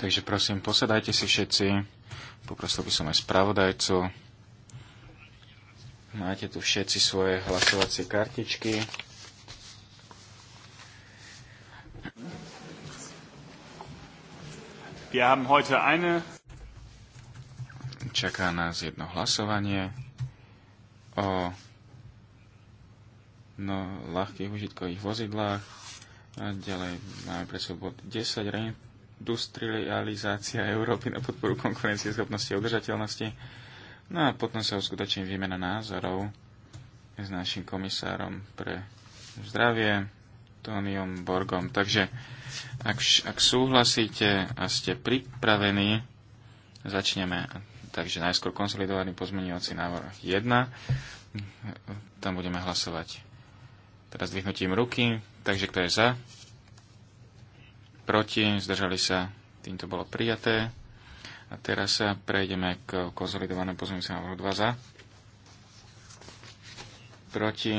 Takže prosím, posadajte si všetci. Poprosil by som aj spravodajcu. Máte tu všetci svoje hlasovacie kartičky. Wir haben heute eine... Čaká nás jedno hlasovanie o no, ľahkých užitkových vozidlách. A ďalej máme pre bod 10, reindustrializácia Európy na podporu konkurencie, schopnosti a udržateľnosti. No a potom sa uskutoční výmena názorov s našim komisárom pre zdravie, Tóniom Borgom. Takže ak, ak súhlasíte a ste pripravení, začneme. Takže najskôr konsolidovaný pozmeňovací návrh 1. Tam budeme hlasovať Teraz dvihnutím ruky. Takže kto je za? Proti? Zdržali sa? Týmto bolo prijaté. A teraz sa prejdeme k konsolidovanému pozmeňujúcemu návrhu 2 za. Proti?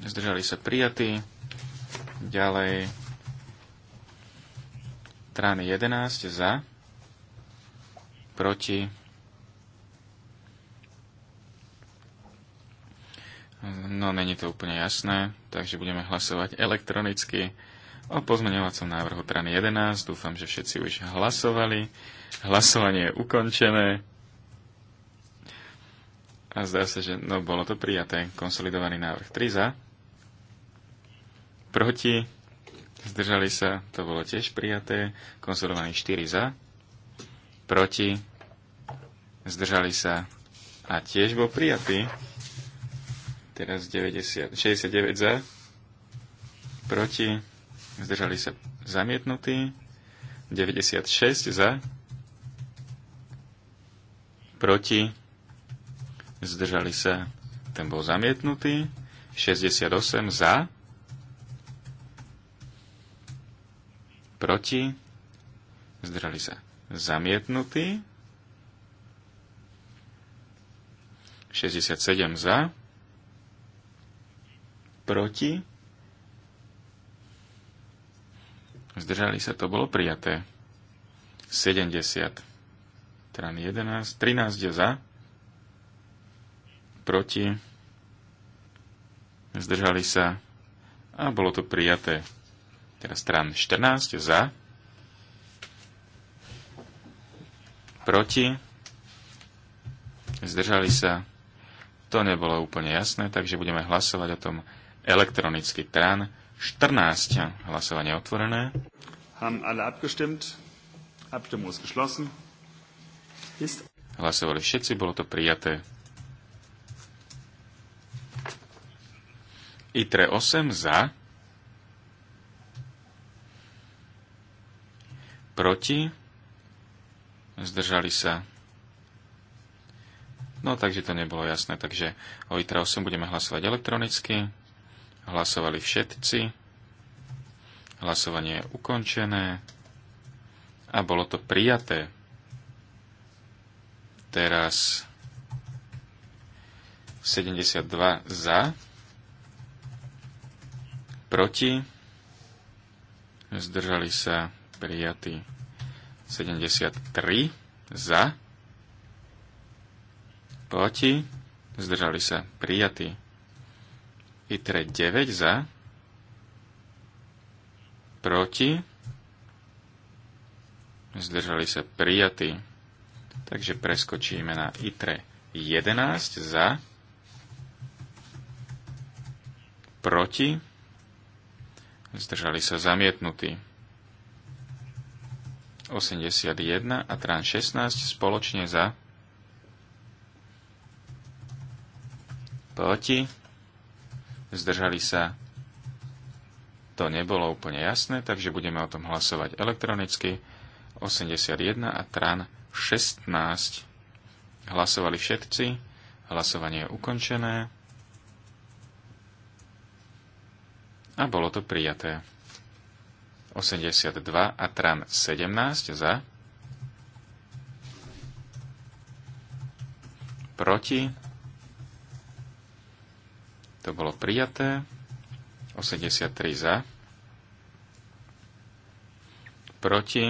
Zdržali sa prijatí. Ďalej trány 11 za. Proti? No, není to úplne jasné, takže budeme hlasovať elektronicky o pozmeňovacom návrhu Trany 11. Dúfam, že všetci už hlasovali. Hlasovanie je ukončené. A zdá sa, že no, bolo to prijaté. Konsolidovaný návrh 3 za. Proti. Zdržali sa. To bolo tiež prijaté. Konsolidovaný 4 za. Proti. Zdržali sa. A tiež bol prijatý. Teraz 90, 69 za. Proti. Zdržali sa zamietnutí. 96 za. Proti. Zdržali sa. Ten bol zamietnutý. 68 za. Proti. Zdržali sa. Zamietnutý. 67 za proti, zdržali sa, to bolo prijaté. 70, Teda 11, 13 je za, proti, zdržali sa a bolo to prijaté. Teraz stran 14 za, proti, zdržali sa. To nebolo úplne jasné, takže budeme hlasovať o tom elektronicky TRAN 14. Hlasovanie otvorené. Haben alle abgestimmt. Abstimmung ist geschlossen. Ist... Hlasovali všetci, bolo to prijaté. ITRE 8 za. Proti. Zdržali sa. No, takže to nebolo jasné. Takže o ITRE 8 budeme hlasovať elektronicky. Hlasovali všetci. Hlasovanie je ukončené. A bolo to prijaté. Teraz 72 za, proti, zdržali sa prijatí 73 za, proti, zdržali sa prijatí ITRE 9 za, proti, zdržali sa prijatí. Takže preskočíme na ITRE 11 za, proti, zdržali sa zamietnutí. 81 a tran 16 spoločne za, proti, zdržali sa. To nebolo úplne jasné, takže budeme o tom hlasovať elektronicky. 81 a TRAN 16 hlasovali všetci. Hlasovanie je ukončené. A bolo to prijaté. 82 a TRAN 17 za. Proti to bolo prijaté. 83 za. Proti.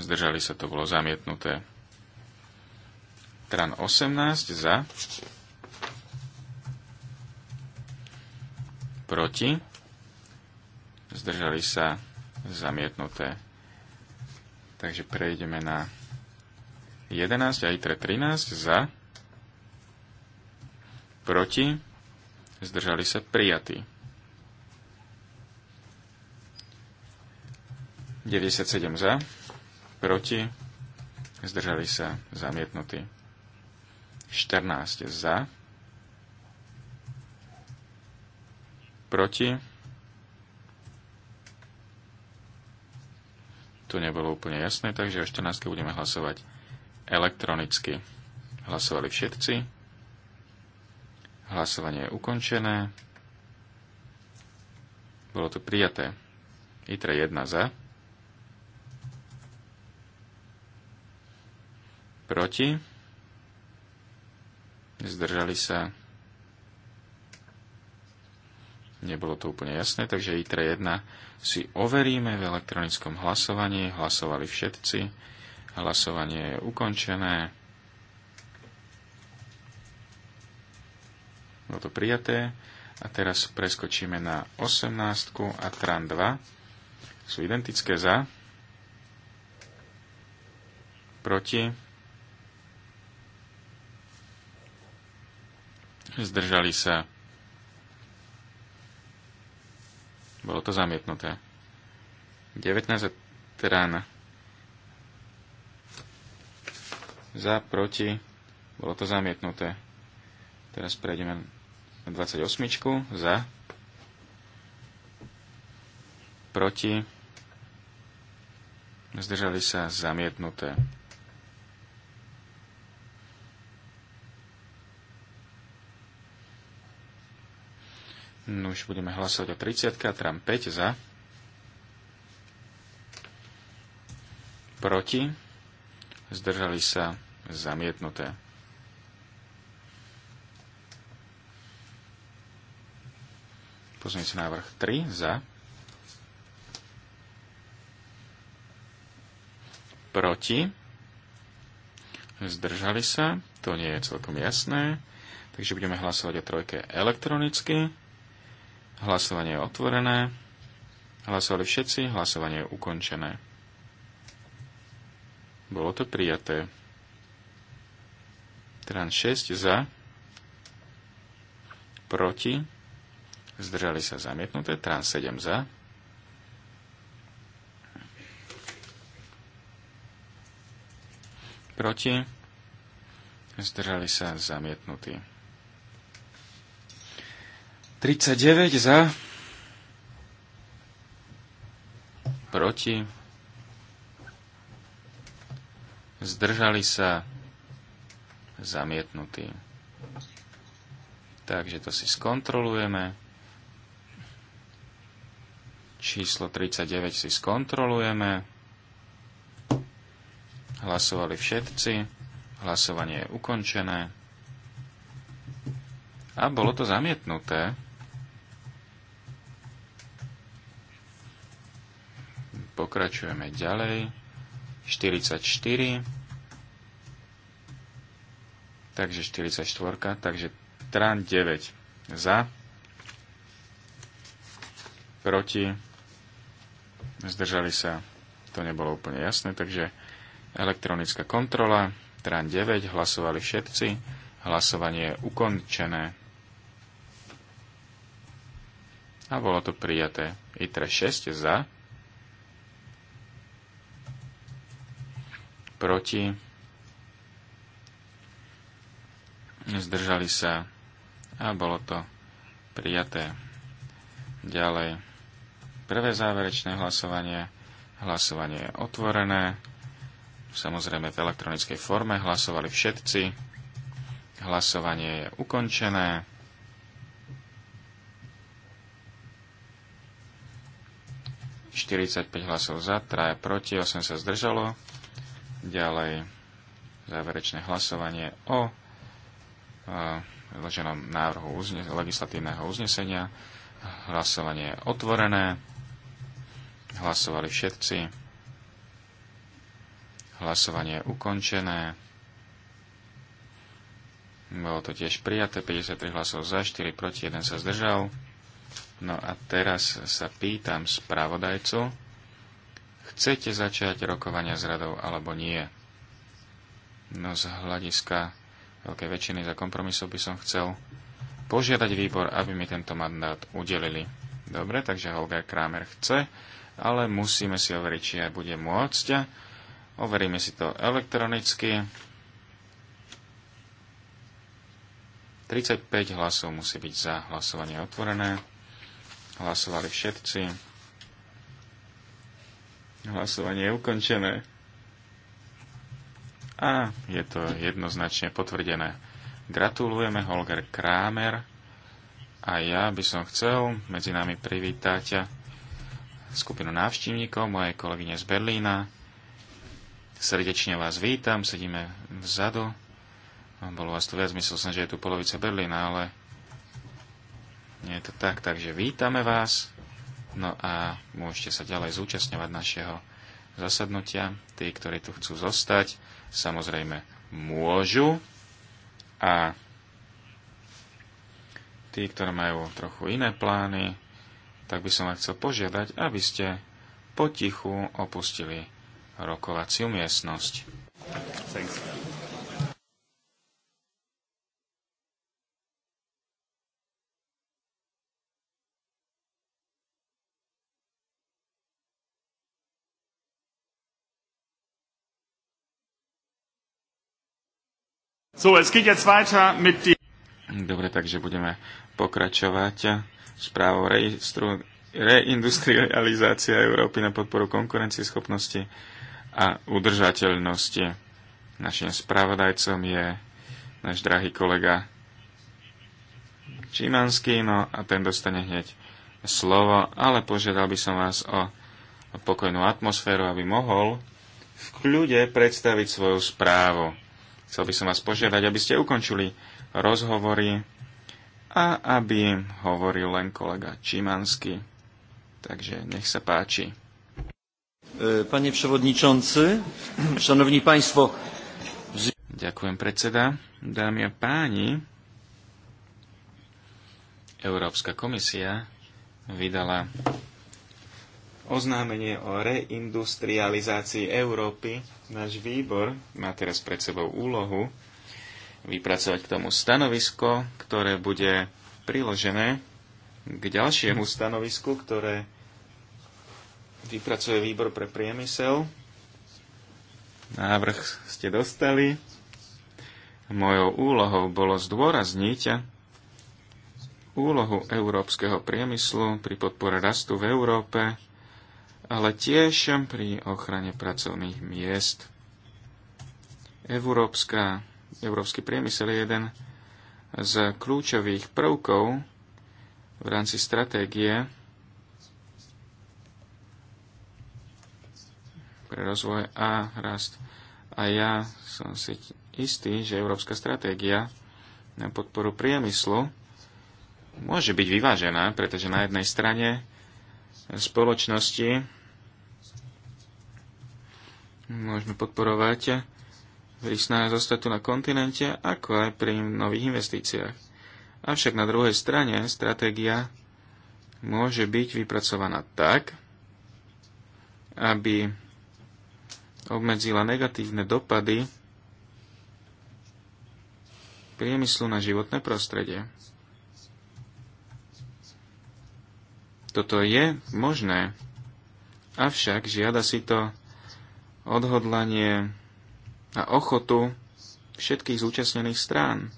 Zdržali sa, to bolo zamietnuté. Tran 18 za. Proti. Zdržali sa, zamietnuté. Takže prejdeme na 11 a 13 za. Proti zdržali sa prijatí. 97 za, proti, zdržali sa zamietnutí. 14 za, proti, tu nebolo úplne jasné, takže o 14 budeme hlasovať elektronicky. Hlasovali všetci. Hlasovanie je ukončené. Bolo to prijaté. ITRE 1 za. Proti. Zdržali sa. Nebolo to úplne jasné, takže ITRE 1 si overíme v elektronickom hlasovaní. Hlasovali všetci. Hlasovanie je ukončené. Bolo to prijaté. A teraz preskočíme na 18 a tran 2. Sú identické za. Proti. Zdržali sa. Bolo to zamietnuté. 19 a tran. Za, proti. Bolo to zamietnuté. Teraz prejdeme 28 za, proti, zdržali sa zamietnuté. No už budeme hlasovať o 30, tram 5 za, proti, zdržali sa zamietnuté. Pozmeňujúci návrh 3 za. Proti. Zdržali sa. To nie je celkom jasné. Takže budeme hlasovať o trojke elektronicky. Hlasovanie je otvorené. Hlasovali všetci. Hlasovanie je ukončené. Bolo to prijaté. Tran 6 za. Proti zdržali sa zamietnuté, trans 7 za, proti, zdržali sa zamietnutí. 39 za, proti, zdržali sa zamietnutí. Takže to si skontrolujeme. Číslo 39 si skontrolujeme. Hlasovali všetci. Hlasovanie je ukončené. A bolo to zamietnuté. Pokračujeme ďalej. 44. Takže 44. Takže tran 9 za. Proti zdržali sa, to nebolo úplne jasné, takže elektronická kontrola, TRAN 9, hlasovali všetci, hlasovanie je ukončené a bolo to prijaté ITRE 6 za, proti, zdržali sa a bolo to prijaté ďalej prvé záverečné hlasovanie. Hlasovanie je otvorené. Samozrejme v elektronickej forme hlasovali všetci. Hlasovanie je ukončené. ...45 hlasov za, 3 proti, 8 sa zdržalo. Ďalej záverečné hlasovanie o e, predloženom návrhu legislatívneho uznesenia. Hlasovanie je otvorené. Hlasovali všetci. Hlasovanie je ukončené. Bolo to tiež prijaté. 53 hlasov za, 4 proti, 1 sa zdržal. No a teraz sa pýtam spravodajcu, chcete začať rokovania s radou alebo nie? No z hľadiska veľkej väčšiny za kompromisov by som chcel požiadať výbor, aby mi tento mandát udelili. Dobre, takže Holger Kramer chce ale musíme si overiť, či aj bude môcť. Overíme si to elektronicky. 35 hlasov musí byť za hlasovanie otvorené. Hlasovali všetci. Hlasovanie je ukončené. A je to jednoznačne potvrdené. Gratulujeme Holger Kramer a ja by som chcel medzi nami privítať skupinu návštivníkov, moje kolegyne z Berlína. Srdečne vás vítam, sedíme vzadu. Bolo vás tu viac, myslel som, že je tu polovica Berlína, ale nie je to tak, takže vítame vás. No a môžete sa ďalej zúčastňovať našeho zasadnutia. Tí, ktorí tu chcú zostať, samozrejme môžu. A tí, ktorí majú trochu iné plány, tak by som vás chcel požiadať, aby ste potichu opustili rokovaciu miestnosť. Thanks. So, es geht jetzt weiter mit die... Dobre, takže budeme pokračovať správou registru reindustrializácia Európy na podporu konkurencieschopnosti a udržateľnosti. Našim spravodajcom je náš drahý kolega Čímanský, no a ten dostane hneď slovo, ale požiadal by som vás o pokojnú atmosféru, aby mohol v kľude predstaviť svoju správu. Chcel by som vás požiadať, aby ste ukončili rozhovory a aby hovoril len kolega Čimanský. Takže nech sa páči. E, Panie przewodniczący, szanowni państwo. Ďakujem predseda. Dámy a páni, Európska komisia vydala oznámenie o reindustrializácii Európy. Náš výbor má teraz pred sebou úlohu vypracovať k tomu stanovisko, ktoré bude priložené k ďalšiemu stanovisku, ktoré vypracuje výbor pre priemysel. Návrh ste dostali. Mojou úlohou bolo zdôrazniť úlohu európskeho priemyslu pri podpore rastu v Európe, ale tiež pri ochrane pracovných miest. Európska európsky priemysel je jeden z kľúčových prvkov v rámci stratégie pre rozvoj a rast. A ja som si istý, že európska stratégia na podporu priemyslu môže byť vyvážená, pretože na jednej strane spoločnosti môžeme podporovať pri snahe zostať tu na kontinente, ako aj pri nových investíciách. Avšak na druhej strane stratégia môže byť vypracovaná tak, aby obmedzila negatívne dopady priemyslu na životné prostredie. Toto je možné, avšak žiada si to odhodlanie a ochotu všetkých zúčastnených strán.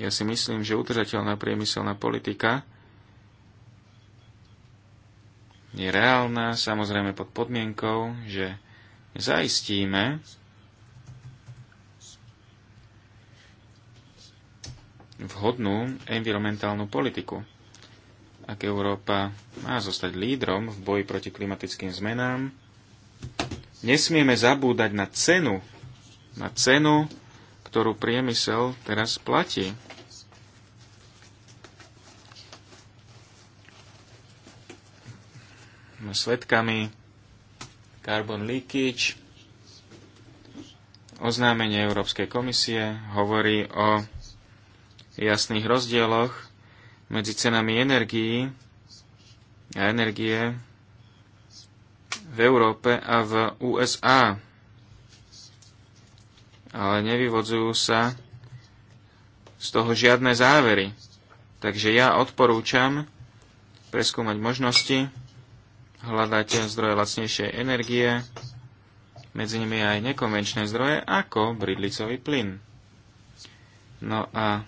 Ja si myslím, že udržateľná priemyselná politika je reálna, samozrejme pod podmienkou, že zaistíme vhodnú environmentálnu politiku. Ak Európa má zostať lídrom v boji proti klimatickým zmenám, nesmieme zabúdať na cenu na cenu, ktorú priemysel teraz platí. Sme svetkami carbon leakage. Oznámenie Európskej komisie hovorí o jasných rozdieloch medzi cenami energií a energie v Európe a v USA ale nevyvodzujú sa z toho žiadne závery. Takže ja odporúčam preskúmať možnosti, hľadať zdroje lacnejšej energie, medzi nimi aj nekonvenčné zdroje ako bridlicový plyn. No a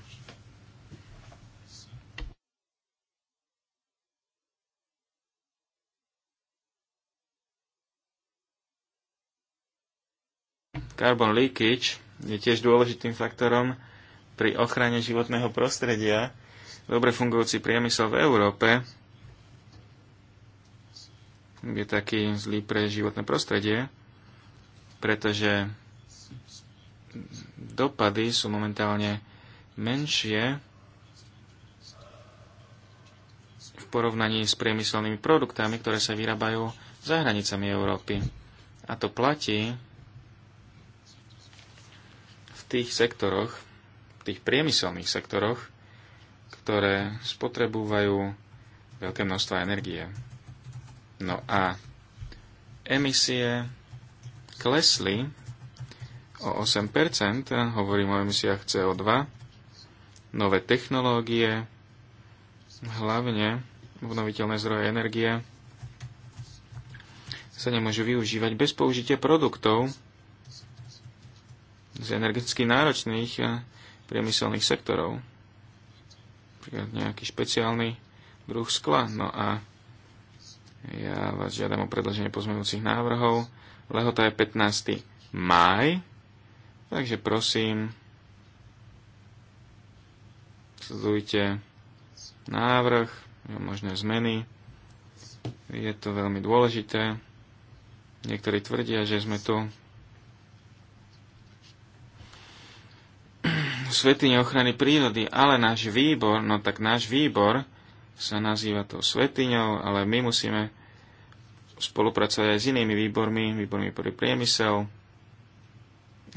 Carbon leakage je tiež dôležitým faktorom pri ochrane životného prostredia. Dobre fungujúci priemysel v Európe je taký zlý pre životné prostredie, pretože dopady sú momentálne menšie v porovnaní s priemyselnými produktami, ktoré sa vyrábajú za hranicami Európy. A to platí tých sektoroch, tých priemyselných sektoroch, ktoré spotrebujú veľké množstvo energie. No a emisie klesli o 8%, hovorím o emisiách CO2, nové technológie, hlavne obnoviteľné zdroje energie, sa nemôžu využívať bez použitia produktov, z energeticky náročných eh, priemyselných sektorov. Napríklad nejaký špeciálny druh skla. No a ja vás žiadam o predloženie pozmenúcich návrhov. Lehota je 15. máj, takže prosím, sledujte návrh, možné zmeny. Je to veľmi dôležité. Niektorí tvrdia, že sme tu Svetyne ochrany prírody, ale náš výbor, no tak náš výbor sa nazýva tou Svetyňou, ale my musíme spolupracovať aj s inými výbormi, výbormi pre priemysel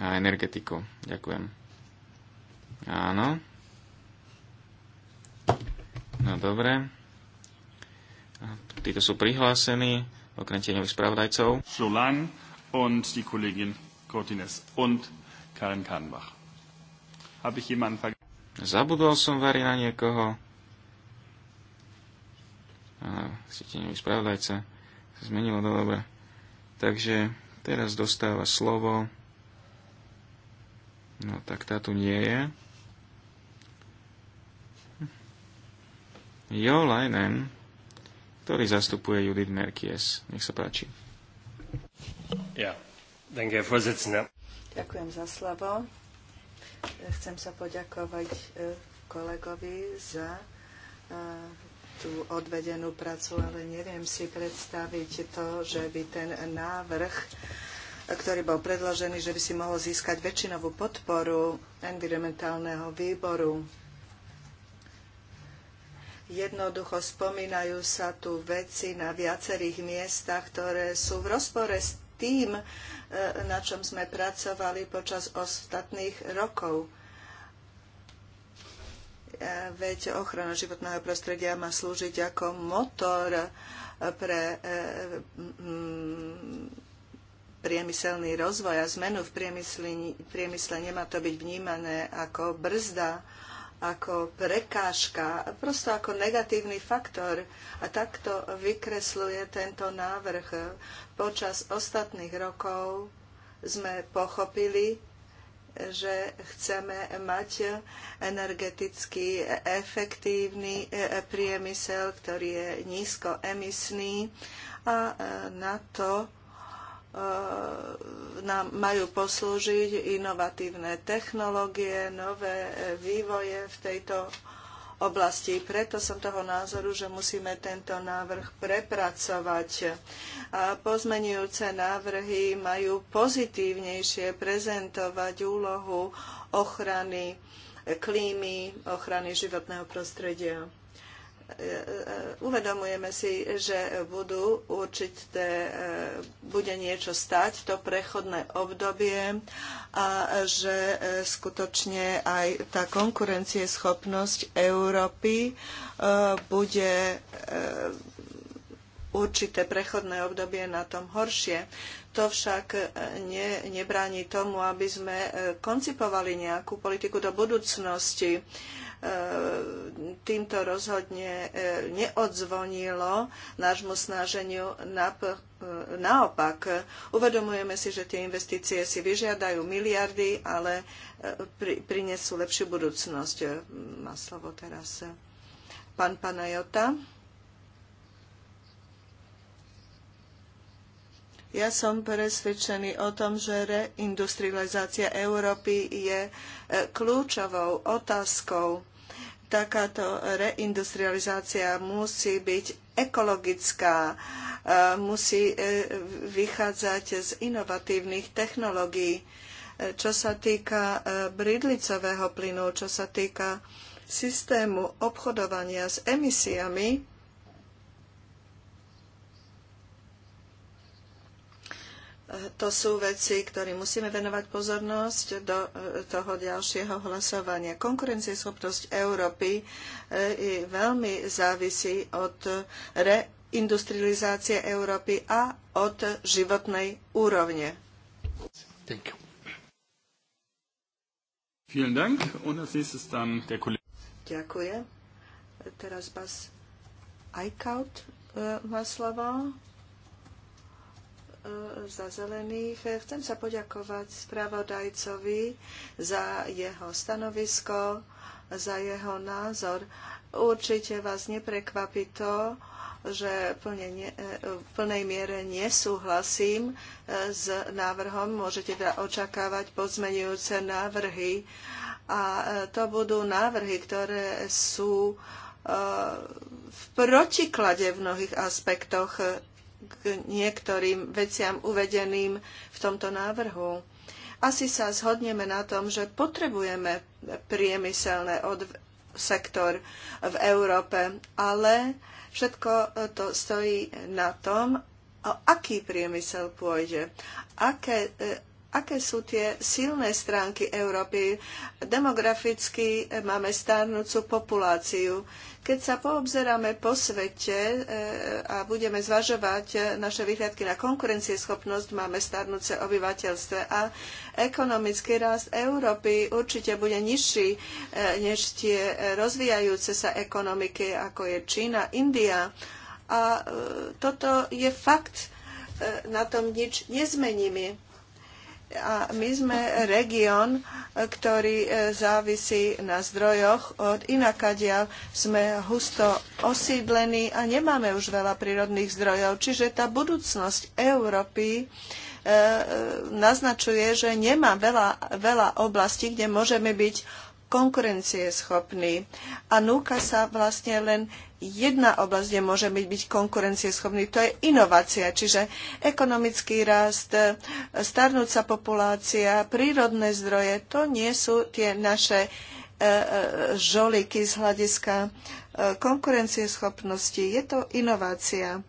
a energetiku. Ďakujem. Áno. No dobre. Títo sú prihlásení, okrem tieňových spravodajcov. Solan und die Kollegin Cortines und Karen Kahnbach. Habe ich jemanden vergessen? Zabudol som vari na niekoho. Chcete nevy spravodajca? Sa zmenilo, no dobre. Takže teraz dostáva slovo. No tak tá tu nie je. Jo Leinen, ktorý zastupuje Judith Merkies. Nech sa páči. Ja, danke, Ďakujem za slovo. Chcem sa poďakovať e, kolegovi za e, tú odvedenú prácu, ale neviem si predstaviť to, že by ten návrh, ktorý bol predložený, že by si mohol získať väčšinovú podporu environmentálneho výboru. Jednoducho spomínajú sa tu veci na viacerých miestach, ktoré sú v rozpore s tým, e, na čom sme pracovali počas ostatných rokov. E, veď ochrana životného prostredia má slúžiť ako motor e, pre priemyselný rozvoj a zmenu v priemysle, priemysle nemá to byť vnímané ako brzda ako prekážka, prosto ako negatívny faktor. A takto vykresluje tento návrh. Počas ostatných rokov sme pochopili, že chceme mať energeticky efektívny e, e, priemysel, ktorý je nízkoemisný a e, na to Eh, nám majú poslúžiť inovatívne technológie, nové vývoje v tejto oblasti. Preto som toho názoru, že musíme tento návrh prepracovať. A pozmenujúce návrhy majú pozitívnejšie prezentovať úlohu ochrany klímy, ochrany životného prostredia. E, e, e, uvedomujeme si, že budú určité, bude niečo stať to prechodné obdobie a že skutočne aj tá konkurencieschopnosť Európy bude určité prechodné obdobie na tom horšie. To však ne, nebráni tomu, aby sme koncipovali nejakú politiku do budúcnosti týmto rozhodne e, neodzvonilo nášmu snaženiu e, naopak. Uvedomujeme si, že tie investície si vyžiadajú miliardy, ale e, prinesú lepšiu budúcnosť. Má slovo teraz pán Panajota. Ja som presvedčený o tom, že reindustrializácia Európy je kľúčovou otázkou takáto reindustrializácia musí byť ekologická, e, musí e, vychádzať z inovatívnych technológií. E, čo sa týka bridlicového plynu, čo sa týka systému obchodovania s emisiami, to sú veci, ktorým musíme venovať pozornosť do e, toho ďalšieho hlasovania. Konkurencieschopnosť Európy e, veľmi závisí od reindustrializácie Európy a od životnej úrovne. Thank you. Vielen Dank. Und als nächstes dann der Kollege. Ďakujem. Teraz vás Eichhout e, má slovo. E, za zelených. Chcem sa poďakovať spravodajcovi za jeho stanovisko, za jeho názor. Určite vás neprekvapí to, že plne ne, e, v plnej miere nesúhlasím e, s návrhom. Môžete teda očakávať pozmenujúce návrhy. A to budú návrhy, ktoré sú v protiklade v mnohých aspektoch k niektorým veciam uvedeným v tomto návrhu. Asi sa zhodneme na tom, že potrebujeme priemyselné od sektor v Európe, ale všetko to stojí na tom, o aký priemysel pôjde, aké e, aké sú tie silné stránky Európy. Demograficky e, máme starnúcu populáciu. Keď sa poobzeráme po svete e, a budeme zvažovať e, naše výhľadky na konkurencieschopnosť, máme starnúce obyvateľstve a ekonomický rast Európy určite bude nižší než tie rozvíjajúce sa ekonomiky, ako je Čína, India. A toto je fakt, na tom nič nezmeníme a my sme región, e, ktorý e, závisí na zdrojoch od inakadiaľ. Sme husto osídlení a nemáme už veľa prírodných zdrojov. Čiže tá budúcnosť Európy e, naznačuje, že nemá veľa, veľa oblastí, kde môžeme byť konkurencieschopný. A núka sa vlastne len jedna oblasť, kde môže byť, byť konkurencieschopný, to je inovácia, čiže ekonomický rast, starnúca populácia, prírodné zdroje, to nie sú tie naše e, e, žoliky z hľadiska e, konkurencieschopnosti. Je to inovácia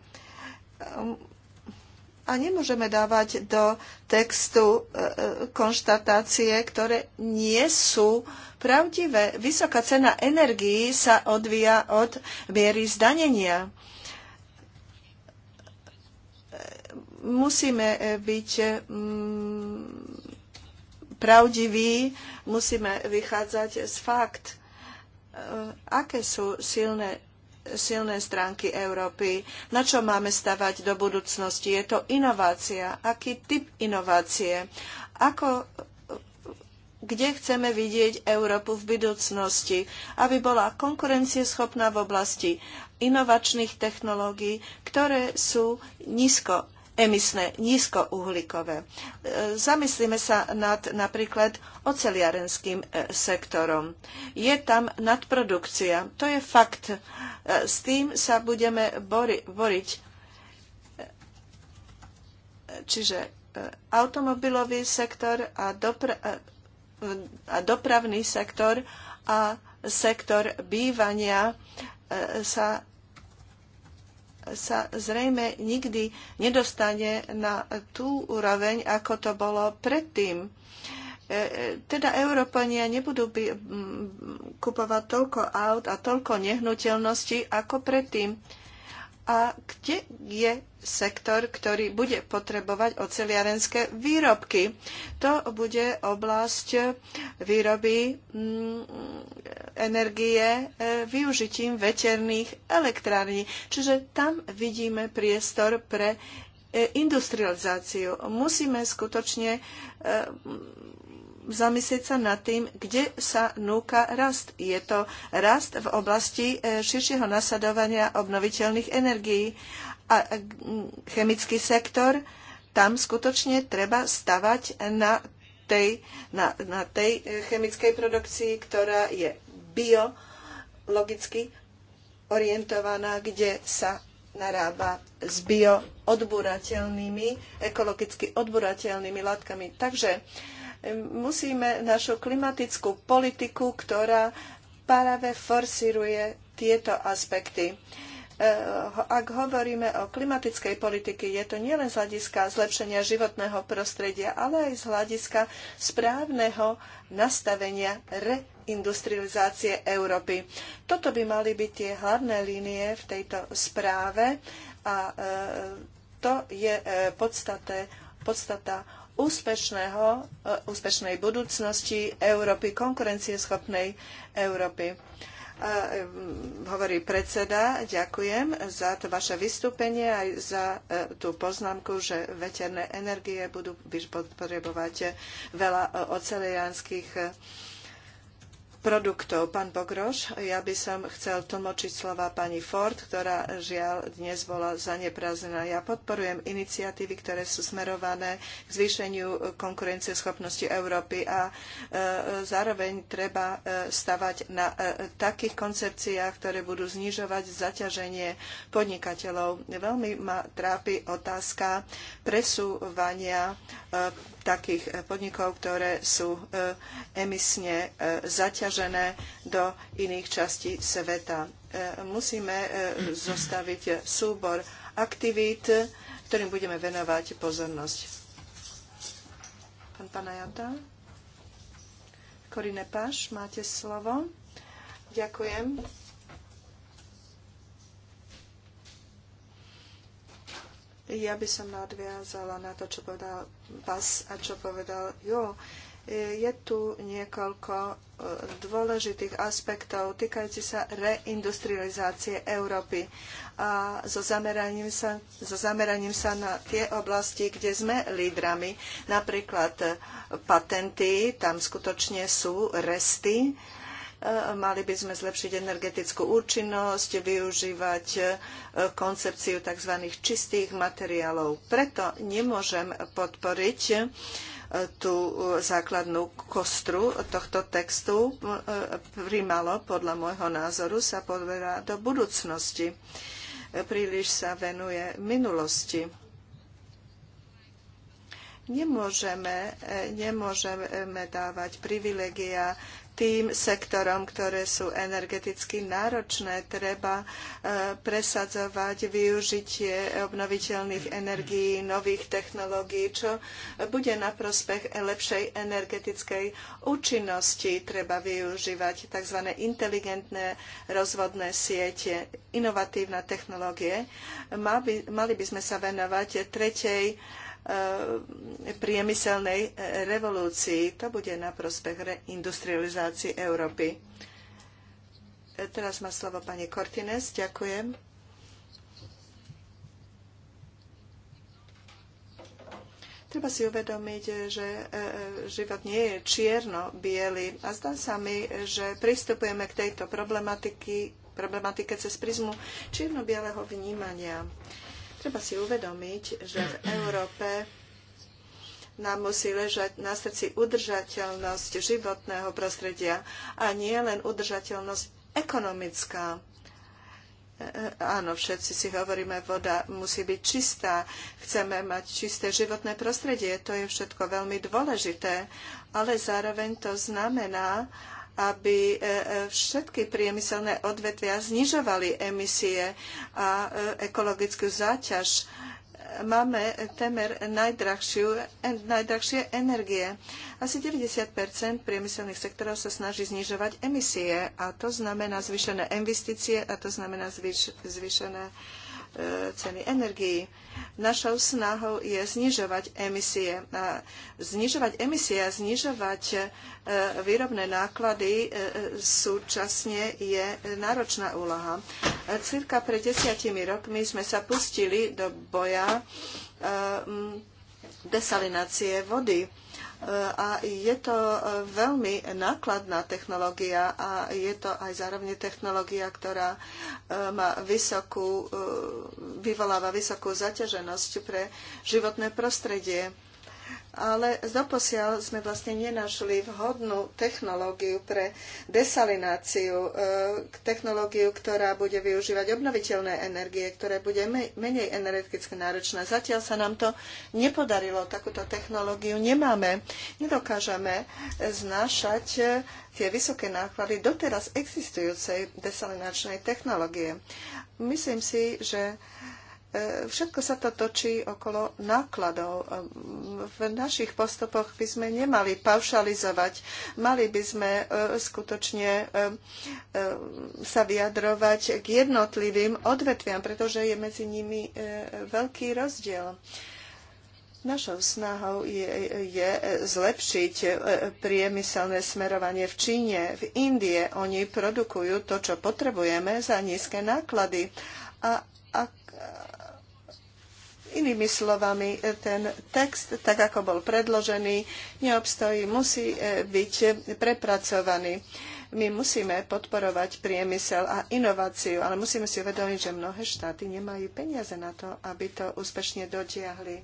a nemôžeme dávať do textu e, e, konštatácie, ktoré nie sú pravdivé. Vysoká cena energií sa odvíja od miery zdanenia. Musíme e, byť mm, pravdiví, musíme vychádzať z fakt, aké sú silné silné stránky Európy, na čo máme stavať do budúcnosti. Je to inovácia. Aký typ inovácie? Ako kde chceme vidieť Európu v budúcnosti, aby bola konkurencieschopná v oblasti inovačných technológií, ktoré sú nízko emisné, nízkouhlíkové. E, zamyslíme sa nad napríklad oceliarenským e, sektorom. Je tam nadprodukcia, to je fakt. E, s tým sa budeme bori- boriť. Čiže automobilový sektor a, dopra- a dopravný sektor a sektor bývania sa sa zrejme nikdy nedostane na tú úroveň, ako to bolo predtým e, e, teda Európania nebudú by, kupovať toľko aut a toľko nehnuteľností ako predtým. A kde je sektor, ktorý bude potrebovať oceliarenské výrobky? To bude oblasť výroby energie e, využitím veterných elektrární. Čiže tam vidíme priestor pre e, industrializáciu. Musíme skutočne e, zamyslieť sa nad tým, kde sa núka rast. Je to rast v oblasti širšieho nasadovania obnoviteľných energií a chemický sektor. Tam skutočne treba stavať na tej, na, na tej chemickej produkcii, ktorá je biologicky orientovaná, kde sa narába s bioodburateľnými, ekologicky odburateľnými látkami. Takže musíme našu klimatickú politiku, ktorá práve forsiruje tieto aspekty. Uh, Eh, ak hovoríme o klimatickej politike, je to nielen z hľadiska zlepšenia životného prostredia, ale aj z hľadiska správneho nastavenia reindustrializácie Európy. Toto by mali byť tie hlavné línie v tejto správe a eh, to je eh, podstate, podstata úspešného, úspešnej budúcnosti Európy, konkurencieschopnej Európy. E, hovorí predseda, ďakujem za to vaše vystúpenie aj za e, tú poznámku, že veterné energie budú potrebovať veľa e, ocelianských produktov. Pán Bogroš, ja by som chcel tlmočiť slova pani Ford, ktorá žiaľ dnes bola zaneprázdnená. Ja podporujem iniciatívy, ktoré sú smerované k zvýšeniu konkurencieschopnosti Európy a e, zároveň treba e, stavať na e, takých koncepciách, ktoré budú znižovať zaťaženie podnikateľov. Veľmi ma trápi otázka presúvania takých e, podnikov, ktoré sú e, emisne e, zaťažené do iných častí sveta. Musíme zostaviť súbor aktivít, ktorým budeme venovať pozornosť. Pán Panajata? Korine Paš, máte slovo. Ďakujem. Ja by som nadviazala na to, čo povedal vás a čo povedal Jo. E, je tu niekoľko e, dôležitých aspektov týkajúci sa reindustrializácie Európy a so zameraním, sa, so zameraním sa na tie oblasti, kde sme lídrami, napríklad patenty, tam skutočne sú resty, Mali by sme zlepšiť energetickú účinnosť, využívať e, koncepciu tzv. čistých materiálov. Preto nemôžem podporiť e, tú e, základnú kostru tohto textu. Primalo, podľa môjho názoru, sa poverá do budúcnosti. Príliš sa venuje minulosti nemôžeme, nemôžeme dávať privilegia tým sektorom, ktoré sú energeticky náročné. Treba e, presadzovať využitie obnoviteľných energií, nových technológií, čo bude na prospech lepšej energetickej účinnosti. Treba využívať tzv. inteligentné rozvodné siete, inovatívne technológie. Mali by sme sa venovať tretej E, priemyselnej revolúcii. To bude na prospech reindustrializácii Európy. E, teraz má slovo pani Cortines. Ďakujem. Treba si uvedomiť, že e, život nie je čierno-biely a zdá sa mi, že pristupujeme k tejto problematike cez prizmu čierno-bieleho vnímania. Treba si uvedomiť, že v Európe nám musí ležať na srdci udržateľnosť životného prostredia a nie len udržateľnosť ekonomická. E, e, áno, všetci si hovoríme, voda musí byť čistá, chceme mať čisté životné prostredie, to je všetko veľmi dôležité, ale zároveň to znamená aby e, e, všetky priemyselné odvetvia znižovali emisie a e, ekologickú záťaž. Máme temer najdrahšie energie. Asi 90 priemyselných sektorov sa snaží znižovať emisie a to znamená zvýšené investície a to znamená zvýšené uh, ceny energií. Našou snahou je znižovať emisie. A znižovať emisie a znižovať e, výrobné náklady e, súčasne je náročná úloha. E, cirka pred desiatimi rokmi sme sa pustili do boja desalinácie vody E, a je to e, veľmi nákladná technológia a je to aj zároveň technológia, ktorá e, má vysokú, vyvoláva vysokú zaťaženosť pre životné prostredie ale doposiaľ sme vlastne nenašli vhodnú technológiu pre desalináciu, e, technológiu, ktorá bude využívať obnoviteľné energie, ktoré bude menej energeticky náročná. Zatiaľ sa nám to nepodarilo, takúto technológiu nemáme. Nedokážeme znášať e, tie vysoké náklady doteraz existujúcej desalinačnej technológie. Myslím si, že E, všetko sa to točí okolo nákladov. E, v našich postupoch by sme nemali paušalizovať. Mali by sme e, skutočne sa vyjadrovať k jednotlivým odvetviam, pretože je medzi nimi veľký rozdiel. Našou snahou je, je zlepšiť priemyselné smerovanie v Číne, v Indie. Oni produkujú to, čo potrebujeme za nízke náklady. A, a, Inými slovami, e, ten text, tak ako bol predložený, neobstojí, musí e, byť prepracovaný. My musíme podporovať priemysel a inováciu, ale musíme si uvedomiť, že mnohé štáty nemajú peniaze na to, aby to úspešne dotiahli.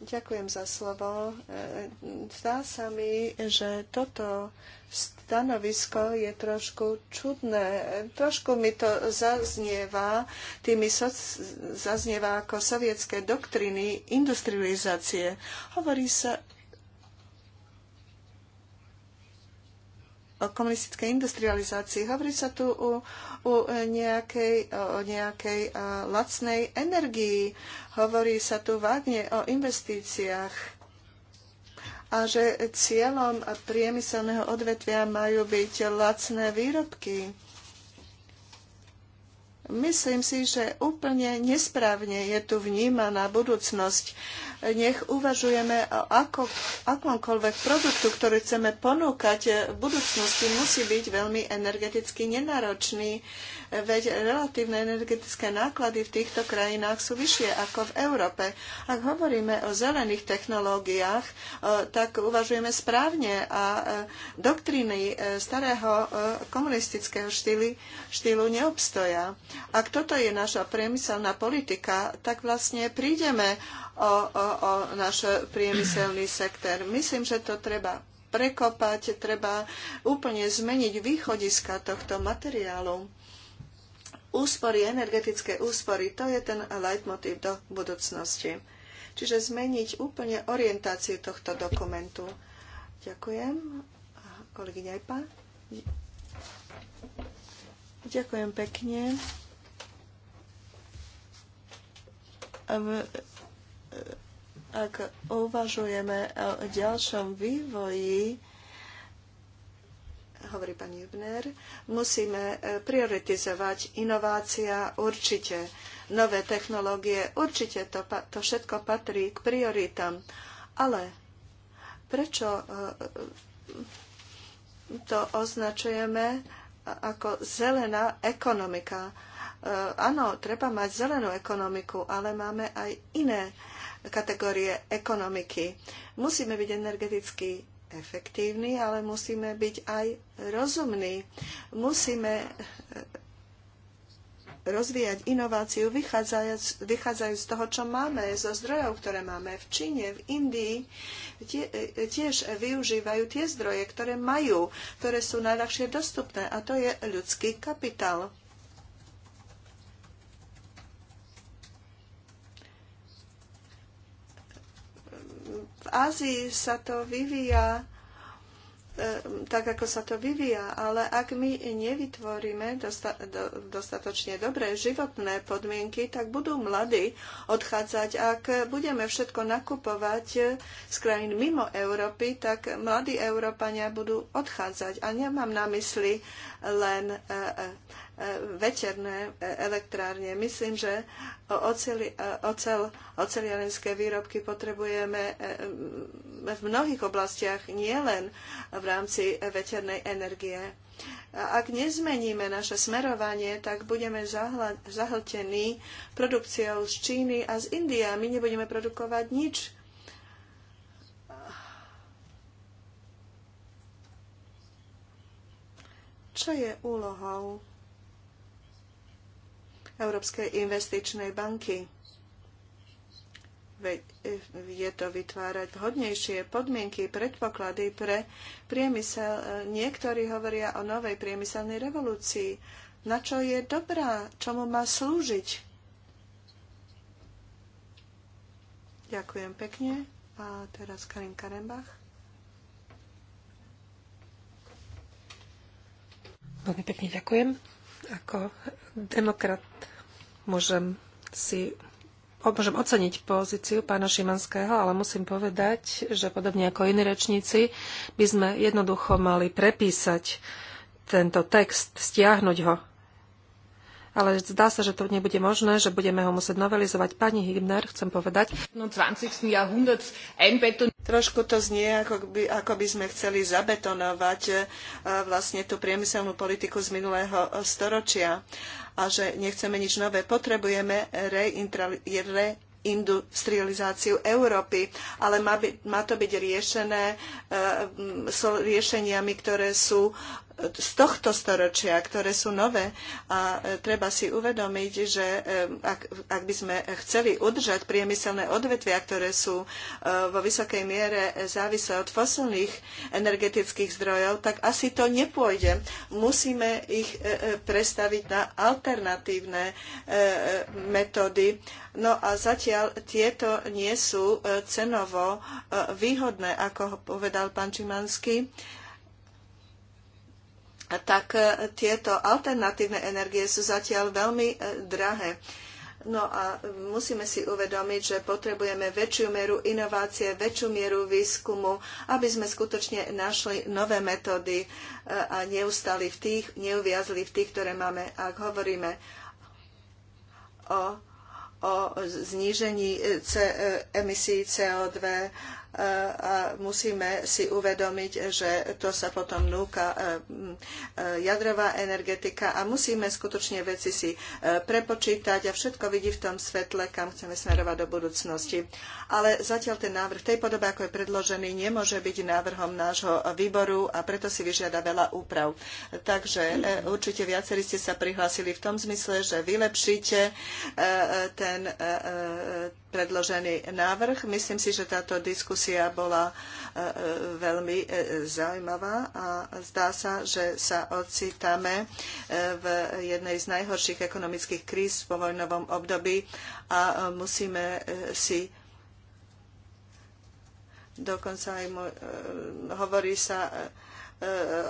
Ďakujem za slovo. E, zdá sa mi, že toto stanovisko je trošku čudné. Trošku mi to zaznieva, tými so, zaznieva ako sovietské doktriny industrializácie. Hovorí sa o komunistickej industrializácii. Hovorí sa tu o, o, nejakej, o nejakej lacnej energii. Hovorí sa tu vágne o investíciách a že cieľom priemyselného odvetvia majú byť lacné výrobky. Myslím si, že úplne nesprávne je tu vnímaná budúcnosť nech uvažujeme o ako, akomkoľvek produktu, ktorý chceme ponúkať v budúcnosti, musí byť veľmi energeticky nenáročný, veď relatívne energetické náklady v týchto krajinách sú vyššie ako v Európe. Ak hovoríme o zelených technológiách, e, tak uvažujeme správne a e, doktríny e, starého komunistického štýlu, štýlu neobstoja. Ak toto je naša priemyselná politika, tak vlastne prídeme o, o, o náš priemyselný sektor. Myslím, že to treba prekopať, treba úplne zmeniť východiska tohto materiálu. Úspory, energetické úspory, to je ten leitmotiv do budúcnosti. Čiže zmeniť úplne orientáciu tohto dokumentu. Ďakujem. Kolegyňa Ipa. Ďakujem pekne ak uvažujeme o ďalšom vývoji, hovorí pani Jubner, musíme e, prioritizovať inovácia určite, nové technológie, určite to, to všetko patrí k prioritám. Ale prečo e, to označujeme e, ako zelená ekonomika? Áno, treba mať zelenú ekonomiku, ale máme aj iné uh, kategórie ekonomiky. Musíme byť energeticky efektívni, ale musíme byť aj rozumní. Musíme eh, rozvíjať inováciu vychádzajú z toho, čo máme, zo zdrojov, ktoré máme v Číne, v Indii, eh, tiež využívajú tie zdroje, ktoré majú, ktoré sú najľahšie dostupné a to je ľudský kapitál. Ázii sa to vyvíja e, tak, ako sa to vyvíja. Ale ak my nevytvoríme dosta- do- dostatočne dobré životné podmienky, tak budú mladí odchádzať. Ak budeme všetko nakupovať e, z krajín mimo Európy, tak mladí Európania budú odchádzať. A nemám na mysli len e, veterné e, elektrárne. Myslím, že e, oceliarenské výrobky potrebujeme e, v mnohých oblastiach, nielen v rámci veternej energie. ak nezmeníme naše smerovanie, tak budeme zahltení produkciou z Číny a z Indie. My nebudeme produkovať nič. Čo je úlohou Európskej investičnej banky. Veď e, je to vytvárať vhodnejšie podmienky, predpoklady pre priemysel. E, niektorí hovoria o novej priemyselnej revolúcii. Na čo je dobrá? Čomu má slúžiť? Ďakujem pekne. A teraz Karin Karembach. Veľmi pekne ďakujem. Ako demokrat môžem si môžem oceniť pozíciu pána Šimanského, ale musím povedať, že podobne ako iní rečníci by sme jednoducho mali prepísať tento text, stiahnuť ho ale zdá sa, že to nebude možné, že budeme ho musieť novelizovať. Pani Hybner, chcem povedať. No, Trošku to znie, ako by, ako by sme chceli zabetonovať e, vlastne tú priemyselnú politiku z minulého e, storočia a že nechceme nič nové. Potrebujeme reindustrializáciu industrializáciu Európy, ale má, by, má to byť riešené e, riešeniami, ktoré sú z tohto storočia, ktoré sú nové a e, treba si uvedomiť, že e, ak, ak by sme chceli udržať priemyselné odvetvia, ktoré sú e, vo vysokej miere závislé od fosilných energetických zdrojov, tak asi to nepôjde. Musíme ich prestaviť na alternatívne metódy. No a zatiaľ tieto nie sú cenovo výhodné, ako povedal pán Čimanský tak e, tieto alternatívne energie sú zatiaľ veľmi e, drahé. No a musíme si uvedomiť, že potrebujeme väčšiu mieru inovácie, väčšiu mieru výskumu, aby sme skutočne našli nové metódy e, a neustali v tých, neuviazli v tých, ktoré máme. Ak hovoríme o, o znížení emisí CO2, a musíme si uvedomiť, že to sa potom núka e, e, jadrová energetika a musíme skutočne veci si e, prepočítať a všetko vidí v tom svetle, kam chceme smerovať do budúcnosti. Ale zatiaľ ten návrh tej podobe, ako je predložený, nemôže byť návrhom nášho výboru a preto si vyžiada veľa úprav. Takže určite viacerí ste sa prihlásili v tom zmysle, že vylepšíte ten predložený návrh. Myslím si, že táto diskusia Diskusia bola e, e, veľmi e, zaujímavá a zdá sa, že sa ocitáme v jednej z najhorších ekonomických kríz po vojnovom období a musíme si dokonca aj hovorí sa,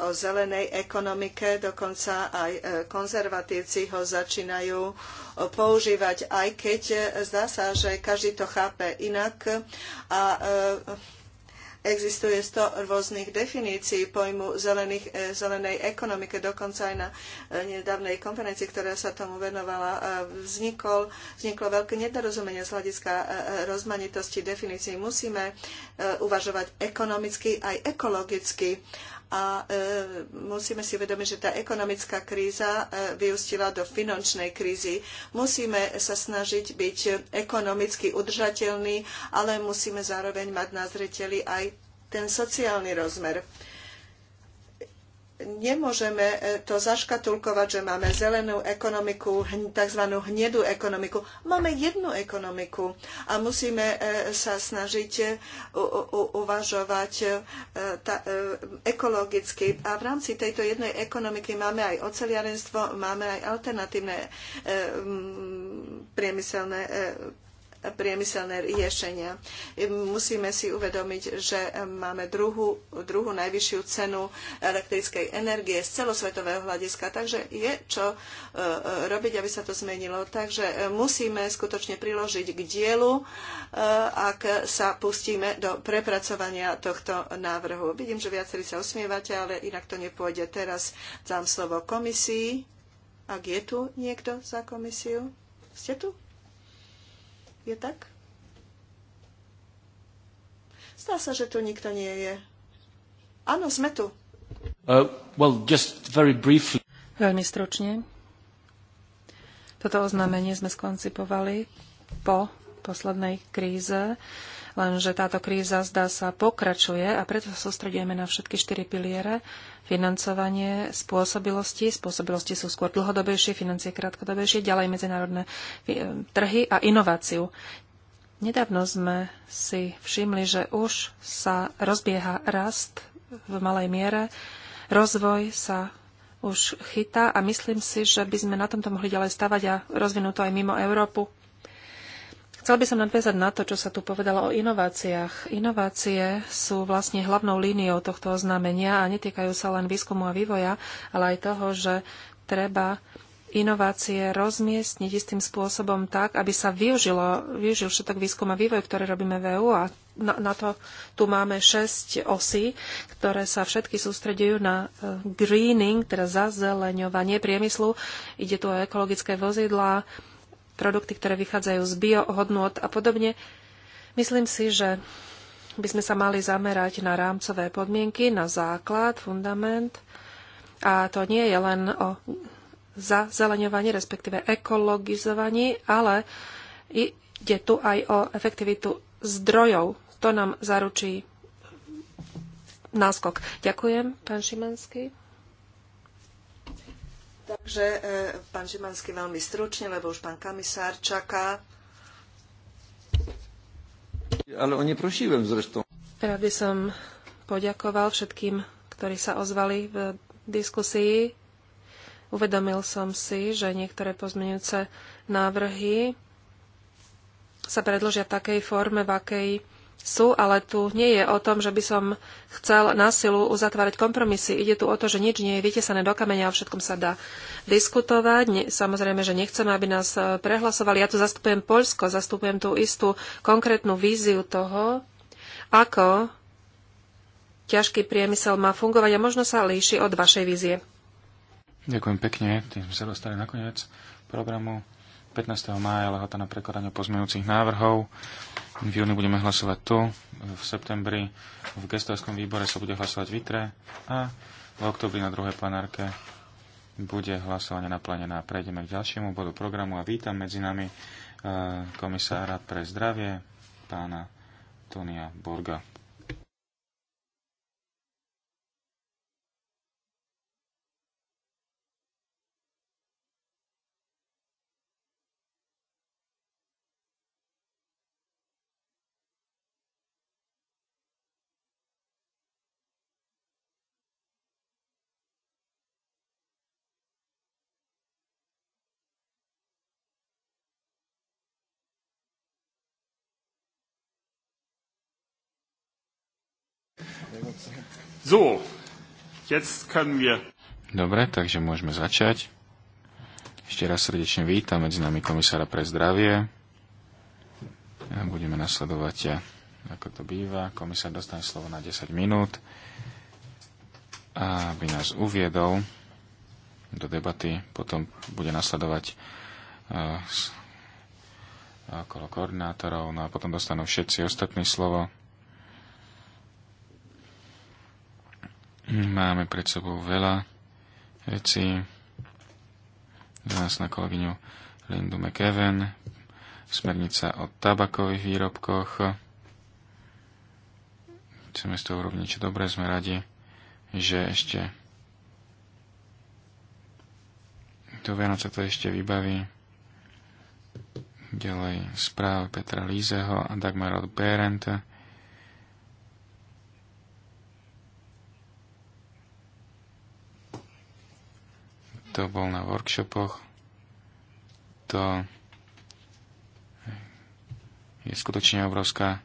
o zelenej ekonomike, dokonca aj e, konzervatívci ho začínajú e, používať, aj keď e, zdá sa, že každý to chápe inak a Existuje 100 rôznych definícií pojmu zelených, zelenej ekonomike. Dokonca aj na nedávnej konferencii, ktorá sa tomu venovala, vznikol, vzniklo veľké nedorozumenie z hľadiska rozmanitosti definícií. Musíme uvažovať ekonomicky aj ekologicky a e, musíme si uvedomiť, že tá ekonomická kríza e, vyústila do finančnej krízy. Musíme sa snažiť byť ekonomicky udržateľní, ale musíme zároveň mať na zreteli aj ten sociálny rozmer nemôžeme e, to zaškatulkovať, že máme zelenú ekonomiku, tzv. hnedú ekonomiku. Máme jednu ekonomiku a musíme e, sa snažiť e, uvažovať ekologicky. A v rámci tejto jednej ekonomiky máme aj oceliarenstvo, máme aj alternatívne priemyselné priemyselné riešenia. Musíme si uvedomiť, že máme druhú, druhú najvyššiu cenu elektrickej energie z celosvetového hľadiska, takže je čo e, e, robiť, aby sa to zmenilo. Takže e, musíme skutočne priložiť k dielu, ak sa pustíme do prepracovania tohto návrhu. Vidím, že viacerí sa usmievate, ale inak to nepôjde. Teraz dám slovo komisii. Ak je tu niekto za komisiu? Ste tu? Je tak? Zdá sa, že tu nikto nie je. Áno, sme tu. Uh, well, just very briefly. Veľmi stručne. Toto oznámenie sme skoncipovali po poslednej kríze Uh, lenže táto kríza zdá sa pokračuje a preto sa sústredujeme na všetky štyri piliere. Financovanie, spôsobilosti, spôsobilosti sú skôr dlhodobejšie, financie krátkodobejšie, ďalej medzinárodné eh, trhy a inováciu. Nedávno sme si všimli, že už sa rozbieha rast v malej miere, rozvoj sa už chytá a myslím si, že by sme na tomto mohli ďalej stavať a rozvinúť to aj mimo Európu. Chcel by som nadviazať na to, čo sa tu povedalo o inováciách. Inovácie sú vlastne hlavnou líniou tohto oznámenia a netýkajú sa len výskumu a vývoja, ale aj toho, že treba inovácie rozmiestniť istým spôsobom tak, aby sa využilo, využil všetok výskum a vývoj, ktoré robíme v EU a na, na to tu máme šesť osí, ktoré sa všetky sústredujú na e, greening, teda zazeleňovanie priemyslu. Ide tu o ekologické vozidlá, produkty, ktoré vychádzajú z biohodnot a podobne. Myslím si, že by sme sa mali zamerať na rámcové podmienky, na základ, fundament. A to nie je len o zazeleňovaní, respektíve ekologizovaní, ale ide tu aj o efektivitu zdrojov. To nám zaručí náskok. Ďakujem, pán Šimanský. Takže e, pán Žimanský veľmi stručne, lebo už pán komisár čaká. Ale o neprošívam zreštom. Rád by som poďakoval všetkým, ktorí sa ozvali v diskusii. Uvedomil som si, že niektoré pozmeňujúce návrhy sa predložia v takej forme, v akej sú, ale tu nie je o tom, že by som chcel na silu uzatvárať kompromisy. Ide tu o to, že nič nie je vytesané do kamenia, o všetkom sa dá diskutovať. Ne, samozrejme, že nechceme, aby nás e, prehlasovali. Ja tu zastupujem Polsko, zastupujem tú istú konkrétnu víziu toho, ako ťažký priemysel má fungovať a možno sa líši od vašej vízie. Ďakujem pekne, tým sme sa dostali na koniec programu. 15. mája lehota na prekladanie pozmeňujúcich návrhov. V júni budeme hlasovať tu, v septembri v gestovskom výbore sa bude hlasovať v ITRE a v oktobri na druhej plenárke bude hlasovanie naplnené. No prejdeme k ďalšiemu bodu programu a vítam medzi nami eh, komisára pre zdravie, pána Tonia Borga. So, jetzt können wir... Dobre, takže môžeme začať. Ešte raz srdečne vítam medzi nami komisára pre zdravie. A budeme nasledovať, ako to býva. Komisár dostane slovo na 10 minút, aby nás uviedol do debaty. Potom bude nasledovať eh, okolo koordinátorov, no a potom dostanú všetci ostatní slovo. Máme pred sebou veľa vecí. Za nás na kolegyňu Lindu McEwen, smernica o tabakových výrobkoch. Chceme z toho urobiť niečo dobré, sme radi, že ešte to Vianoce to ešte vybaví. Ďalej správa Petra Lízeho a Dagmar od Berenta kto bol na workshopoch, to je skutočne obrovská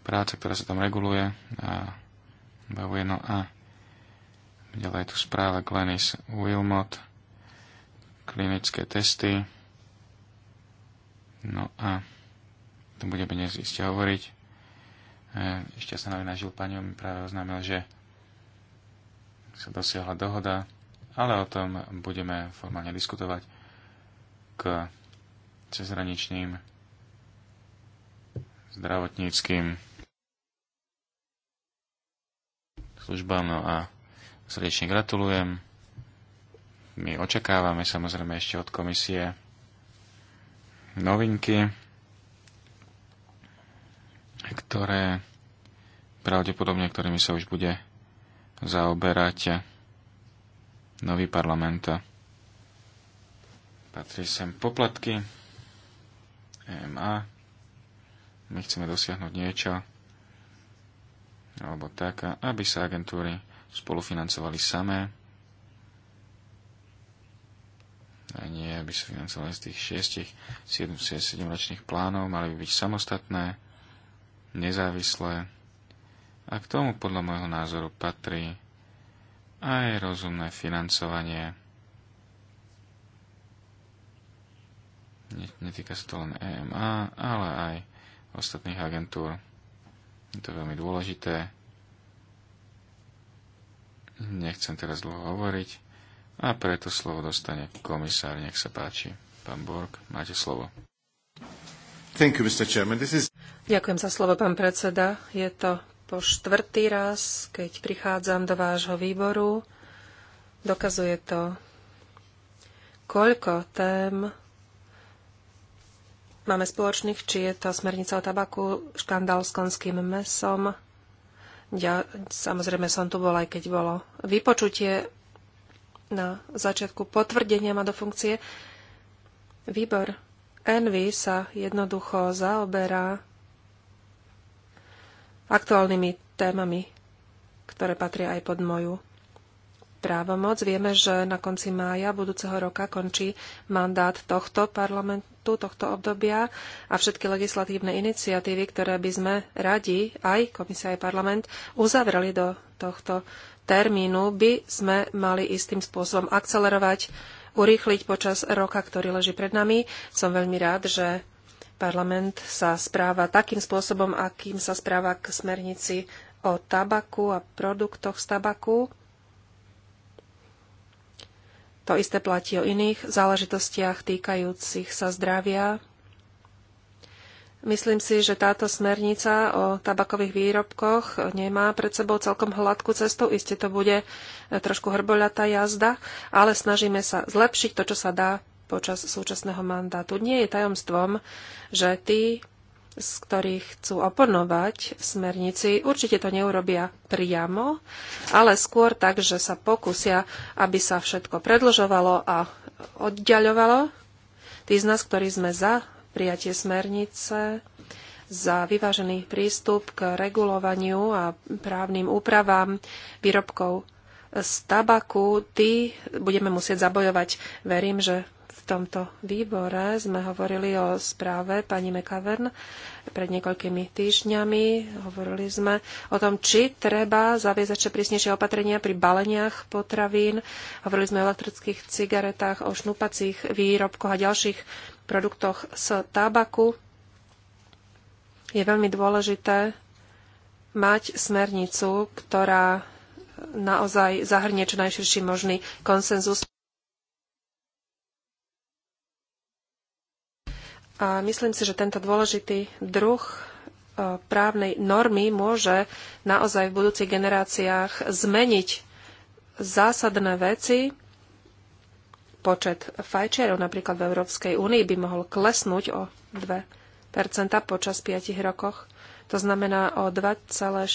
práca, ktorá sa tam reguluje a bavuje. No a ďalej tu správa Glenis Wilmot, klinické testy. No a to budeme dnes iste hovoriť. E, ešte sa novina Žilpaniom mi práve oznámil, že sa dosiahla dohoda ale o tom budeme formálne diskutovať k cezhraničným zdravotníckým službám. No a srdečne gratulujem. My očakávame samozrejme ešte od komisie novinky, ktoré pravdepodobne, ktorými sa už bude zaoberať nový parlament. Patrí sem poplatky, EMA. My chceme dosiahnuť niečo, alebo tak, aby sa agentúry spolufinancovali samé, a nie, aby sa financovali z tých 6, 7, 7 ročných plánov, mali by byť samostatné, nezávislé. A k tomu podľa môjho názoru patrí aj rozumné financovanie. Netýka sa to len EMA, ale aj ostatných agentúr. Je to veľmi dôležité. Nechcem teraz dlho hovoriť a preto slovo dostane komisár. Nech sa páči. Pán Borg, máte slovo. Thank you, Mr. Chairman. This is... Ďakujem za slovo, pán predseda. Je to po štvrtý raz, keď prichádzam do vášho výboru. Dokazuje to, koľko tém máme spoločných, či je to smernica o tabaku, škandál s konským mesom. Ja, samozrejme som tu bola, aj keď bolo vypočutie na začiatku potvrdenia ma do funkcie. Výbor Envy sa jednoducho zaoberá aktuálnymi témami, ktoré patria aj pod moju právomoc. Vieme, že na konci mája budúceho roka končí mandát tohto parlamentu, tohto obdobia a všetky legislatívne iniciatívy, ktoré by sme radi, aj komisia, aj parlament, uzavreli do tohto termínu, by sme mali istým spôsobom akcelerovať, urýchliť počas roka, ktorý leží pred nami. Som veľmi rád, že Parlament sa správa takým spôsobom, akým sa správa k smernici o tabaku a produktoch z tabaku. To isté platí o iných záležitostiach týkajúcich sa zdravia. Myslím si, že táto smernica o tabakových výrobkoch nemá pred sebou celkom hladkú cestu. Isté to bude trošku hrboľatá jazda, ale snažíme sa zlepšiť to, čo sa dá počas súčasného mandátu. Nie je tajomstvom, že tí, z ktorých chcú oponovať smernici, určite to neurobia priamo, ale skôr tak, že sa pokusia, aby sa všetko predlžovalo a oddiaľovalo. Tí z nás, ktorí sme za prijatie smernice, za vyvážený prístup k regulovaniu a právnym úpravám výrobkov z tabaku, tí budeme musieť zabojovať. Verím, že tomto výbore sme hovorili o správe pani McAvern pred niekoľkými týždňami. Hovorili sme o tom, či treba zaviesť ešte prísnejšie opatrenia pri baleniach potravín. Hovorili sme o elektrických cigaretách, o šnúpacích výrobkoch a ďalších produktoch z tabaku. Je veľmi dôležité mať smernicu, ktorá naozaj zahrnie čo najširší možný konsenzus A myslím si, že tento dôležitý druh e, právnej normy môže naozaj v budúcich generáciách zmeniť zásadné veci. Počet fajčiarov napríklad v Európskej únii by mohol klesnúť o 2 počas 5 rokoch. To znamená o 2,4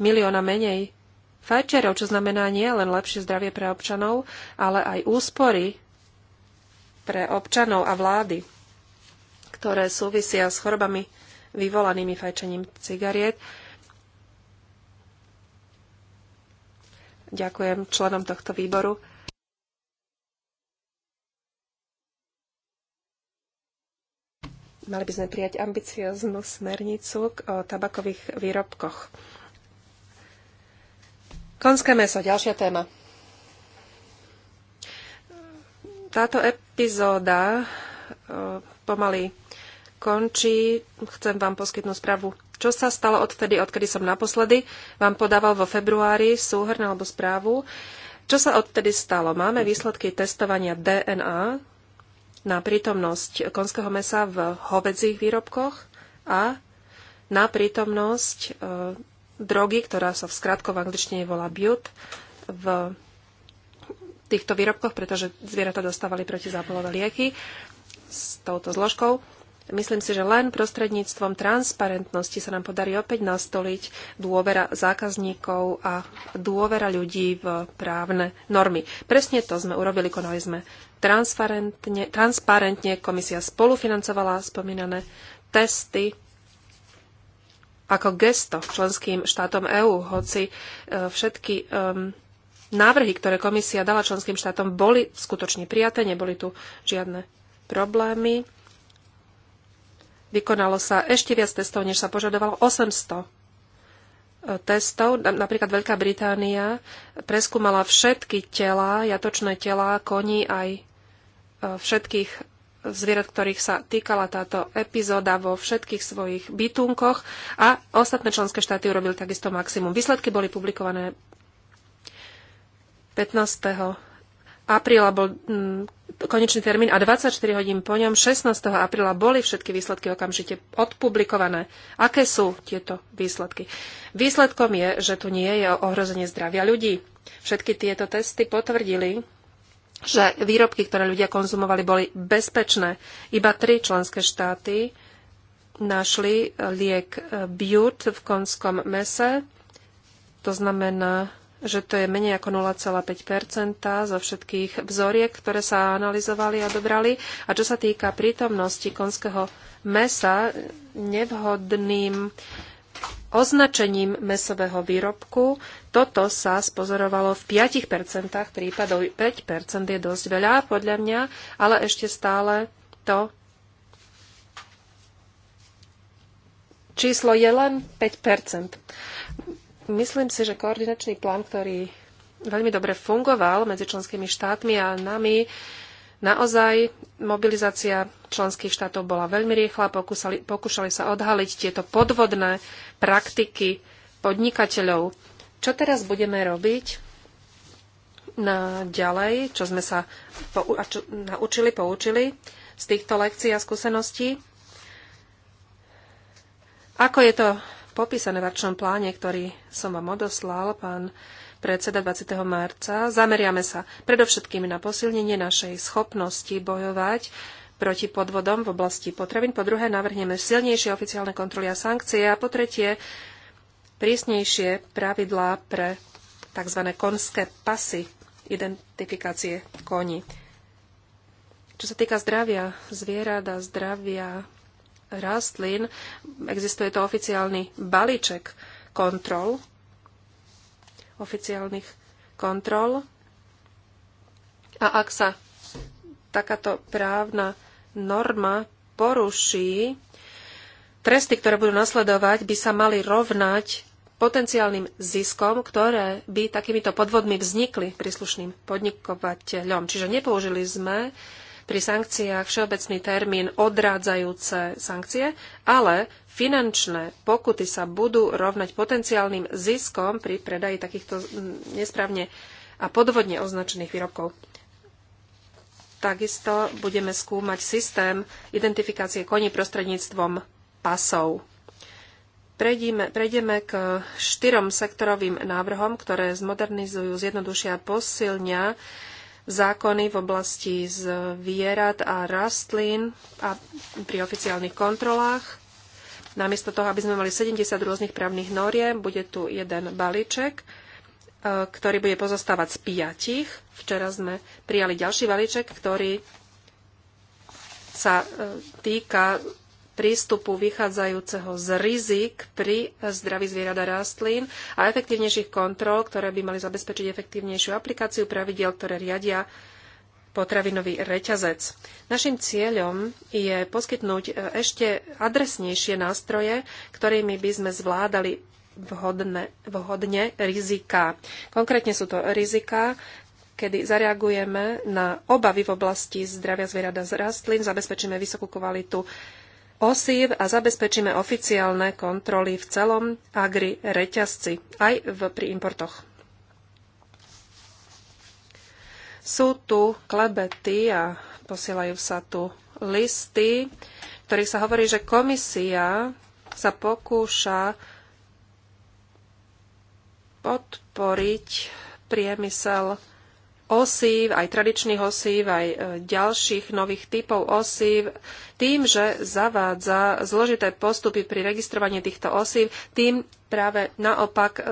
milióna menej fajčiarov, čo znamená nie len lepšie zdravie pre občanov, ale aj úspory pre občanov a vlády ktoré súvisia s chorobami vyvolanými fajčením cigariet. Ďakujem členom tohto výboru. Mali by sme prijať ambicioznú smernicu o tabakových výrobkoch. Konské meso, ďalšia téma. Táto epizóda pomaly končí. Chcem vám poskytnúť správu, čo sa stalo odtedy, odkedy som naposledy vám podával vo februári súhrn alebo správu. Čo sa odtedy stalo? Máme výsledky testovania DNA na prítomnosť konského mesa v hovedzích výrobkoch a na prítomnosť e, drogy, ktorá sa v skratko v angličtine volá but, v týchto výrobkoch, pretože zvieratá dostávali protizápolové lieky s touto zložkou. Myslím si, že len prostredníctvom transparentnosti sa nám podarí opäť nastoliť dôvera zákazníkov a dôvera ľudí v právne normy. Presne to sme urobili, konali sme transparentne, transparentne komisia spolufinancovala spomínané testy ako gesto členským štátom EÚ, hoci e, všetky um, návrhy, ktoré komisia dala členským štátom, boli skutočne prijaté, neboli tu žiadne problémy. Vykonalo sa ešte viac testov, než sa požadovalo 800 e, testov. Napríklad Veľká Británia preskúmala všetky tela, jatočné tela, koní aj e, všetkých zvierat, ktorých sa týkala táto epizóda vo všetkých svojich bytunkoch a ostatné členské štáty urobili takisto maximum. Výsledky boli publikované 15. apríla bol konečný termín a 24 hodín po ňom 16. apríla boli všetky výsledky okamžite odpublikované. Aké sú tieto výsledky? Výsledkom je, že tu nie je ohrozenie zdravia ľudí. Všetky tieto testy potvrdili, že výrobky, ktoré ľudia konzumovali, boli bezpečné. Iba tri členské štáty našli liek Bute v konskom mese, to znamená že to je menej ako 0,5 zo všetkých vzoriek, ktoré sa analyzovali a dobrali. A čo sa týka prítomnosti konského mesa, nevhodným označením mesového výrobku, toto sa spozorovalo v 5 prípadov. 5 je dosť veľa, podľa mňa, ale ešte stále to číslo je len 5 Myslím si, že koordinačný plán, ktorý veľmi dobre fungoval medzi členskými štátmi a nami, naozaj mobilizácia členských štátov bola veľmi rýchla, pokúsali, pokúšali sa odhaliť tieto podvodné praktiky podnikateľov. Čo teraz budeme robiť na ďalej, čo sme sa pou, čo, naučili, poučili z týchto lekcií a skúseností? Ako je to popísané v akčnom pláne, ktorý som vám odoslal, pán predseda 20. marca, zameriame sa predovšetkým na posilnenie našej schopnosti bojovať proti podvodom v oblasti potravín. Po druhé, navrhneme silnejšie oficiálne kontroly a sankcie. A po tretie, prísnejšie pravidlá pre tzv. konské pasy identifikácie koní. Čo sa týka zdravia zvierat a zdravia rastlín. Existuje to oficiálny balíček kontrol, oficiálnych kontrol. A ak sa takáto právna norma poruší, tresty, ktoré budú nasledovať, by sa mali rovnať potenciálnym ziskom, ktoré by takýmito podvodmi vznikli príslušným podnikovateľom. Čiže nepoužili sme uh, pri sankciách všeobecný termín odrádzajúce sankcie, ale finančné pokuty sa budú rovnať potenciálnym ziskom pri predaji takýchto nesprávne a podvodne označených výrobkov. Takisto budeme skúmať systém identifikácie koní prostredníctvom pasov. Prejdeme, prejdeme k štyrom sektorovým návrhom, ktoré zmodernizujú, zjednodušia a posilnia zákony v oblasti zvierat a rastlín a pri oficiálnych kontrolách. Namiesto toho, aby sme mali 70 rôznych právnych noriem, bude tu jeden balíček, e, ktorý bude pozostávať z piatich. Včera sme prijali ďalší balíček, ktorý sa e, týka prístupu vychádzajúceho z rizik pri zdraví zvierat a rastlín a efektívnejších kontrol, ktoré by mali zabezpečiť efektívnejšiu aplikáciu pravidiel, ktoré riadia potravinový reťazec. Našim cieľom je poskytnúť e, ešte adresnejšie nástroje, ktorými by sme zvládali vhodne, vhodne rizika. Konkrétne sú to rizika, kedy zareagujeme na obavy v oblasti zdravia zvierat a rastlín, zabezpečíme vysokú kvalitu osív a zabezpečíme oficiálne kontroly v celom agri reťazci, aj v, pri importoch. Sú tu klebety a posielajú sa tu listy, v ktorých sa hovorí, že komisia sa pokúša podporiť priemysel osív, aj tradičných osív, aj e, ďalších nových typov osív. Tým, že zavádza zložité postupy pri registrovaní týchto osív, tým práve naopak e,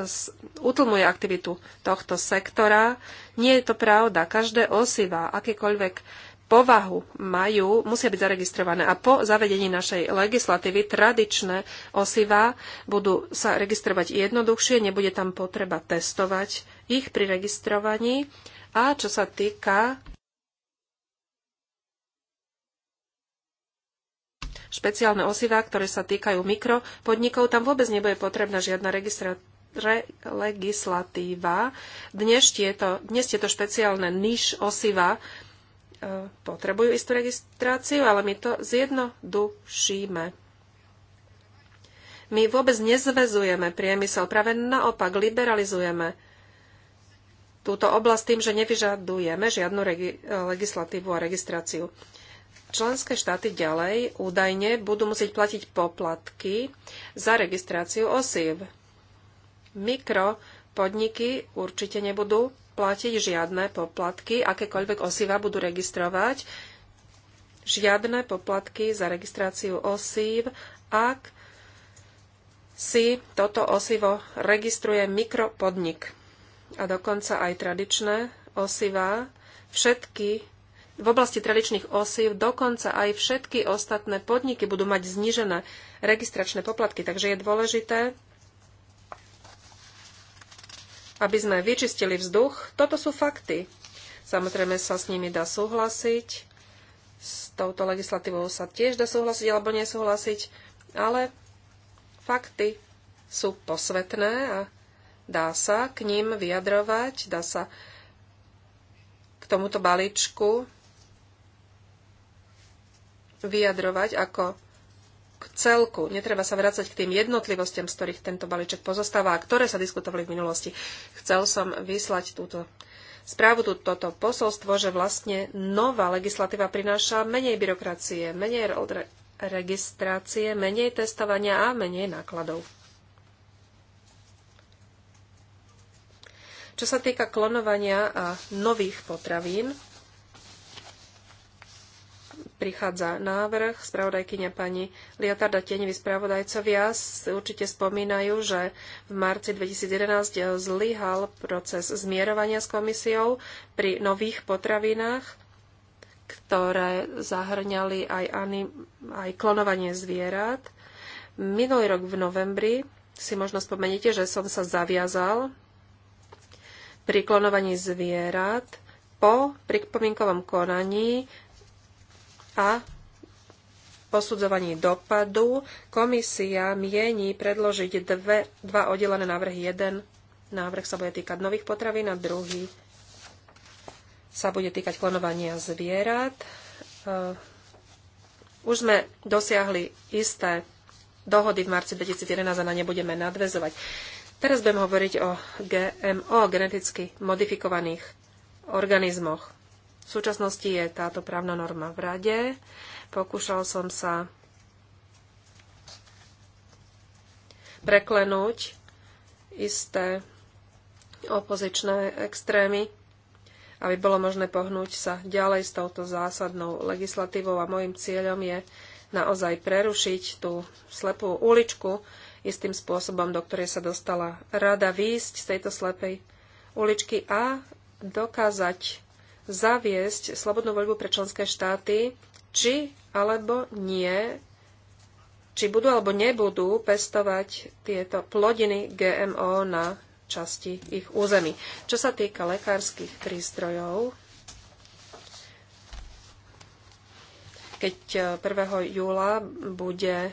utlmuje aktivitu tohto sektora. Nie je to pravda. Každé osiva, akékoľvek povahu majú, musia byť zaregistrované. A po zavedení našej legislatívy tradičné osiva budú sa registrovať jednoduchšie, nebude tam potreba testovať ich pri registrovaní a čo sa týka špeciálne osiva, ktoré sa týkajú mikropodnikov, tam vôbec nebude potrebná žiadna registrácia legislatíva. Dnes tieto, dnes tieto špeciálne niž osiva e, potrebujú istú registráciu, ale my to zjednodušíme. My vôbec nezvezujeme priemysel, práve naopak liberalizujeme túto oblasť tým, že nevyžadujeme žiadnu legislatívu a registráciu. Členské štáty ďalej údajne budú musieť platiť poplatky za registráciu osív. Mikropodniky určite nebudú platiť žiadne poplatky, akékoľvek osiva budú registrovať, žiadne poplatky za registráciu osív, ak si toto osivo registruje mikropodnik a dokonca aj tradičné osivá, všetky v oblasti tradičných osív dokonca aj všetky ostatné podniky budú mať znížené registračné poplatky. Takže je dôležité, aby sme vyčistili vzduch. Toto sú fakty. Samozrejme sa s nimi dá súhlasiť. S touto legislatívou sa tiež dá súhlasiť alebo nesúhlasiť. Ale fakty sú posvetné a Dá sa k ním vyjadrovať, dá sa k tomuto balíčku vyjadrovať ako k celku. Netreba sa vrácať k tým jednotlivostiam, z ktorých tento balíček pozostáva a ktoré sa diskutovali v minulosti. Chcel som vyslať túto správu, tú, toto posolstvo, že vlastne nová legislatíva prináša menej byrokracie, menej registrácie, menej testovania a menej nákladov. Čo sa týka klonovania a nových potravín, prichádza návrh. Spravodajkyňa pani Liatarda Tieňovi spravodajcovia určite spomínajú, že v marci 2011 zlyhal proces zmierovania s komisiou pri nových potravinách, ktoré zahrňali aj, anim, aj klonovanie zvierat. Minulý rok v novembri si možno spomeniete, že som sa zaviazal pri klonovaní zvierat po pripomienkovom konaní a posudzovaní dopadu komisia mieni predložiť dve, dva oddelené návrhy. Jeden návrh sa bude týkať nových potravín a druhý sa bude týkať klonovania zvierat. E, už sme dosiahli isté dohody v marci 2011 a na ne budeme nadvezovať. Teraz budem hovoriť o GMO, geneticky modifikovaných organizmoch. V súčasnosti je táto právna norma v rade. Pokúšal som sa preklenúť isté opozičné extrémy, aby bolo možné pohnúť sa ďalej s touto zásadnou legislatívou a môjim cieľom je naozaj prerušiť tú slepú uličku, istým spôsobom, do ktorej sa dostala rada výjsť z tejto slepej uličky a dokázať zaviesť slobodnú voľbu pre členské štáty, či alebo nie, či budú alebo nebudú pestovať tieto plodiny GMO na časti ich území. Čo sa týka lekárskych prístrojov, keď 1. Eh, júla bude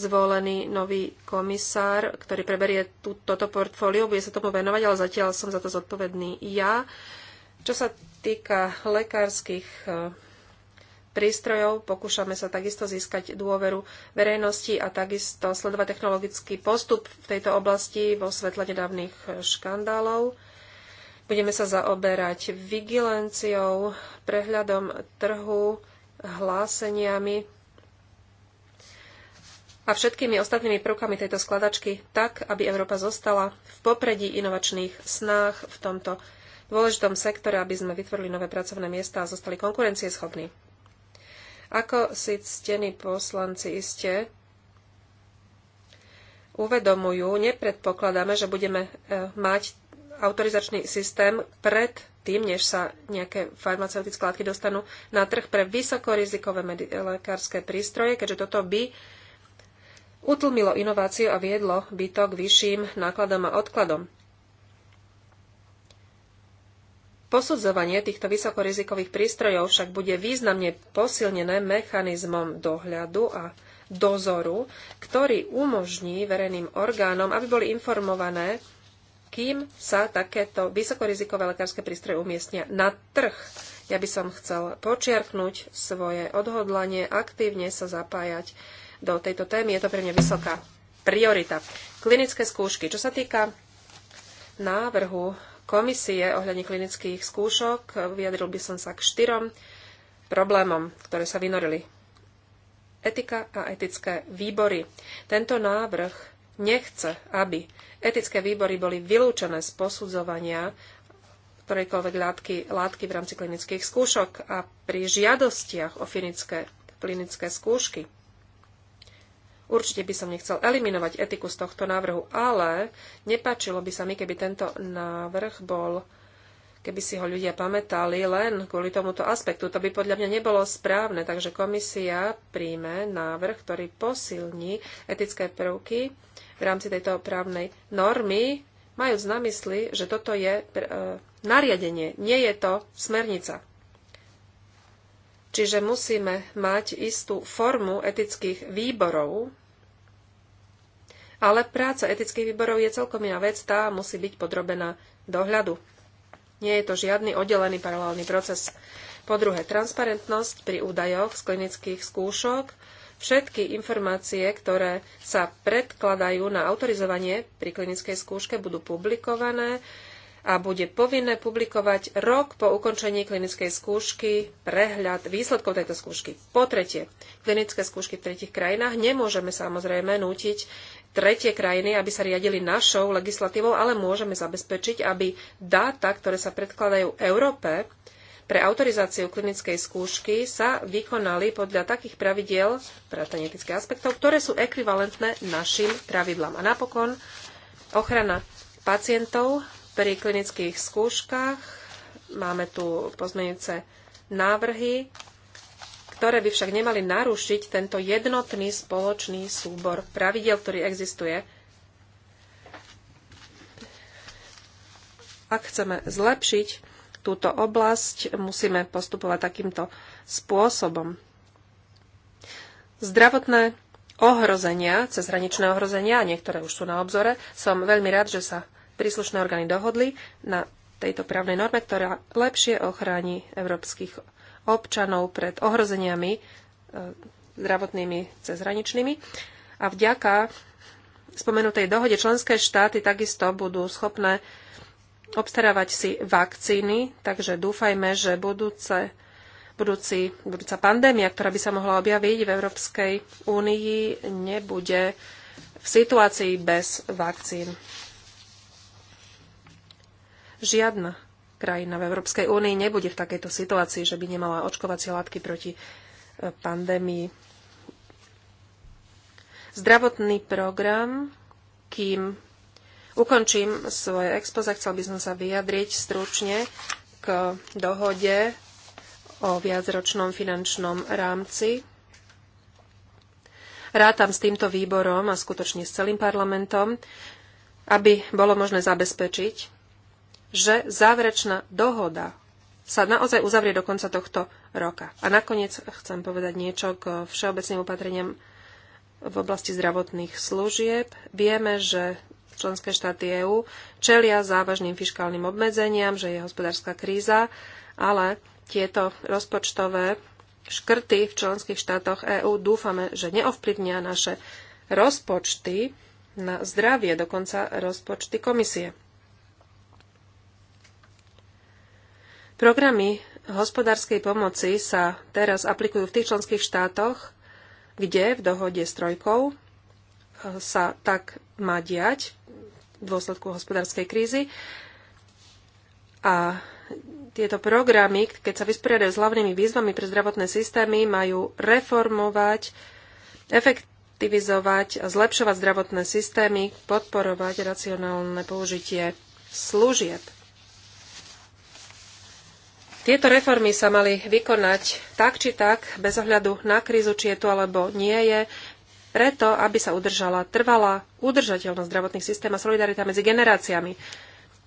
zvolený nový komisár, ktorý preberie tú, toto portfólio, bude sa tomu venovať, ale zatiaľ som za to zodpovedný ja. Čo sa týka lekárskych e, prístrojov, pokúšame sa takisto získať dôveru verejnosti a takisto sledovať technologický postup v tejto oblasti vo svetle nedávnych e, škandálov. Budeme sa zaoberať vigilanciou, prehľadom trhu, hláseniami a všetkými ostatnými prvkami tejto skladačky tak, aby Európa zostala v popredí inovačných snách v tomto dôležitom sektore, aby sme vytvorili nové pracovné miesta a zostali konkurencieschopní. Ako si ctení poslanci iste uvedomujú, nepredpokladáme, že budeme e, mať autorizačný systém pred tým, než sa nejaké farmaceutické látky dostanú na trh pre vysokorizikové lekárske prístroje, keďže toto by utlmilo inováciu a viedlo by to k vyšším nákladom a odkladom. Posudzovanie týchto vysokorizikových prístrojov však bude významne posilnené mechanizmom dohľadu a dozoru, ktorý umožní verejným orgánom, aby boli informované, kým sa takéto vysokorizikové lekárske prístroje umiestnia na trh. Ja by som chcel počiarknúť svoje odhodlanie aktívne sa zapájať do tejto témy. Je to pre mňa vysoká priorita. Klinické skúšky. Čo sa týka návrhu komisie ohľadne klinických skúšok, vyjadril by som sa k štyrom problémom, ktoré sa vynorili. Etika a etické výbory. Tento návrh nechce, aby etické výbory boli vylúčené z posudzovania ktorejkoľvek látky, látky v rámci klinických skúšok a pri žiadostiach o klinické, klinické skúšky. Určite by som nechcel eliminovať etiku z tohto návrhu, ale nepáčilo by sa mi, keby tento návrh bol keby si ho ľudia pamätali len kvôli tomuto aspektu. To by podľa mňa nebolo správne, takže komisia príjme návrh, ktorý posilní etické prvky v rámci tejto právnej normy, majúc na mysli, že toto je e, nariadenie, nie je to smernica. Čiže musíme mať istú formu etických výborov, ale práca etických výborov je celkom iná vec, tá musí byť podrobená dohľadu. Nie je to žiadny oddelený paralelný proces. Po druhé, transparentnosť pri údajoch z klinických skúšok. Všetky informácie, ktoré sa predkladajú na autorizovanie pri klinickej skúške, budú publikované a bude povinné publikovať rok po ukončení klinickej skúšky prehľad výsledkov tejto skúšky. Po tretie, klinické skúšky v tretich krajinách nemôžeme samozrejme nútiť tretie krajiny, aby sa riadili našou legislatívou, ale môžeme zabezpečiť, aby dáta, ktoré sa predkladajú Európe pre autorizáciu klinickej skúšky, sa vykonali podľa takých pravidiel, vrátane teda etických aspektov, ktoré sú ekvivalentné našim pravidlám. A napokon ochrana pacientov pri klinických skúškach. Máme tu pozmeňujúce návrhy ktoré by však nemali narušiť tento jednotný spoločný súbor pravidel, ktorý existuje. Ak chceme zlepšiť túto oblasť, musíme postupovať takýmto spôsobom. Zdravotné ohrozenia, cezhraničné ohrozenia, niektoré už sú na obzore, som veľmi rád, že sa príslušné orgány dohodli na tejto právnej norme, ktorá lepšie ochráni európskych občanov pred ohrozeniami e, zdravotnými cezhraničnými. A vďaka spomenutej dohode členské štáty takisto budú schopné obstarávať si vakcíny, takže dúfajme, že budúce, budúci, budúca pandémia, ktorá by sa mohla objaviť v Európskej únii, nebude v situácii bez vakcín. Žiadna krajina v Európskej únii nebude v takejto situácii, že by nemala očkovacie látky proti e, pandémii. Zdravotný program, kým ukončím svoje expoze, chcel by som sa vyjadriť stručne k dohode o viacročnom finančnom rámci. Rátam s týmto výborom a skutočne s celým parlamentom, aby bolo možné zabezpečiť, že záverečná dohoda sa naozaj uzavrie do konca tohto roka. A nakoniec chcem povedať niečo k všeobecným opatreniam v oblasti zdravotných služieb. Vieme, že členské štáty EÚ čelia závažným fiskálnym obmedzeniam, že je hospodárska kríza, ale tieto rozpočtové škrty v členských štátoch EÚ dúfame, že neovplyvnia naše rozpočty na zdravie, dokonca rozpočty komisie. Programy hospodárskej pomoci sa teraz aplikujú v tých členských štátoch, kde v dohode s trojkou e, sa tak má diať v dôsledku hospodárskej krízy. A tieto programy, keď sa vysporiadajú s hlavnými výzvami pre zdravotné systémy, majú reformovať, efektivizovať a zlepšovať zdravotné systémy, podporovať racionálne použitie služieb. Tieto reformy sa mali vykonať tak či tak, bez ohľadu na krízu, či je tu alebo nie je, preto, aby sa udržala trvalá udržateľnosť zdravotných systém a solidarita medzi generáciami.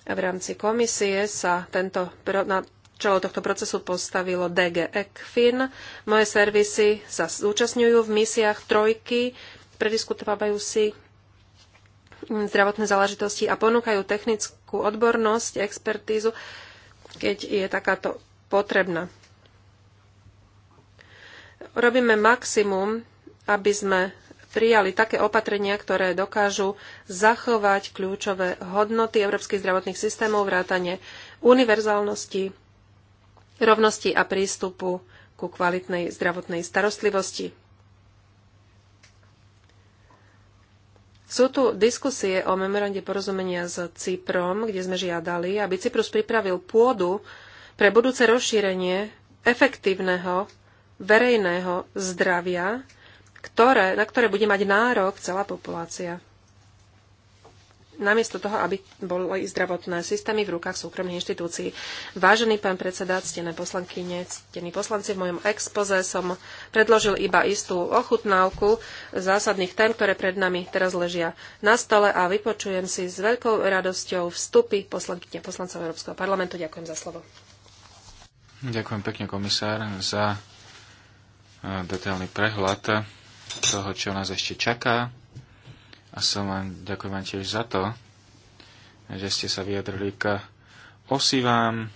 v rámci komisie sa tento, na čelo tohto procesu postavilo DG ECFIN. Moje servisy sa zúčastňujú v misiách trojky, prediskutovávajú si zdravotné záležitosti a ponúkajú technickú odbornosť, expertízu, keď je takáto potrebná. Robíme maximum, aby sme prijali také opatrenia, ktoré dokážu zachovať kľúčové hodnoty európskych zdravotných systémov, vrátane univerzálnosti, rovnosti a prístupu ku kvalitnej zdravotnej starostlivosti. Sú tu diskusie o memorande porozumenia s Cyprom, kde sme žiadali, aby Cyprus pripravil pôdu pre budúce rozšírenie efektívneho verejného zdravia, ktoré, na ktoré bude mať nárok celá populácia namiesto toho, aby boli zdravotné systémy v rukách súkromných inštitúcií. Vážený pán predseda, ctené poslankyne, ctení poslanci, v mojom expoze som predložil iba istú ochutnávku zásadných tém, ktoré pred nami teraz ležia na stole a vypočujem si s veľkou radosťou vstupy poslankyne poslancov Európskeho parlamentu. Ďakujem za slovo. Ďakujem pekne, komisár, za e, detailný prehľad toho, čo nás ešte čaká a som vám, ďakujem vám tiež za to, že ste sa vyjadrili k osivám.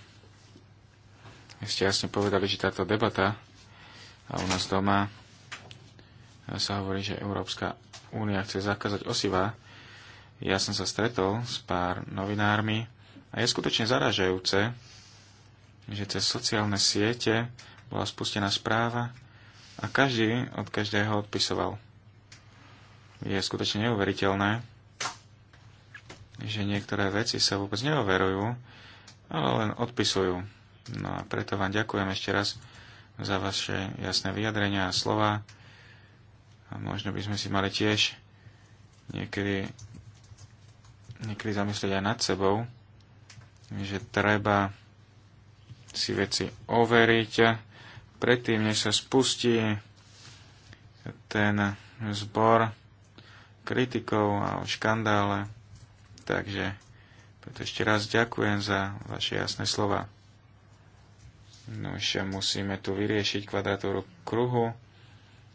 Ste jasne povedali, že táto debata a u nás doma sa hovorí, že Európska únia chce zakázať osiva. Ja som sa stretol s pár novinármi a je skutočne zaražajúce, že cez sociálne siete bola spustená správa a každý od každého odpisoval je skutočne neuveriteľné, že niektoré veci sa vôbec neoverujú, ale len odpisujú. No a preto vám ďakujem ešte raz za vaše jasné vyjadrenia a slova. A možno by sme si mali tiež niekedy, niekedy zamyslieť aj nad sebou, že treba si veci overiť predtým, než sa spustí ten zbor kritikou a o škandále. Takže preto ešte raz ďakujem za vaše jasné slova. No ešte musíme tu vyriešiť kvadratúru kruhu.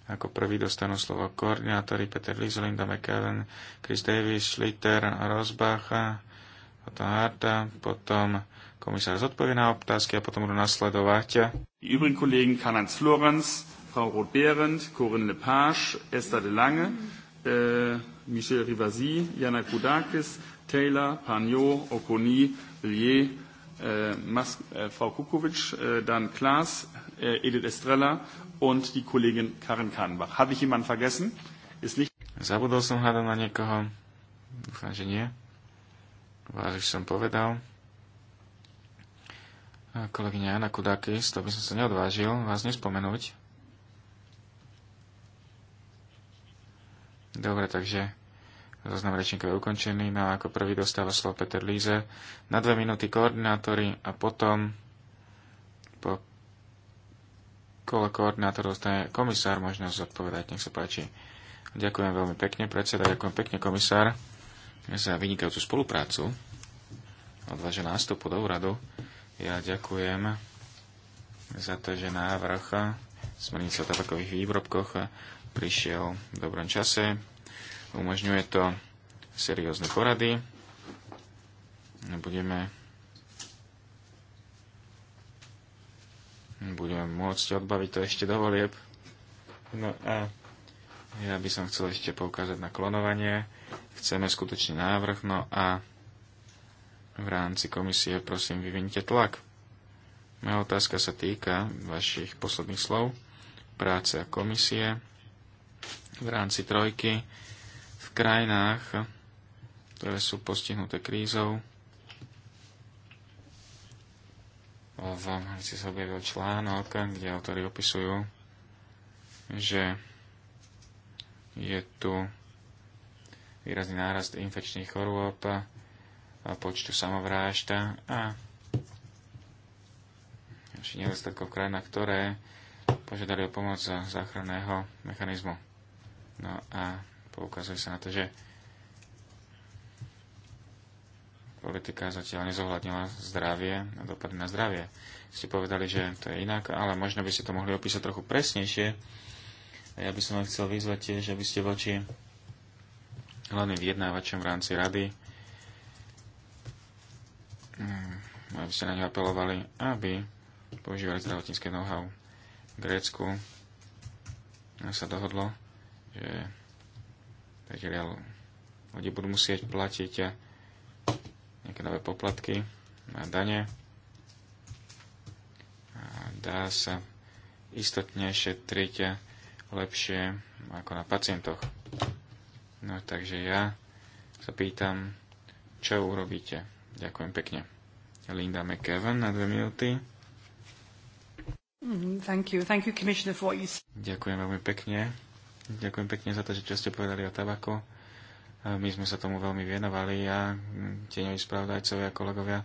Ako prvý dostanú slovo koordinátori Peter Lies, Linda McKellen, Chris Davis, Schlitter, Rozbacha, potom Harta, potom komisár zodpovie na otázky a potom budú nasledovať. Die übrigen Kollegen Karl-Heinz Florenz, Frau Roth-Behrendt, Corinne Lepage, Esther de Lange, Eh, Michel Rivasi, Yanakoudakis, Taylor, Pagnot, Oconi, Villiers, äh, eh, Mas äh, Frau Kukovic, äh, dann Klaas, äh, Edith Estrella und die Kollegin Karin Kahnbach. Habe ich jemanden vergessen? Ist nicht Zabudol som hada na niekoho. Dúfam, že nie. Vážiš som povedal. kolegyňa Jana Kudakis, to by som sa neodvážil vás nespomenúť. Dobre, takže zoznam rečníkov je ukončený. No a ako prvý dostáva slovo Peter Líze. Na dve minúty koordinátory a potom po kole koordinátor dostane komisár možnosť zodpovedať. Nech sa páči. Ďakujem veľmi pekne, predseda. Ďakujem pekne, komisár, za vynikajúcu spoluprácu od vášho nástupu do úradu. Ja ďakujem za to, že návrh smernice o tabakových výrobkoch prišiel v dobrom čase. Umožňuje to seriózne porady. Budeme budeme môcť odbaviť to ešte do volieb. No a ja by som chcel ešte poukázať na klonovanie. Chceme skutočný návrh, no a v rámci komisie prosím vyvinite tlak. Moja otázka sa týka vašich posledných slov, práce a komisie v rámci trojky v krajinách, ktoré sú postihnuté krízou. V Americe sa objavil článok, kde autori opisujú, že je tu výrazný nárast infekčných chorôb, počtu samovrážda a ešte nedostatkov krajina, ktoré požiadali o pomoc záchranného mechanizmu. No a poukazuje sa na to, že politika zatiaľ nezohľadnila zdravie a dopady na zdravie. Ste povedali, že to je inak, ale možno by ste to mohli opísať trochu presnejšie. A ja by som vám chcel vyzvať tiež, aby ste voči hlavným vyjednávačom v rámci rady mm, aby ste na ňu apelovali, aby používali zdravotnícke know-how. V Grécku sa dohodlo, že takže ľudia budú musieť platiť eh, nejaké nové poplatky na dane. A dá sa istotne šetriť eh, lepšie ako na pacientoch. No takže ja sa pýtam, čo urobíte. Ďakujem pekne. Linda McKeven na dve minúty. Mm, thank you. Thank you, Ďakujem veľmi pekne Ďakujem pekne za to, že čo ste povedali o tabaku. My sme sa tomu veľmi venovali, a tieňoví spravodajcovia, kolegovia,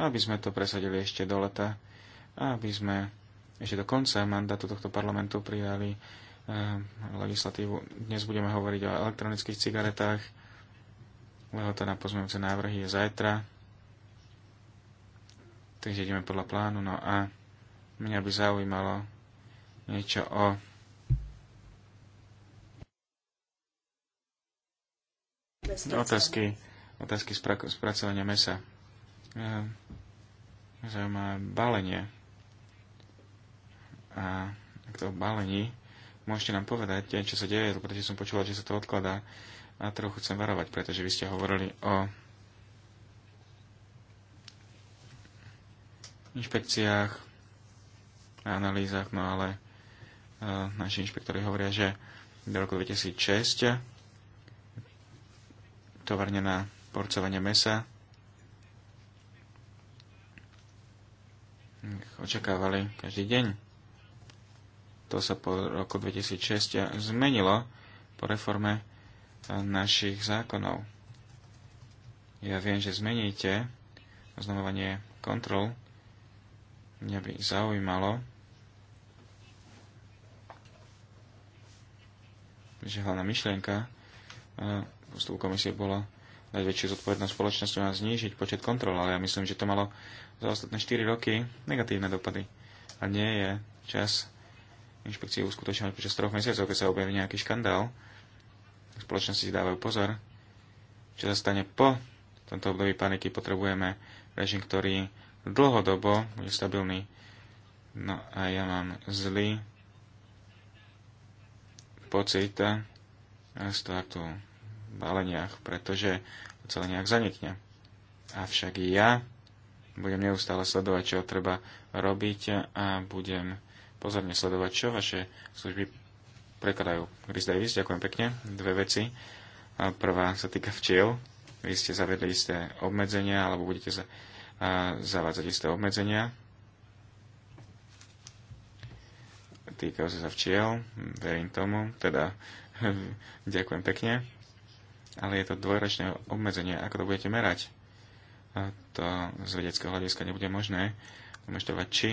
aby sme to presadili ešte do leta, aby sme ešte do konca mandátu tohto parlamentu prijali legislatívu. Dnes budeme hovoriť o elektronických cigaretách. Lehota na pozmeňujúce návrhy je zajtra. Takže ideme podľa plánu. No a mňa by zaujímalo niečo o Otázky, otázky spracovania mesa. Zaujímavé balenie. A k to balení môžete nám povedať, eh, čo sa deje, pretože som počúval, že sa to odkladá a trochu chcem varovať, pretože vy ste hovorili o inšpekciách a analýzach, no ale eh, naši inšpektori hovoria, že do roku 2006 továrne na porcovanie mesa. Očakávali každý deň. To sa po roku 2006 zmenilo po reforme našich zákonov. Ja viem, že zmeníte oznamovanie kontrol. Mňa by zaujímalo, že hlavná myšlienka eh, postupu komisie bolo dať väčšiu zodpovednosť spoločnosti a znížiť počet kontrol, ale ja myslím, že to malo za ostatné 4 roky negatívne dopady. A nie je čas inšpekcie uskutočňovať počas troch mesiacov, keď sa objaví nejaký škandál. Spoločnosti si dávajú pozor, čo sa stane po tomto období paniky. Potrebujeme režim, ktorý dlhodobo bude stabilný. No a ja mám zlý pocit z toho aktu baleniach, pretože celé nejak zanikne. Avšak ja budem neustále sledovať, čo treba robiť a budem pozorne sledovať, čo vaše služby prekladajú. Chris Davis, ďakujem pekne. Dve veci. Prvá sa týka včiel. Vy ste zavedli isté obmedzenia, alebo budete za, a, zavádzať isté obmedzenia. Týkajú sa včiel, verím tomu, teda ďakujem pekne ale je to dvojročné obmedzenie, ako to budete merať. A to z vedeckého hľadiska nebude možné Umeštovať či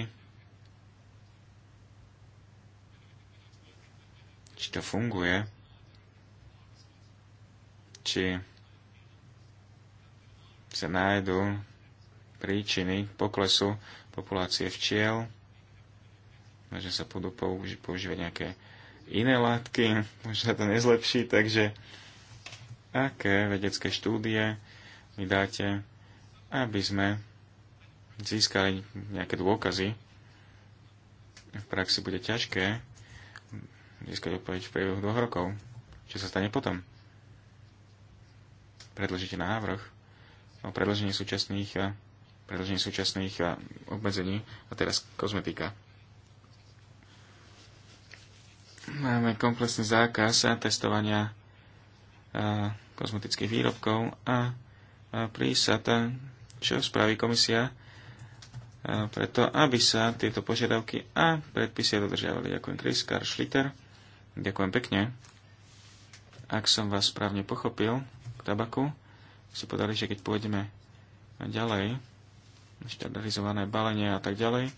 či to funguje, či sa nájdú príčiny poklesu populácie včiel, že sa budú používať nejaké iné látky, možno to nezlepší, takže aké vedecké štúdie mi dáte, aby sme získali nejaké dôkazy. V praxi bude ťažké získať odpoveď v priebehu dvoch rokov. Čo sa stane potom? Predložíte návrh o predložení súčasných, eh, predložení súčasných eh, obmedzení a teraz kozmetika. Máme komplexný zákaz eh, testovania kozmetických výrobkov a prísad, čo spraví komisia preto, aby sa tieto požiadavky a predpisy dodržiavali. Ďakujem Chris Karl Schlitter. Ďakujem pekne. Ak som vás správne pochopil k tabaku, si podali, že keď pôjdeme ďalej, štandardizované balenie a tak ďalej,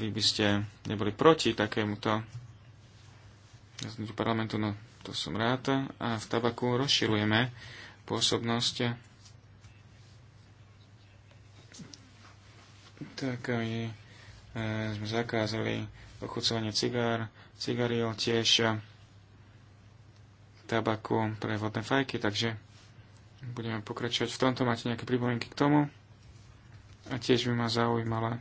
vy by ste neboli proti takémuto parlamentu, no to som rád. A v tabaku rozširujeme pôsobnosť. Tak aj e, sme zakázali ochucovanie cigár, cigariel tiež tabaku pre vodné fajky, takže budeme pokračovať v tomto. Máte nejaké pripomienky k tomu? A tiež by ma zaujímala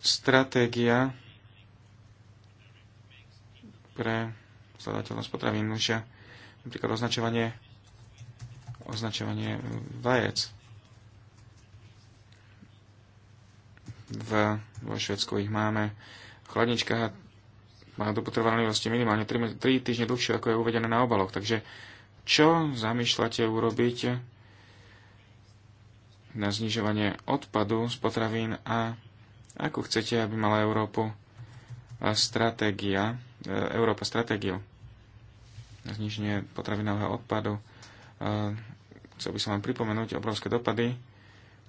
stratégia pre sledateľnosť potravín, že napríklad označovanie, označovanie vajec. V, vo Švedsku ich máme Chladnička má do dobu minimálne 3, 3 týždne dlhšie, ako je uvedené na obaloch. Takže čo zamýšľate urobiť na znižovanie odpadu z potravín a ako chcete, aby mala Európu stratégia E, Európa stratégiu na zniženie potravinového odpadu. E, chcel by som vám pripomenúť obrovské dopady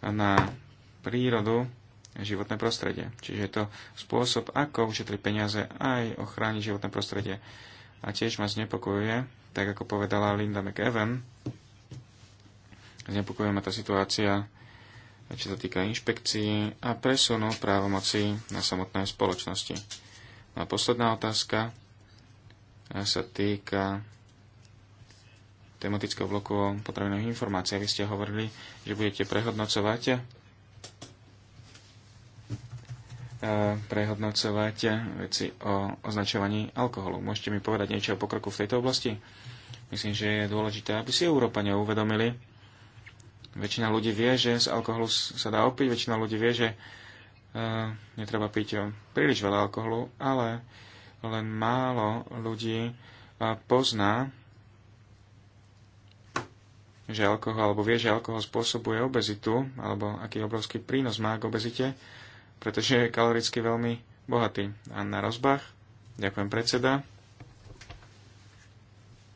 na prírodu a životné prostredie. Čiže je to spôsob, ako ušetriť peniaze aj ochrániť životné prostredie. A tiež ma znepokojuje, tak ako povedala Linda McEwen, znepokojuje ma tá situácia, čo sa týka inšpekcií a presunu právomocí na samotné spoločnosti a posledná otázka sa týka tematického bloku o potravinových informáciách. Vy ste hovorili, že budete prehodnocovať e, prehodnocovať veci o označovaní alkoholu. Môžete mi povedať niečo o pokroku v tejto oblasti? Myslím, že je dôležité, aby si Európania uvedomili. Väčšina ľudí vie, že z alkoholu sa dá opiť, väčšina ľudí vie, že netreba piť eh, príliš veľa alkoholu, ale len málo ľudí eh, pozná, že alkohol, alebo vie, že alkohol spôsobuje obezitu, alebo aký obrovský prínos má k obezite, pretože je kaloricky veľmi bohatý. Anna Rozbach, ďakujem predseda.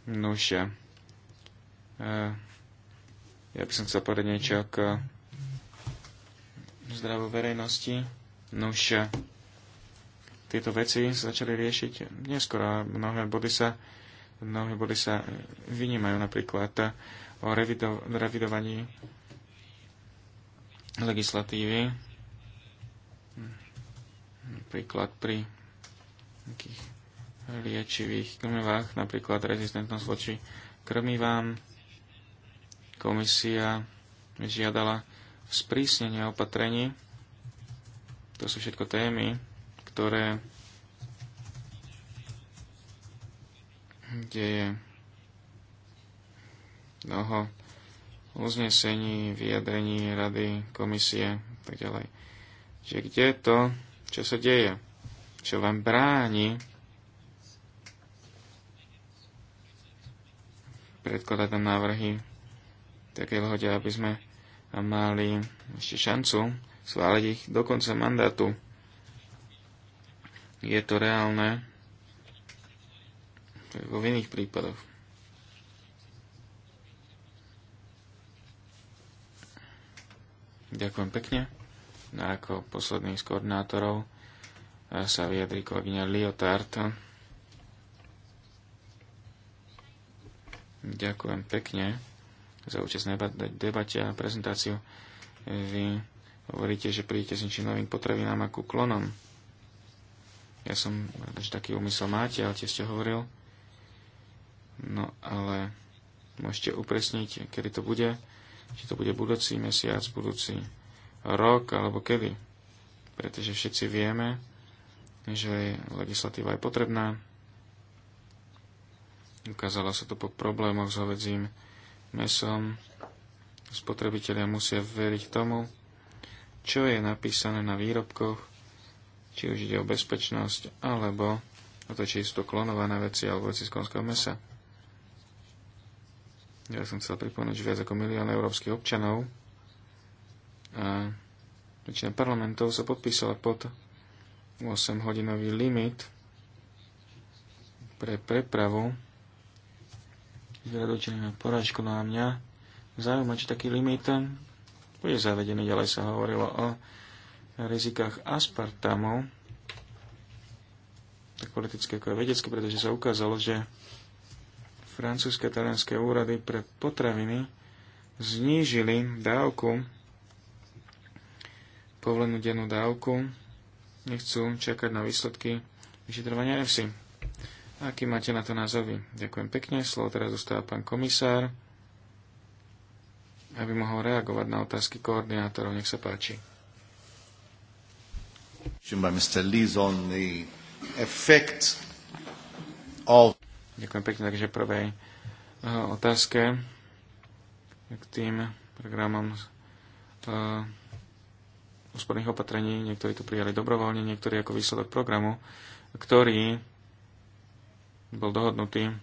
Nuž, eh, ja by som chcel povedať niečo k zdravú verejnosti. no už eh, tieto veci sa začali riešiť neskoro a mnohé body sa, mnohé body sa eh, vynímajú napríklad eh, o revido, revidovaní legislatívy, napríklad pri nejakých liečivých krmivách, napríklad rezistentnosť voči krmivám. Komisia žiadala sprísnenie opatrení. To sú všetko témy, ktoré kde je mnoho uznesení, vyjadrení rady, komisie a tak ďalej. Že kde je to, čo sa deje, čo vám bráni predkladať návrhy také hodia, aby sme a mali ešte šancu schváliť ich do konca mandátu. Je to reálne vo iných prípadoch. Ďakujem pekne. No a ako posledný z koordinátorov eh, sa vyjadri kolegyňa Liotard. Ďakujem pekne za účasť na debate a prezentáciu. Vy hovoríte, že prídete s ničím novým potravinám ako klonom. Ja som že taký úmysel máte, ale tiež ste hovoril. No ale môžete upresniť, kedy to bude. Či to bude budúci mesiac, budúci rok, alebo kedy. Pretože všetci vieme, že legislatíva je potrebná. Ukázalo sa to po problémoch s hovedzím mesom spotrebitelia musia veriť tomu, čo je napísané na výrobkoch, či už ide o bezpečnosť, alebo o to, či sú to klonované veci alebo veci z konského mesa. Ja som chcel pripomenúť, že viac ako milión európskych občanov a väčšina parlamentov sa podpísala pod 8-hodinový limit pre prepravu zradočenia poražku na mňa. Zaujíma, či taký limit bude zavedený. Ďalej sa hovorilo o rizikách aspartamu, tak politické ako aj vedecké, pretože sa ukázalo, že francúzske a talianské úrady pre potraviny znížili dávku, povolenú dennú dávku, nechcú čakať na výsledky vyšetrovania EFSI. Aký máte na to názor Ďakujem pekne. Slovo teraz dostáva pán komisár, aby mohol reagovať na otázky koordinátorov. Nech sa páči. Ďakujem pekne, takže prvej eh, otázke k tým programom eh, úsporných opatrení. Niektorí to prijali dobrovoľne, niektorí ako výsledok programu, ktorý bol dohodnutý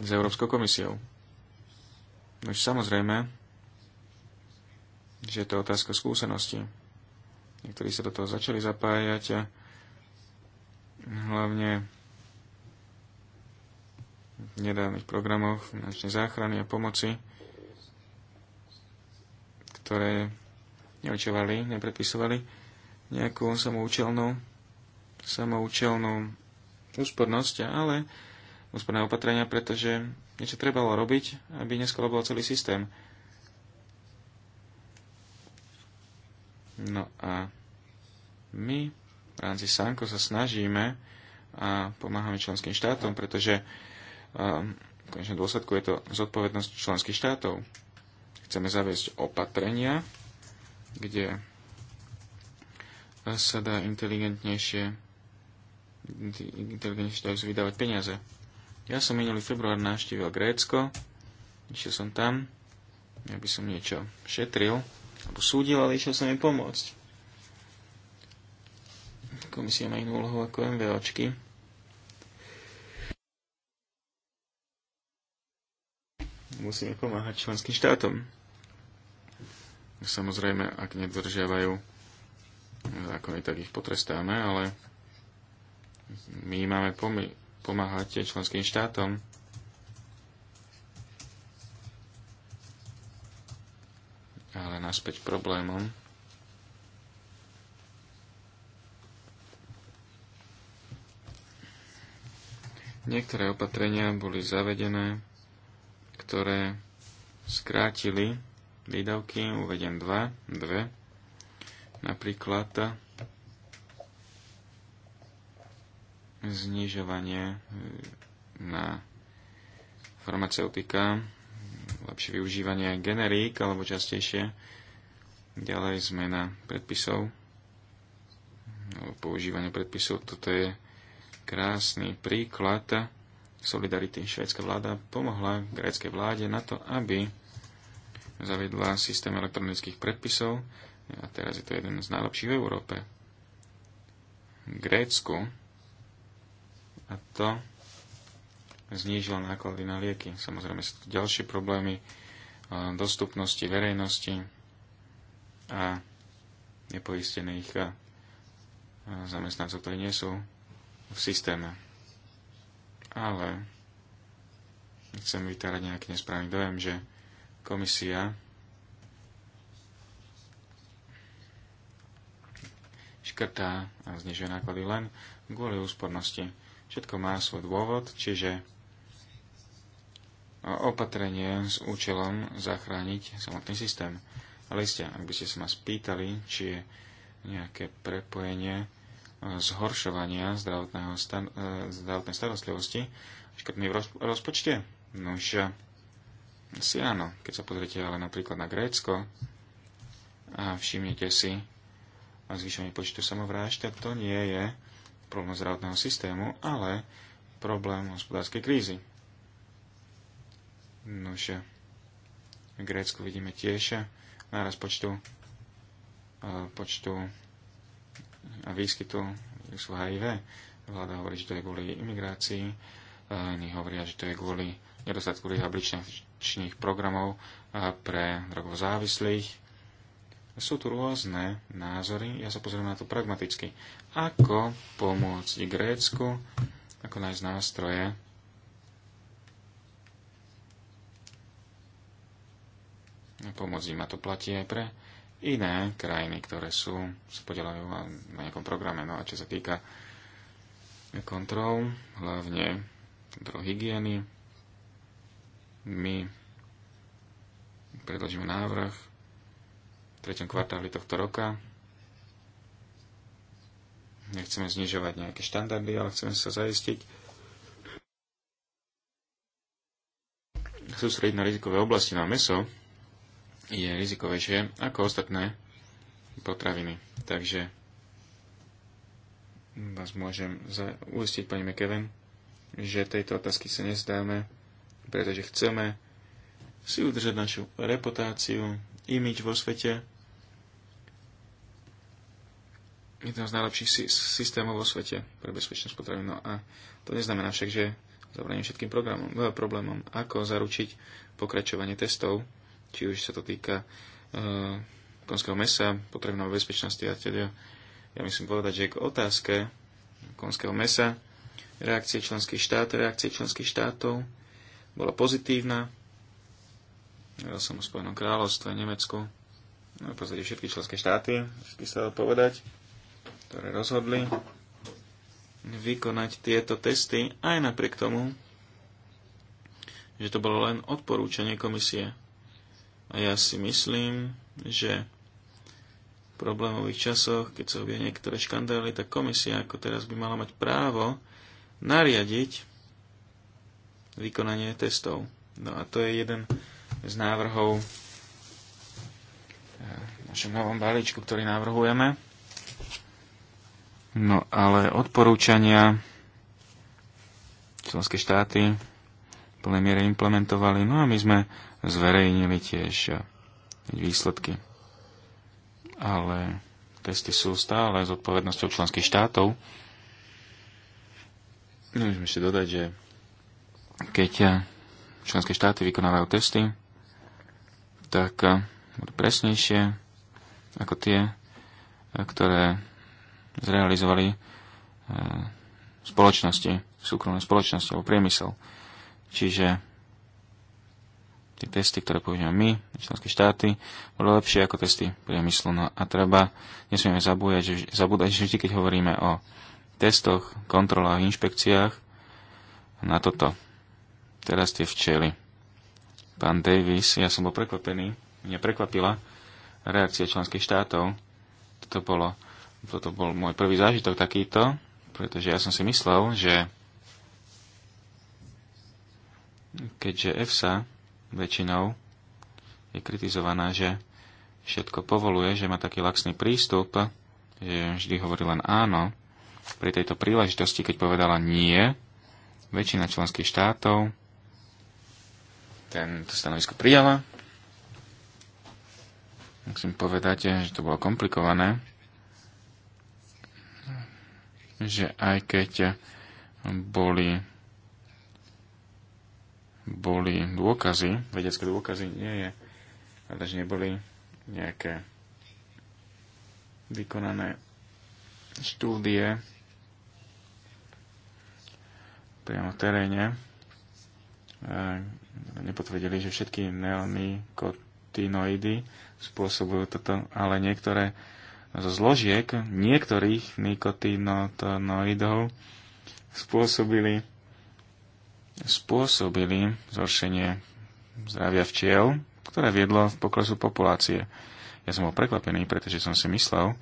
s Európskou komisiou. No už samozrejme, že je to otázka skúsenosti. Niektorí sa do toho začali zapájať a hlavne v nedávnych programoch finančnej záchrany a pomoci, ktoré neočovali, nepredpisovali nejakú samoučelnú, samoučelnú úspornosť, ale úsporné opatrenia, pretože niečo trebalo robiť, aby bol celý systém. No a my v rámci Sanko sa snažíme a pomáhame členským štátom, pretože um, v konečnom dôsledku je to zodpovednosť členských štátov. Chceme zaviesť opatrenia, kde sa dá inteligentnejšie inteligentnejšie dajú vydávať peniaze. Ja som minulý február navštívil Grécko, išiel som tam, ja by som niečo šetril, alebo súdil, ale išiel som im pomôcť. Komisia má inú úlohu ako MVOčky. Musíme pomáhať členským štátom. Samozrejme, ak nedržiavajú zákony, tak ich potrestáme, ale my máme pomáhať členským štátom. Ale naspäť problémom. Niektoré opatrenia boli zavedené, ktoré skrátili výdavky, uvedem dva, dve. Napríklad znižovanie e, na farmaceutika, lepšie využívanie generík alebo častejšie. Ďalej zmena predpisov, používanie predpisov. Toto je krásny príklad solidarity. Švédska vláda pomohla gréckej vláde na to, aby zaviedla systém elektronických predpisov a teraz je to jeden z najlepších v Európe. Grécku a to znížilo náklady na lieky. Samozrejme sú tu ďalšie problémy e, dostupnosti verejnosti a nepoistených e, zamestnancov, ktorí nie sú v systéme. Ale chcem vytárať nejaký nesprávny dojem, že komisia škrtá a znižuje náklady len kvôli úspornosti. Všetko má svoj dôvod, čiže opatrenie s účelom zachrániť samotný systém. Ale isté, ak by ste sa ma spýtali, či je nejaké prepojenie e, zhoršovania zdravotného stan- e, zdravotnej starostlivosti, škrtmi v rozpočte? No už e, si áno. Keď sa pozriete ale napríklad na Grécko a všimnete si a zvýšenie počtu samovrážd, tak to nie je problém zdravotného systému, ale problém hospodárskej krízy. Nože, v Grécku vidíme tiež náraz počtu, e, počtu a výskytu sú HIV. Vláda hovorí, že to je kvôli imigrácii, oni e, hovoria, že to je kvôli nedostatku rehabilitačných programov e, pre drogozávislých sú tu rôzne názory. Ja sa pozriem na to pragmaticky. Ako pomôcť Grécku, ako nájsť nástroje, pomôcť im a to platí aj pre iné krajiny, ktoré sú, sa podelajú na nejakom programe. No a čo sa týka kontrol, hlavne kontrol hygieny, my predložíme návrh, treťom kvartáli tohto roka. Nechceme znižovať nejaké štandardy, ale chceme sa zaistiť, sústrediť na rizikové oblasti na no meso je rizikovejšie ako ostatné potraviny. Takže vás môžem uistiť, pani McKeven, že tejto otázky sa nezdáme, pretože chceme si udržať našu reputáciu, imič vo svete jeden z najlepších systémov vo svete pre bezpečnosť potravín. No a to neznamená však, že zabraním všetkým programom, eh, problémom, ako zaručiť pokračovanie testov, či už sa to týka e, konského mesa, potravinovej bezpečnosti a teda. Ja myslím povedať, že k otázke konského mesa reakcie členských štátov, reakcie členských štátov bola pozitívna. Ja som o Spojenom kráľovstve, Nemecku, no, v podstate všetky členské štáty, všetky sa dá povedať ktoré rozhodli vykonať tieto testy aj napriek tomu, že to bolo len odporúčanie komisie. A ja si myslím, že v problémových časoch, keď sa objavia niektoré škandály, tak komisia ako teraz by mala mať právo nariadiť vykonanie testov. No a to je jeden z návrhov eh, v našom novom balíčku, ktorý navrhujeme. No ale odporúčania členské štáty v plnej miere implementovali. No a my sme zverejnili tiež výsledky. Ale testy sú stále s odpovednosťou členských štátov. Môžeme ešte dodať, že keď členské štáty vykonávajú testy, tak budú presnejšie ako tie, ktoré zrealizovali e, spoločnosti, súkromné spoločnosti alebo priemysel. Čiže tie testy, ktoré používame my, členské štáty, boli lepšie ako testy priemyslu. No a treba, nesmieme zabúdať, že, zabúdať, že vždy, keď hovoríme o testoch, kontrolách, inšpekciách, na toto. Teraz tie včely. Pán Davis, ja som bol prekvapený, mňa prekvapila reakcia členských štátov. Toto bolo toto bol môj prvý zážitok takýto, pretože ja som si myslel, že keďže EFSA väčšinou je kritizovaná, že všetko povoluje, že má taký laxný prístup, že vždy hovorí len áno. Pri tejto príležitosti, keď povedala nie, väčšina členských štátov tento stanovisko prijala. Musím povedať, že to bolo komplikované že aj keď boli, boli dôkazy, vedecké dôkazy nie je, ale že neboli nejaké vykonané štúdie priamo v teréne, eh, nepotvrdili, že všetky neonikotinoidy spôsobujú toto, ale niektoré zo zložiek niektorých nikotinotonoidov spôsobili, spôsobili zhoršenie zdravia včiel, ktoré viedlo v poklesu populácie. Ja som bol prekvapený, pretože som si myslel,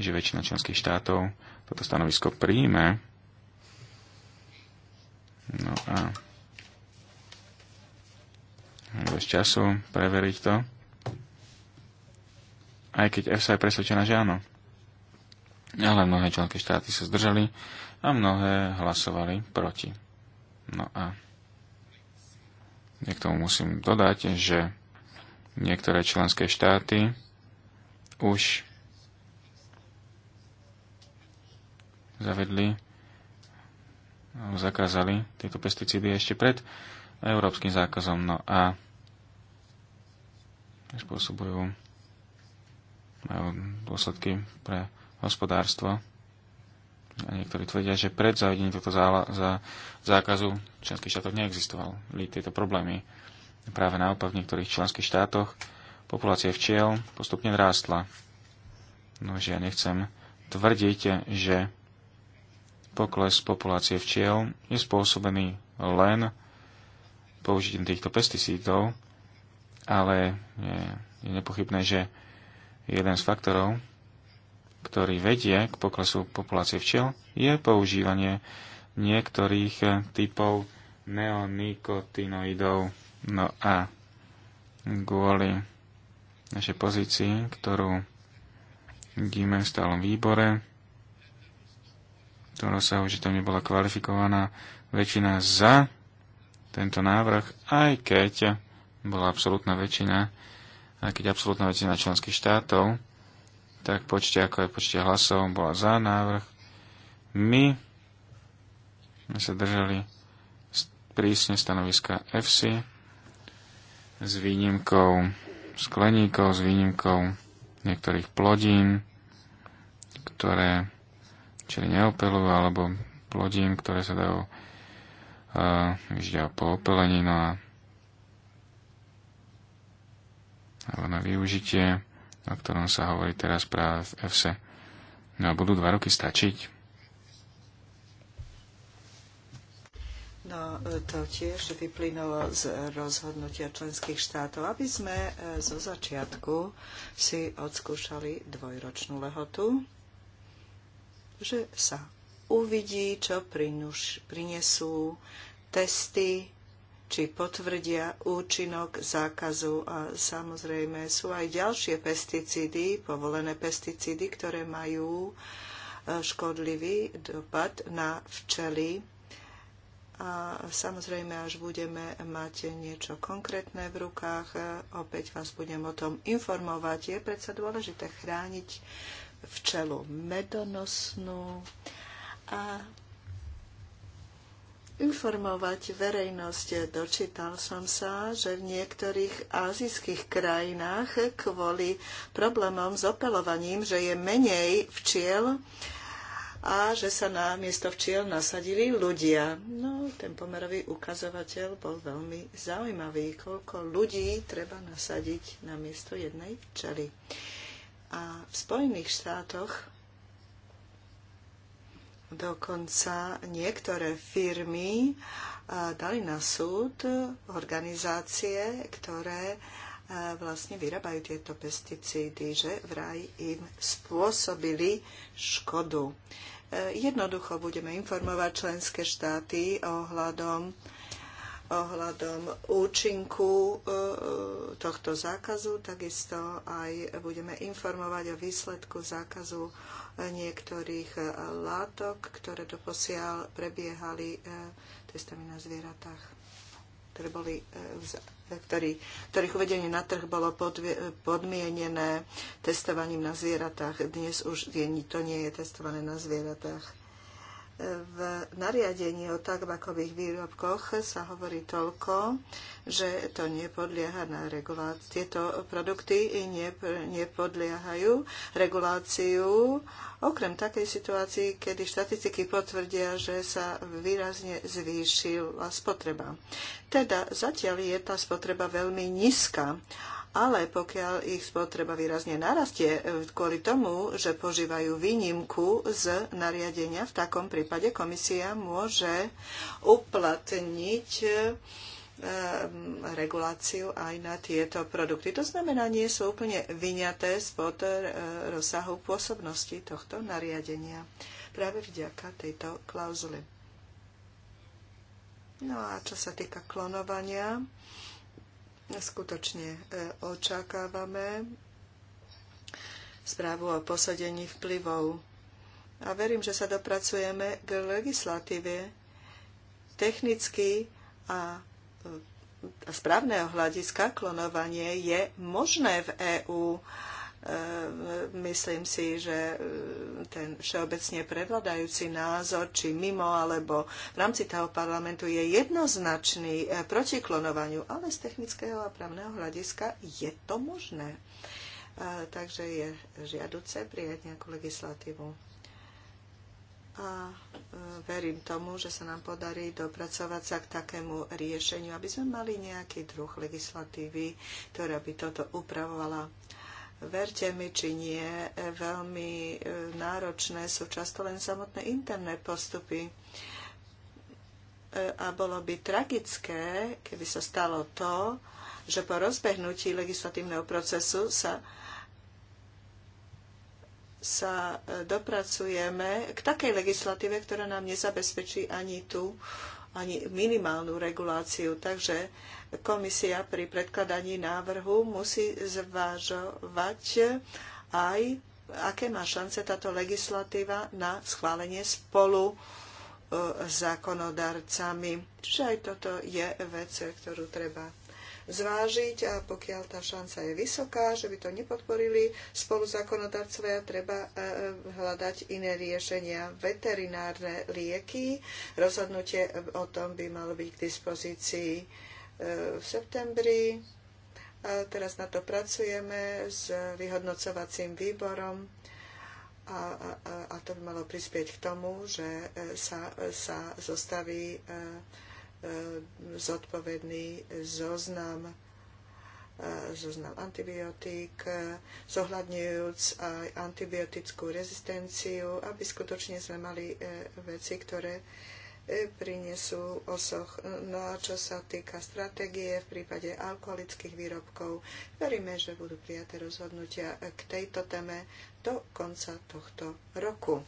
že väčšina členských štátov toto stanovisko príjme. No a bez času preveriť to aj keď EFSA je presvedčená, že áno. Ale mnohé členské štáty sa zdržali a mnohé hlasovali proti. No a k tomu musím dodať, že niektoré členské štáty už zavedli, zakázali tieto pesticídy ešte pred európskym zákazom. No a spôsobujú majú dôsledky pre hospodárstvo. A niektorí tvrdia, že pred zavedením tohto zála, za, zákazu v členských štátoch neexistovali tieto problémy. Práve naopak v niektorých členských štátoch populácia včiel postupne rástla. No, že ja nechcem tvrdiť, že pokles populácie včiel je spôsobený len použitím týchto pesticídov, ale je, je nepochybné, že Jeden z faktorov, ktorý vedie k poklesu populácie včiel, je používanie niektorých eh, typov neonikotinoidov. No a kvôli našej pozícii, ktorú vidíme v stálom výbore, do rozsahu, že tam nebola kvalifikovaná väčšina za tento návrh, aj keď bola absolútna väčšina a keď absolútna väčšina členských štátov, tak počte ako aj počte hlasov bola za návrh. My sme sa držali prísne stanoviska FC s výnimkou skleníkov, s výnimkou niektorých plodín, ktoré čili neopelujú, alebo plodín, ktoré sa dajú uh, eh, po opelení, no a alebo na využitie, o ktorom sa hovorí teraz práve v EFSE. No a budú dva roky stačiť? No, e, to tiež vyplynulo z rozhodnutia členských štátov, aby sme e, zo začiatku si odskúšali dvojročnú lehotu, že sa uvidí, čo prinesú testy či potvrdia účinok zákazu. A samozrejme sú aj ďalšie pesticídy, povolené pesticídy, ktoré majú e, škodlivý dopad na včely. A samozrejme, až budeme mať niečo konkrétne v rukách, e, opäť vás budem o tom informovať. Je predsa dôležité chrániť včelu medonosnú a informovať verejnosť. Dočítal som sa, že v niektorých azijských krajinách kvôli problémom s opelovaním, že je menej včiel a že sa na miesto včiel nasadili ľudia. No, ten pomerový ukazovateľ bol veľmi zaujímavý, koľko ľudí treba nasadiť na miesto jednej včely. A v Spojených štátoch Dokonca niektoré firmy eh, dali na súd organizácie, ktoré eh, vlastne vyrábajú tieto pesticídy, že vraj im spôsobili škodu. Eh, jednoducho budeme informovať členské štáty ohľadom ohľadom účinku tohto zákazu, takisto aj budeme informovať o výsledku zákazu niektorých e, látok, ktoré doposiaľ prebiehali e, testami na zvieratách, ktoré boli e, ktorý, ktorých uvedenie na trh bolo podmienené testovaním na zvieratách. Dnes už to nie je testované na zvieratách v nariadení o tabbakových výrobkoch sa hovorí toľko, že to nepodlieha na reguláciu. Tieto produkty nepodliehajú reguláciu, okrem takej situácii, kedy štatistiky potvrdia, že sa výrazne zvýšila spotreba. Teda zatiaľ je tá spotreba veľmi nízka ale pokiaľ ich spotreba výrazne narastie e, kvôli tomu, že požívajú výnimku z nariadenia, v takom prípade komisia môže uplatniť e, reguláciu aj na tieto produkty. To znamená, nie sú úplne vyňaté spod e, rozsahu pôsobnosti tohto nariadenia práve vďaka tejto klauzuli. No a čo sa týka klonovania, Skutočne e, očakávame správu o posadení vplyvov a verím, že sa dopracujeme k legislatíve technicky a e, správneho hľadiska klonovanie je možné v EÚ Ehm, myslím si, že ehm, ten všeobecne prevladajúci názor, či mimo alebo v rámci toho parlamentu je jednoznačný e, proti klonovaniu, ale z technického a právneho hľadiska je to možné. E, takže je žiaduce prijať nejakú legislatívu. A e, verím tomu, že sa nám podarí dopracovať sa k takému riešeniu, aby sme mali nejaký druh legislatívy, ktorá by toto upravovala verte mi či nie, veľmi e, náročné sú často len samotné interné postupy. E, a bolo by tragické, keby sa stalo to, že po rozbehnutí legislatívneho procesu sa, sa e, dopracujeme k takej legislatíve, ktorá nám nezabezpečí ani tú, ani minimálnu reguláciu. Takže Komisia pri predkladaní návrhu musí zvážovať aj, aké má šance táto legislatíva na schválenie spolu e, zákonodarcami. Čiže aj toto je vec, ktorú treba zvážiť a pokiaľ tá šanca je vysoká, že by to nepodporili spolu zákonodarcovia, treba e, hľadať iné riešenia. Veterinárne lieky, rozhodnutie o tom by malo byť k dispozícii E, v septembri. A teraz na to pracujeme s vyhodnocovacím výborom a, a, a to by malo prispieť k tomu, že e, sa, sa zostaví e, zodpovedný zoznam zoznam antibiotík, zohľadňujúc aj antibiotickú rezistenciu, aby skutočne sme mali veci, ktoré E, prinesú osoch. No a čo sa týka stratégie v prípade alkoholických výrobkov, veríme, že budú prijaté rozhodnutia k tejto téme do konca tohto roku.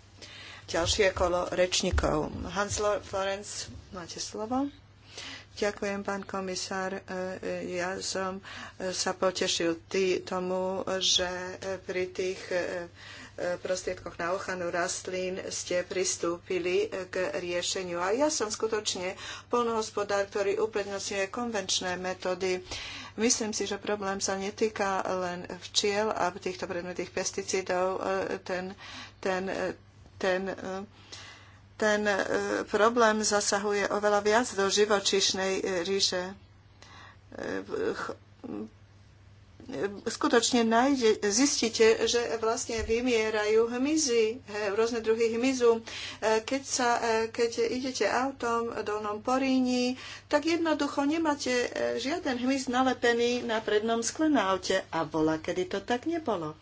Ďalšie kolo rečníkov. Hans Florenc, máte slovo. Ďakujem, pán komisár. E, ja som sa potešil tý, tomu, že pri tých e, prostriedkoch na ochranu rastlín ste pristúpili k riešeniu. A ja som skutočne polnohospodár, ktorý uprednostňuje konvenčné metódy. Myslím si, že problém sa netýka len včiel a týchto predmetých pesticídov. E, ten, ten, ten, e, ten e, problém zasahuje oveľa viac do živočíšnej ríše skutočne nájde, zistíte, že vlastne vymierajú hmyzy, rôzne druhy hmyzu. E, keď, sa, e, keď idete autom do dolnom Poríni, tak jednoducho nemáte e, žiaden hmyz nalepený na prednom skle na aute. A bola, kedy to tak nebolo.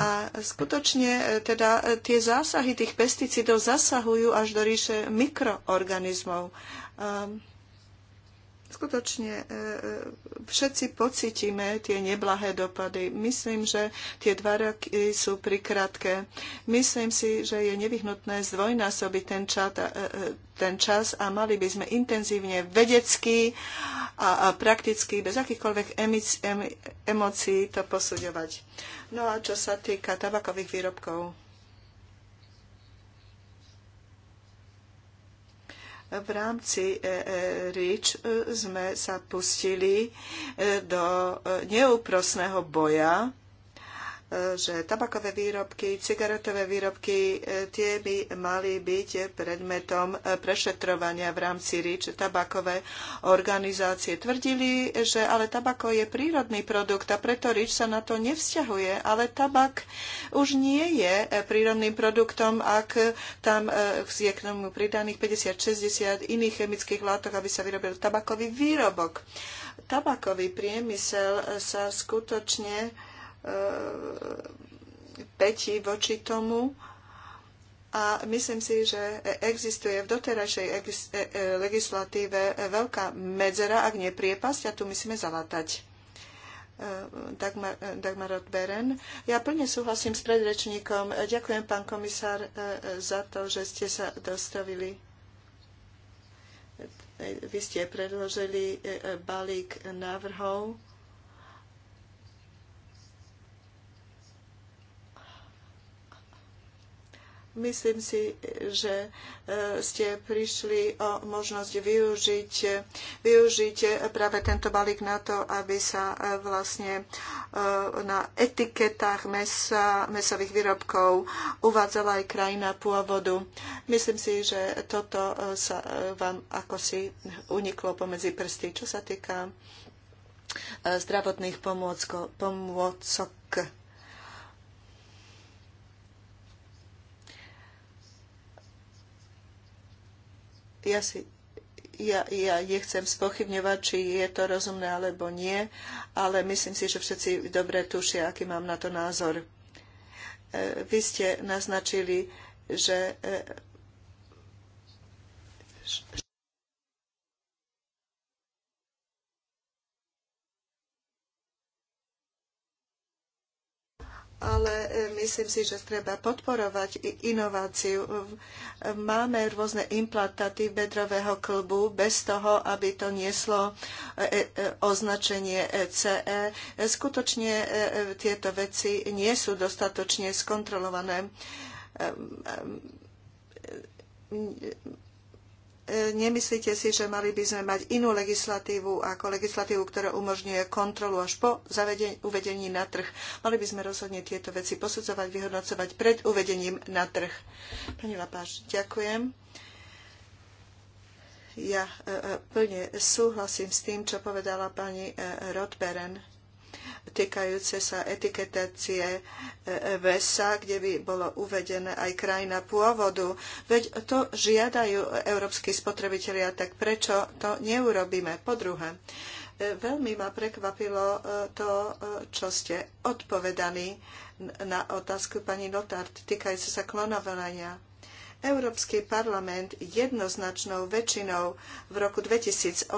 A skutočne teda tie zásahy tých pesticidov zasahujú až do ríše mikroorganizmov. Ehm, skutočne všetci pocitíme tie neblahé dopady. Myslím, že tie dva roky sú prikratké. Myslím si, že je nevyhnutné zdvojnásobiť ten, čat, e, e, ten čas a mali by sme intenzívne vedecky a, a prakticky, bez akýchkoľvek emócií to posudovať. No a čo sa týka tabakových výrobkov, v rámci e, e, REACH e, sme sa pustili do neúprosného boja že tabakové výrobky, cigaretové výrobky, e, tie by mali byť predmetom e, prešetrovania v rámci RIČ. Tabakové organizácie tvrdili, že ale tabako je prírodný produkt a preto RIČ sa na to nevzťahuje, ale tabak už nie je e, prírodným produktom, ak tam je k tomu pridaných 50-60 iných chemických látok, aby sa vyrobil tabakový výrobok. Tabakový priemysel sa skutočne E, peti voči tomu. A myslím si, že existuje v doterajšej e, e, legislatíve veľká medzera, ak nie priepasť, a tu musíme zalatať. Dagmar, Dagmar Beren. Ja plne súhlasím s predrečníkom. Ďakujem, pán komisár, za to, že ste sa dostavili. Vy ste predložili balík návrhov Myslím si, že e, ste prišli o možnosť využiť, využiť práve tento balík na to, aby sa e, vlastne e, na etiketách mesa, mesových výrobkov uvádzala aj krajina pôvodu. Myslím si, že toto sa vám ako si uniklo pomedzi prsty, čo sa týka zdravotných pomôcok. ja si ja, ja nechcem spochybňovať, či je to rozumné alebo nie, ale myslím si, že všetci dobre tušia, aký mám na to názor. E, vy ste naznačili, že e, ale e, myslím si, že treba podporovať inováciu. Máme rôzne implantáty bedrového klbu bez toho, aby to nieslo e, e, označenie CE. Skutočne tieto veci nie sú dostatočne skontrolované E, nemyslíte si, že mali by sme mať inú legislatívu ako legislatívu, ktorá umožňuje kontrolu až po zavedení, uvedení na trh? Mali by sme rozhodne tieto veci posudzovať, vyhodnocovať pred uvedením na trh. Pani Lapáš, ďakujem. Ja e, e, plne súhlasím s tým, čo povedala pani Rodberen týkajúce sa etiketácie e, vesa, kde by bolo uvedené aj krajina pôvodu. Veď to žiadajú európsky spotrebitelia, tak prečo to neurobíme? Po druhé, e, veľmi ma prekvapilo e, to, čo ste odpovedali na otázku pani Notard týkajúce sa klonovania. Európsky parlament jednoznačnou väčšinou v roku 2008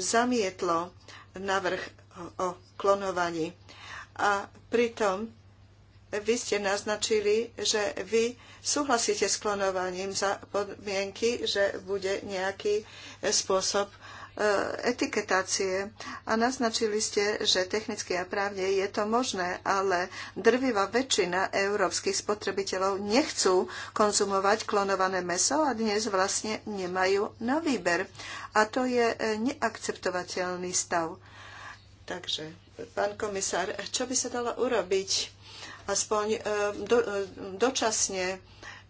zamietlo navrh o klonovaní. A pritom vy ste naznačili, že vy súhlasíte s klonovaním za podmienky, že bude nejaký spôsob e, etiketácie a naznačili ste, že technicky a právne je to možné, ale drvivá väčšina európskych spotrebiteľov nechcú konzumovať klonované meso a dnes vlastne nemajú na výber. A to je e, neakceptovateľný stav. Takže, pán komisár, čo by sa dalo urobiť aspoň e, do, e, dočasne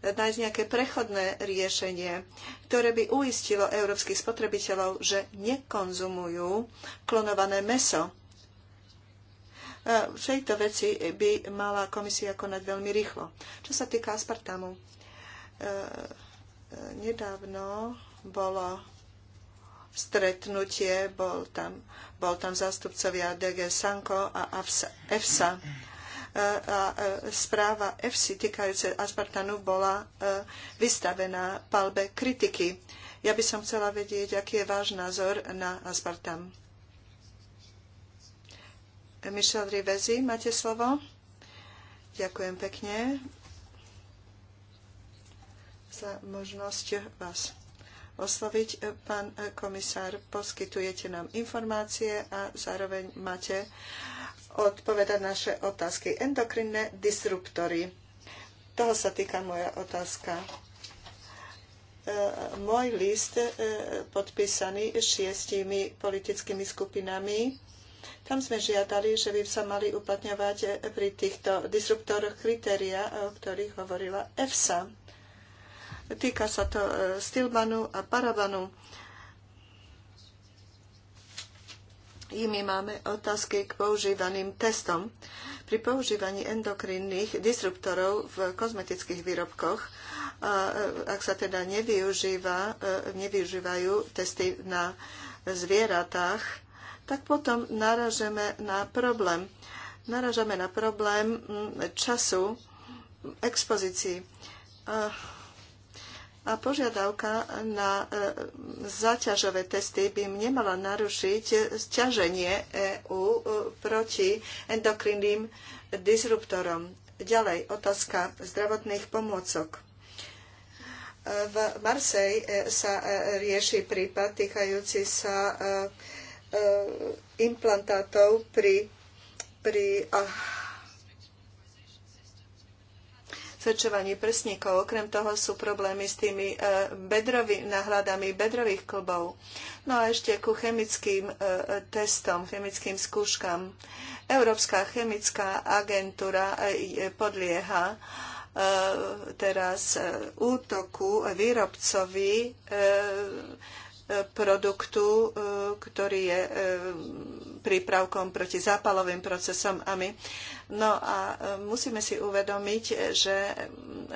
nájsť nejaké prechodné riešenie, ktoré by uistilo európskych spotrebiteľov, že nekonzumujú klonované meso. E, v tejto veci by mala komisia konať veľmi rýchlo. Čo sa týka aspartamu, nedávno bolo stretnutie, bol tam, bol tam zástupcovia DG Sanko a EFSA. E, a e, správa EFSI týkajúce aspartanu bola e, vystavená palbe kritiky. Ja by som chcela vedieť, aký je váš názor na aspartam. Michel Rivezi, máte slovo. Ďakujem pekne za možnosť vás osloviť. E, Pán e, komisár, poskytujete nám informácie a zároveň máte odpovedať naše otázky. Endokrinné disruptory. Toho sa týka moja otázka e, môj list podpísaný šiestimi politickými skupinami. Tam sme žiadali, že by sa mali uplatňovať pri týchto disruptoroch kritéria, o ktorých hovorila EFSA. Týka sa to e, Stilbanu a Parabanu. I my máme otázky k používaným testom. Pri používaní endokrinných disruptorov v kozmetických výrobkoch, e, ak sa teda nevyužíva, e, nevyužívajú testy na zvieratách, tak potom naražeme na problém. Naražame na problém času expozícií a požiadavka na e, zaťažové testy by nemala narušiť zťaženie EÚ e, proti endokrinným disruptorom. Ďalej, otázka zdravotných pomôcok. E, v Marsej sa rieši prípad týkajúci sa implantátov pri, pri srčovaní prsníkov. Okrem toho sú problémy s tými e, bedrovi, nahľadami bedrových klbov. No a ešte ku chemickým e, testom, chemickým skúškam. Európska chemická agentúra e, podlieha teraz útoku výrobcovi produktu, ktorý je prípravkom proti zápalovým procesom a my. No a e, musíme si uvedomiť, že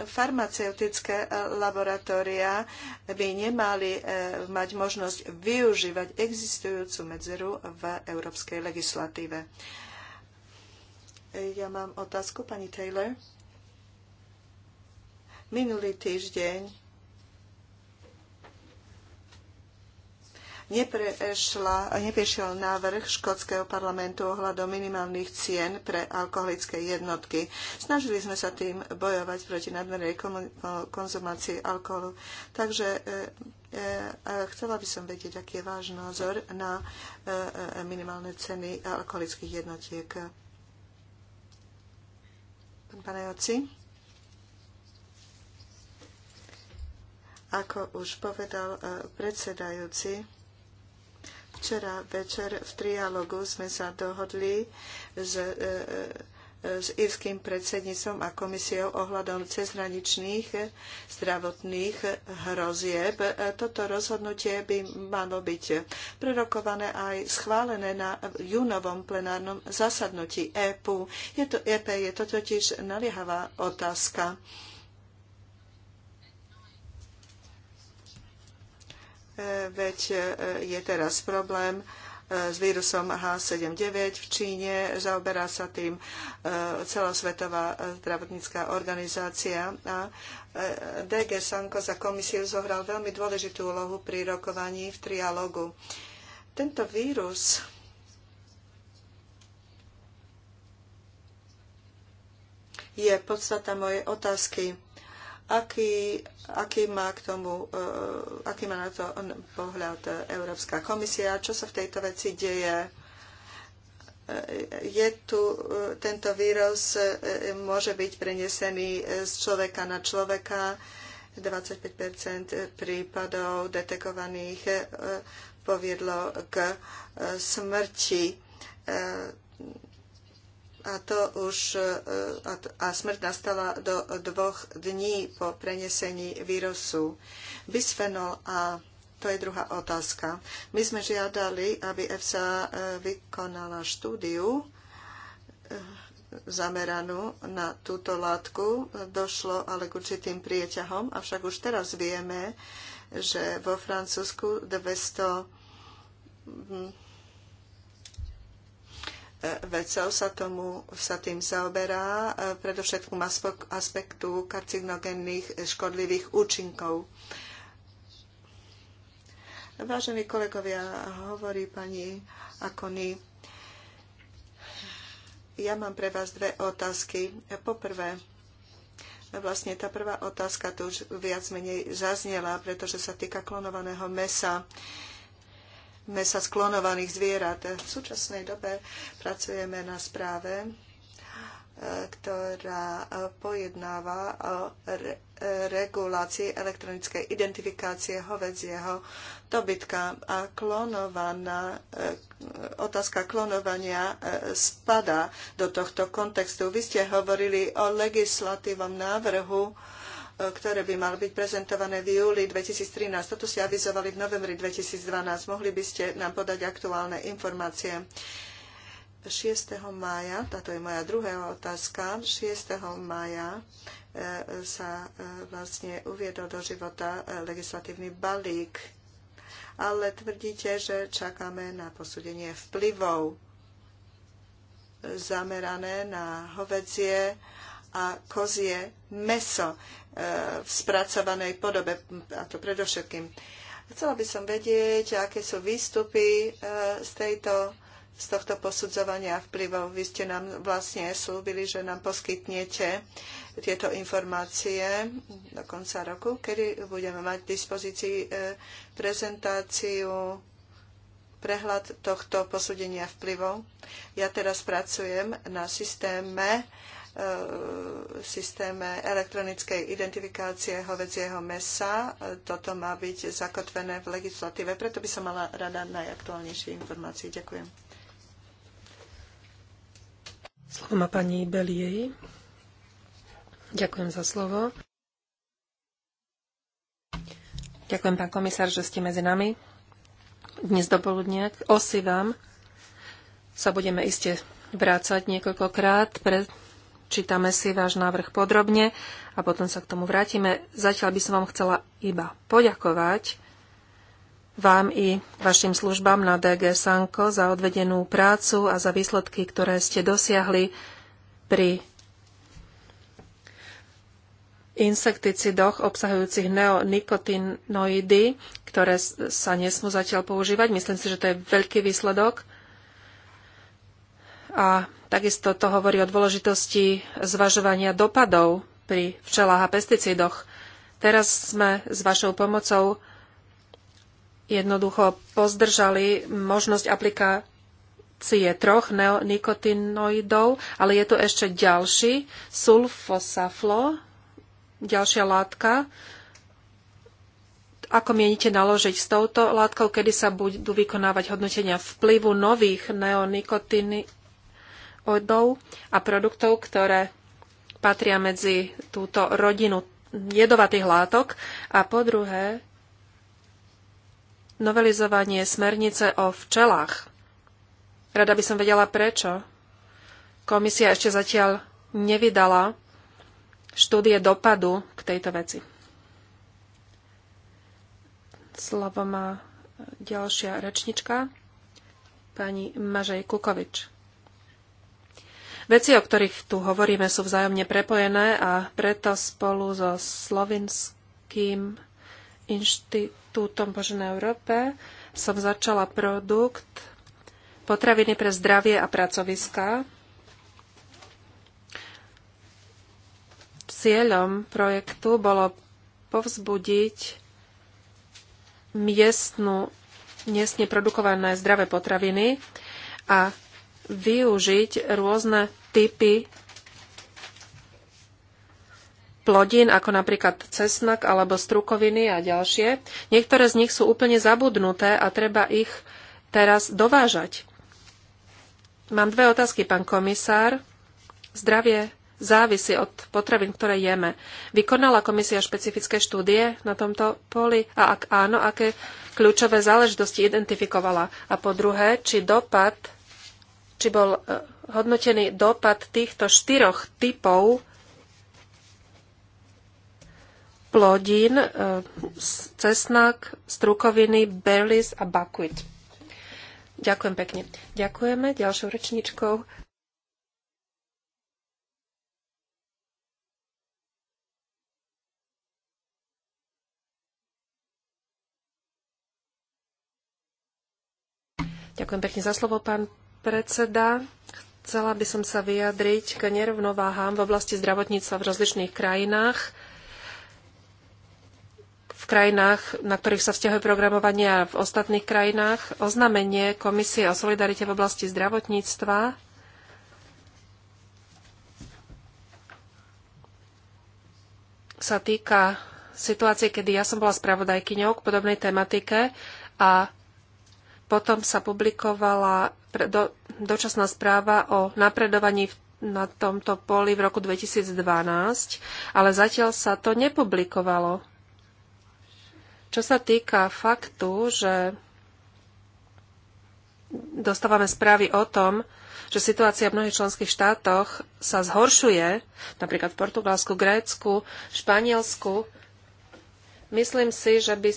farmaceutické e, laboratória by nemali e, mať možnosť využívať existujúcu medzeru v európskej legislatíve. Ja mám otázku, pani Taylor. Minulý týždeň neprešla, neprešiel návrh škótskeho parlamentu ohľadom minimálnych cien pre alkoholické jednotky. Snažili sme sa tým bojovať proti nadmernej konzumácii alkoholu. Takže e, e, e, chcela by som vedieť, aký je váš názor na minimálne ceny alkoholických jednotiek. Pán Panajoci? Ako už povedal predsedajúci, Včera večer v trialogu sme sa dohodli s, e, e, s írským predsedníctvom a komisiou ohľadom cezhraničných zdravotných hrozieb. Toto rozhodnutie by malo byť prerokované aj schválené na júnovom plenárnom zasadnutí EPU. Je to, EP je to totiž naliehavá otázka E, veď e, je teraz problém e, s vírusom H7.9 v Číne. Zaoberá sa tým celosvetová zdravotnícká organizácia. A DG Sanko za komisiu zohral veľmi dôležitú úlohu pri rokovaní v trialogu. Tento vírus je podstata mojej otázky aký, aký, má, k tomu, eh, aký má na to pohľad Európska komisia, čo sa v tejto veci deje. Eh, je tu, eh, tento vírus môže byť prenesený z človeka na človeka. 25 prípadov detekovaných poviedlo k smrti a, to už, e, a, smrť nastala do dvoch dní po prenesení vírusu. Bisphenol A, to je druhá otázka. My sme žiadali, aby EFSA e, vykonala štúdiu e, zameranú na túto látku. Došlo ale k určitým prieťahom, avšak už teraz vieme, že vo Francúzsku 200 vedcov sa, tomu, sa tým zaoberá, e, predovšetkým aspektu karcinogénnych škodlivých účinkov. Vážení kolegovia, hovorí pani Akony, ja mám pre vás dve otázky. Poprvé, vlastne tá prvá otázka tu už viac menej zaznela, pretože sa týka klonovaného mesa. E, mesa sklonovaných zvierat. V súčasnej dobe pracujeme na správe, e, ktorá e, pojednáva o re- e, regulácii elektronickej identifikácie hovedzieho dobytka a klonovaná, otázka klonovania spada do tohto kontextu. Vy ste hovorili o legislatívom návrhu ktoré by mali byť prezentované v júli 2013. Toto ste avizovali v novembri 2012. Mohli by ste nám podať aktuálne informácie. 6. mája, táto je moja druhá otázka, 6. mája e, sa e, vlastne uviedol do života e, legislatívny balík, ale tvrdíte, že čakáme na posúdenie vplyvov zamerané na hovedzie a kozie meso v spracovanej podobe, a to predovšetkým. Chcela by som vedieť, aké sú výstupy e, z, tejto, z tohto posudzovania vplyvov. Vy ste nám vlastne slúbili, že nám poskytnete tieto informácie do konca roku, kedy budeme mať v dispozícii e, prezentáciu prehľad tohto posúdenia vplyvov. Ja teraz pracujem na systéme E, systéme elektronickej identifikácie hovedzieho mesa. E, toto má byť zakotvené v legislatíve, preto by som mala rada najaktuálnejšie informácie. Ďakujem. Slovo má pani Beliej. Ďakujem za slovo. Ďakujem, pán komisár, že ste medzi nami. Dnes poludnia k osivám sa budeme iste vrácať niekoľkokrát. Pre prečítame si váš návrh podrobne a potom sa k tomu vrátime. Zatiaľ by som vám chcela iba poďakovať vám i vašim službám na DG Sanko za odvedenú prácu a za výsledky, ktoré ste dosiahli pri insekticidoch obsahujúcich neonikotinoidy, ktoré sa nesmú zatiaľ používať. Myslím si, že to je veľký výsledok. A takisto to hovorí o dôležitosti zvažovania dopadov pri včelách a pesticídoch. Teraz sme s vašou pomocou jednoducho pozdržali možnosť aplikácie troch neonikotinoidov, ale je tu ešte ďalší, sulfosaflo, ďalšia látka. Ako mienite naložiť s touto látkou, kedy sa budú vykonávať hodnotenia vplyvu nových neonikotinoidov odov a produktov, ktoré patria medzi túto rodinu jedovatých látok. A po druhé, novelizovanie smernice o včelách. Rada by som vedela prečo. Komisia ešte zatiaľ nevydala štúdie dopadu k tejto veci. Slovo má ďalšia rečnička, pani Mažej Kukovič. Veci, o ktorých tu hovoríme, sú vzájomne prepojené a preto spolu so Slovinským inštitútom Boženej Európe som začala produkt Potraviny pre zdravie a pracoviská. Cieľom projektu bolo povzbudiť miestnu, miestne produkované zdravé potraviny a využiť rôzne typy plodín, ako napríklad cesnak alebo strukoviny a ďalšie. Niektoré z nich sú úplne zabudnuté a treba ich teraz dovážať. Mám dve otázky, pán komisár. Zdravie závisí od potravín, ktoré jeme. Vykonala komisia špecifické štúdie na tomto poli a ak áno, aké kľúčové záležitosti identifikovala? A po druhé, či dopad či bol e, hodnotený dopad týchto štyroch typov plodín, e, cesnak, strukoviny, berlis a buckwheat. Ďakujem pekne. Ďakujeme ďalšou rečničkou. Ďakujem pekne za slovo, pán predseda. Chcela by som sa vyjadriť k nerovnováhám v oblasti zdravotníctva v rozličných krajinách v krajinách, na ktorých sa vzťahuje programovanie a v ostatných krajinách. Oznámenie Komisie o solidarite v oblasti zdravotníctva sa týka situácie, kedy ja som bola spravodajkyňou k podobnej tematike a potom sa publikovala do, dočasná správa o napredovaní v na tomto poli v roku 2012, ale zatiaľ sa to nepublikovalo. Čo sa týka faktu, že dostávame správy o tom, že situácia v mnohých členských štátoch sa zhoršuje, napríklad v Portugalsku, Grécku, Španielsku, myslím si, že by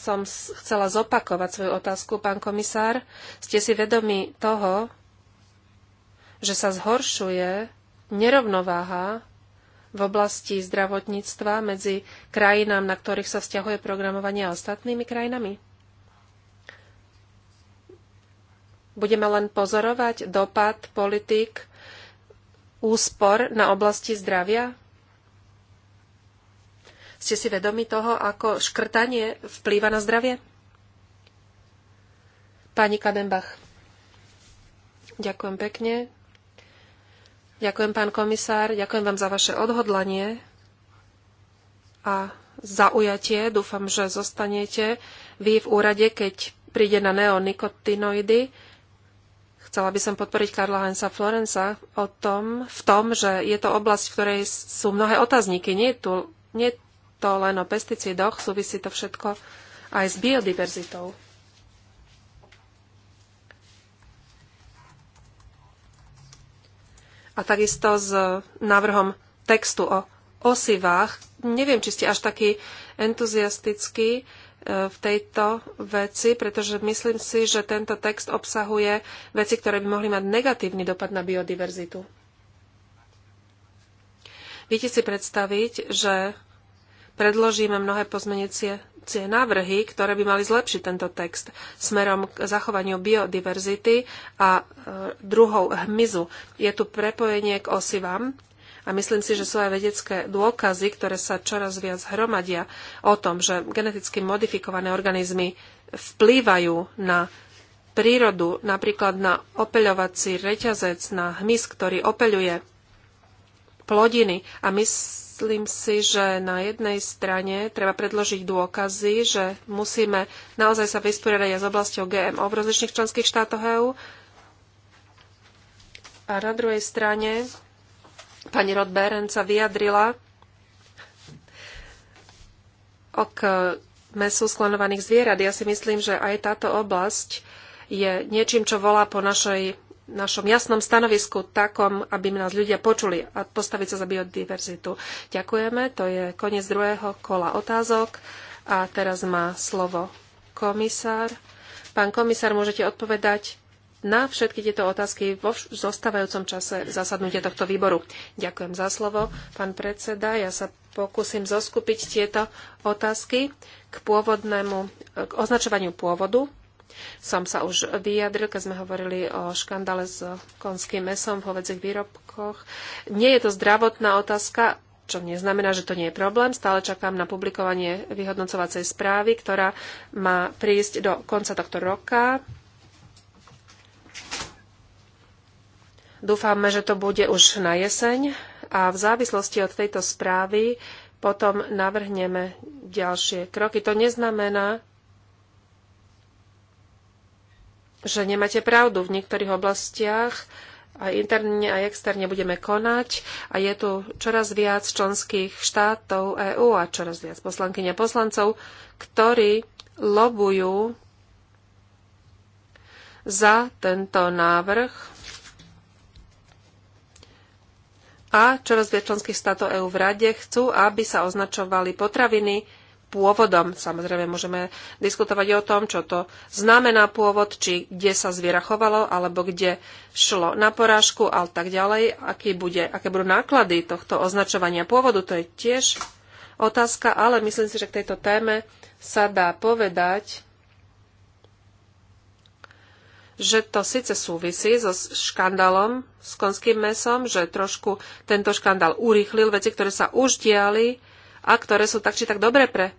som chcela zopakovať svoju otázku, pán komisár. Ste si vedomi toho, že sa zhoršuje nerovnováha v oblasti zdravotníctva medzi krajinám, na ktorých sa vzťahuje programovanie a ostatnými krajinami? Budeme len pozorovať dopad politik úspor na oblasti zdravia? Ste si vedomi toho, ako škrtanie vplýva na zdravie? Pani Kadenbach. Ďakujem pekne. Ďakujem, pán komisár. Ďakujem vám za vaše odhodlanie a zaujatie. Dúfam, že zostanete vy v úrade, keď príde na neonikotinoidy. Chcela by som podporiť Karla Hansa Florenca o tom, v tom, že je to oblasť, v ktorej sú mnohé otázniky. Nie je, tu, nie je to len o pesticídoch, súvisí to všetko aj s biodiverzitou. A takisto s návrhom textu o osivách. Neviem, či ste až taký entuziastický e, v tejto veci, pretože myslím si, že tento text obsahuje veci, ktoré by mohli mať negatívny dopad na biodiverzitu. Viete si predstaviť, že predložíme mnohé pozmenecie návrhy, ktoré by mali zlepšiť tento text smerom k zachovaniu biodiverzity a e, druhou hmyzu. Je tu prepojenie k osivám a myslím si, že sú aj vedecké dôkazy, ktoré sa čoraz viac hromadia o tom, že geneticky modifikované organizmy vplývajú na prírodu, napríklad na opeľovací reťazec, na hmyz, ktorý opeľuje plodiny. A my Myslím si, že na jednej strane treba predložiť dôkazy, že musíme naozaj sa vysporiadať aj s oblasťou GMO v rozličných členských štátoch EÚ. A na druhej strane pani Beren sa vyjadrila k mesu sklonovaných zvierat. Ja si myslím, že aj táto oblasť je niečím, čo volá po našej našom jasnom stanovisku takom, aby nás ľudia počuli a postaviť sa za biodiverzitu. Ďakujeme, to je koniec druhého kola otázok a teraz má slovo komisár. Pán komisár, môžete odpovedať na všetky tieto otázky vo zostávajúcom čase zasadnutia tohto výboru. Ďakujem za slovo, pán predseda. Ja sa pokúsim zoskupiť tieto otázky k pôvodnému, k označovaniu pôvodu som sa už vyjadril, keď sme hovorili o škandále s konským mesom v hovedzých výrobkoch. Nie je to zdravotná otázka, čo neznamená, že to nie je problém. Stále čakám na publikovanie vyhodnocovacej správy, ktorá má prísť do konca tohto roka. Dúfame, že to bude už na jeseň a v závislosti od tejto správy potom navrhneme ďalšie kroky. To neznamená, že nemáte pravdu. V niektorých oblastiach aj interne, aj externe budeme konať a je tu čoraz viac členských štátov EÚ a čoraz viac poslankyň a poslancov, ktorí lobujú za tento návrh a čoraz viac členských štátov EÚ v rade chcú, aby sa označovali potraviny pôvodom. Samozrejme, môžeme diskutovať o tom, čo to znamená pôvod, či kde sa zviera chovalo, alebo kde šlo na porážku a tak ďalej. Aký bude, aké budú náklady tohto označovania pôvodu, to je tiež otázka, ale myslím si, že k tejto téme sa dá povedať, že to síce súvisí so škandálom s konským mesom, že trošku tento škandál urýchlil veci, ktoré sa už diali a ktoré sú tak či tak dobre pre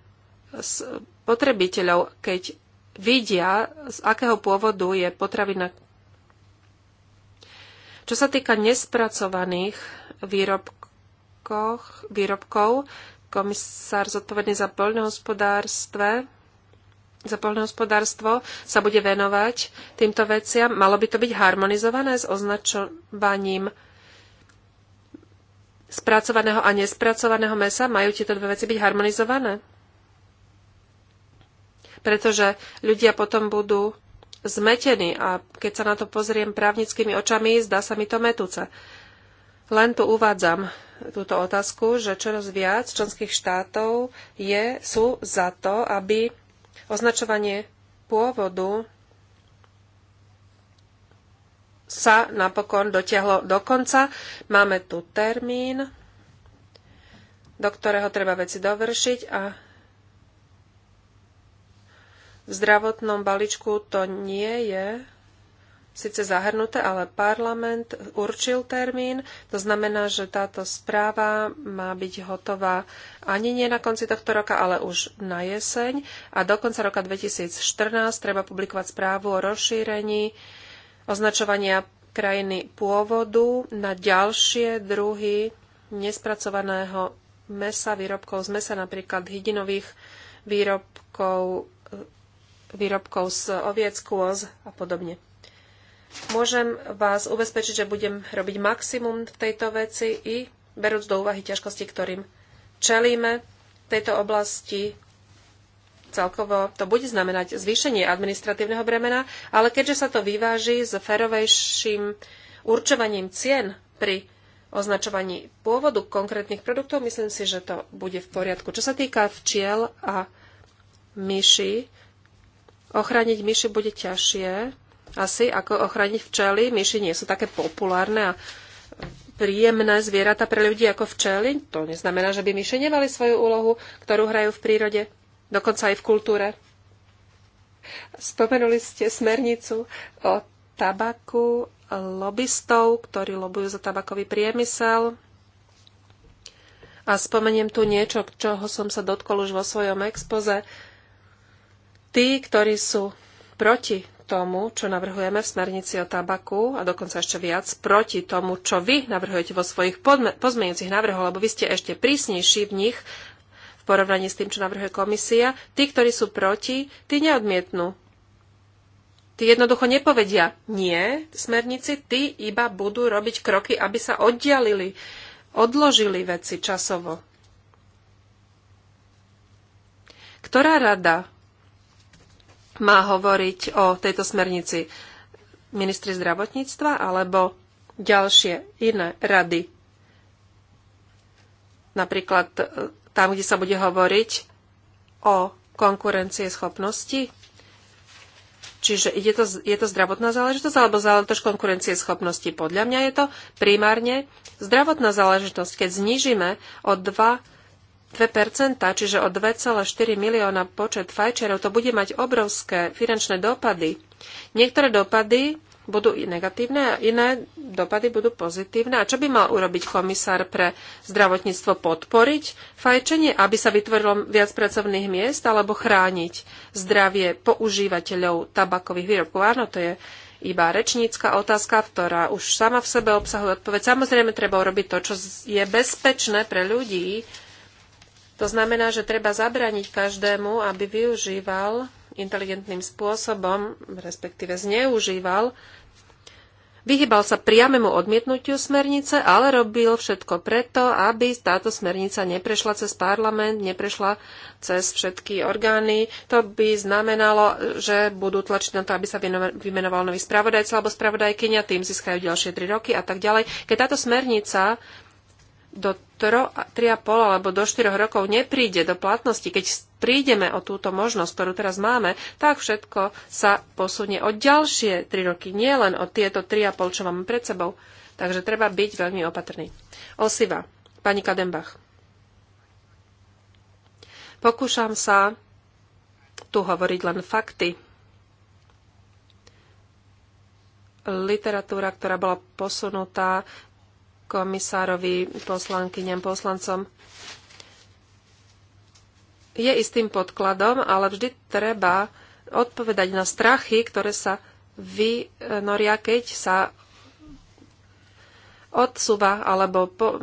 spotrebiteľov, keď vidia, z akého pôvodu je potravina. Čo sa týka nespracovaných výrobkov, komisár zodpovedný za poľnohospodárstve za poľnohospodárstvo sa bude venovať týmto veciam. Malo by to byť harmonizované s označovaním spracovaného a nespracovaného mesa? Majú tieto dve veci byť harmonizované? pretože ľudia potom budú zmetení a keď sa na to pozriem právnickými očami, zdá sa mi to metúce. Len tu uvádzam túto otázku, že čoraz viac členských štátov je, sú za to, aby označovanie pôvodu sa napokon dotiahlo do konca. Máme tu termín, do ktorého treba veci dovršiť a zdravotnom balíčku to nie je síce zahrnuté, ale parlament určil termín. To znamená, že táto správa má byť hotová ani nie na konci tohto roka, ale už na jeseň. A do konca roka 2014 treba publikovať správu o rozšírení označovania krajiny pôvodu na ďalšie druhy nespracovaného mesa, výrobkov z mesa, napríklad hydinových výrobkov, výrobkov z oviec, kôz a podobne. Môžem vás ubezpečiť, že budem robiť maximum v tejto veci i berúc do úvahy ťažkosti, ktorým čelíme v tejto oblasti. Celkovo to bude znamenať zvýšenie administratívneho bremena, ale keďže sa to vyváži s ferovejším určovaním cien pri označovaní pôvodu konkrétnych produktov, myslím si, že to bude v poriadku. Čo sa týka včiel a myši, Ochrániť myši bude ťažšie asi, ako ochraniť včely. Myši nie sú také populárne a príjemné zvieratá pre ľudí ako včely. To neznamená, že by myše nemali svoju úlohu, ktorú hrajú v prírode, dokonca aj v kultúre. Spomenuli ste smernicu o tabaku lobbystov, ktorí lobujú za tabakový priemysel. A spomeniem tu niečo, čoho som sa dotkol už vo svojom expoze. Tí, ktorí sú proti tomu, čo navrhujeme v smernici o tabaku a dokonca ešte viac proti tomu, čo vy navrhujete vo svojich pozmeňujúcich návrhoch, lebo vy ste ešte prísnejší v nich v porovnaní s tým, čo navrhuje komisia. Tí, ktorí sú proti, tí neodmietnú. Tí jednoducho nepovedia nie smernici, tí iba budú robiť kroky, aby sa oddialili, odložili veci časovo. Ktorá rada má hovoriť o tejto smernici? Ministri zdravotníctva alebo ďalšie iné rady? Napríklad e, tam, kde sa bude hovoriť o konkurencie schopnosti? Čiže je to, je to zdravotná záležitosť alebo záležitosť konkurencie schopnosti? Podľa mňa je to primárne zdravotná záležitosť. Keď znížime o 2 čiže o 2,4 milióna počet fajčerov, to bude mať obrovské finančné dopady. Niektoré dopady budú negatívne a iné dopady budú pozitívne. A čo by mal urobiť komisár pre zdravotníctvo? Podporiť fajčenie, aby sa vytvorilo viac pracovných miest, alebo chrániť zdravie používateľov tabakových výrobkov? Áno, to je iba rečnícka otázka, ktorá už sama v sebe obsahuje odpoveď. Samozrejme, treba urobiť to, čo je bezpečné pre ľudí, to znamená, že treba zabrániť každému, aby využíval inteligentným spôsobom, respektíve zneužíval, vyhybal sa priamemu odmietnutiu smernice, ale robil všetko preto, aby táto smernica neprešla cez parlament, neprešla cez všetky orgány. To by znamenalo, že budú tlačiť na to, aby sa vymenoval nový spravodajca alebo spravodajkynia, tým získajú ďalšie tri roky a tak ďalej. Keď táto smernica do 3,5 alebo do 4 rokov nepríde do platnosti, keď prídeme o túto možnosť, ktorú teraz máme, tak všetko sa posunie o ďalšie 3 roky, nie len o tieto 3,5, čo máme pred sebou. Takže treba byť veľmi opatrný. Osiva. Pani Kadembach. Pokúšam sa tu hovoriť len fakty. Literatúra, ktorá bola posunutá komisárovi, poslankyňam, poslancom je istým podkladom, ale vždy treba odpovedať na strachy, ktoré sa vynoria, keď sa odsúva alebo po,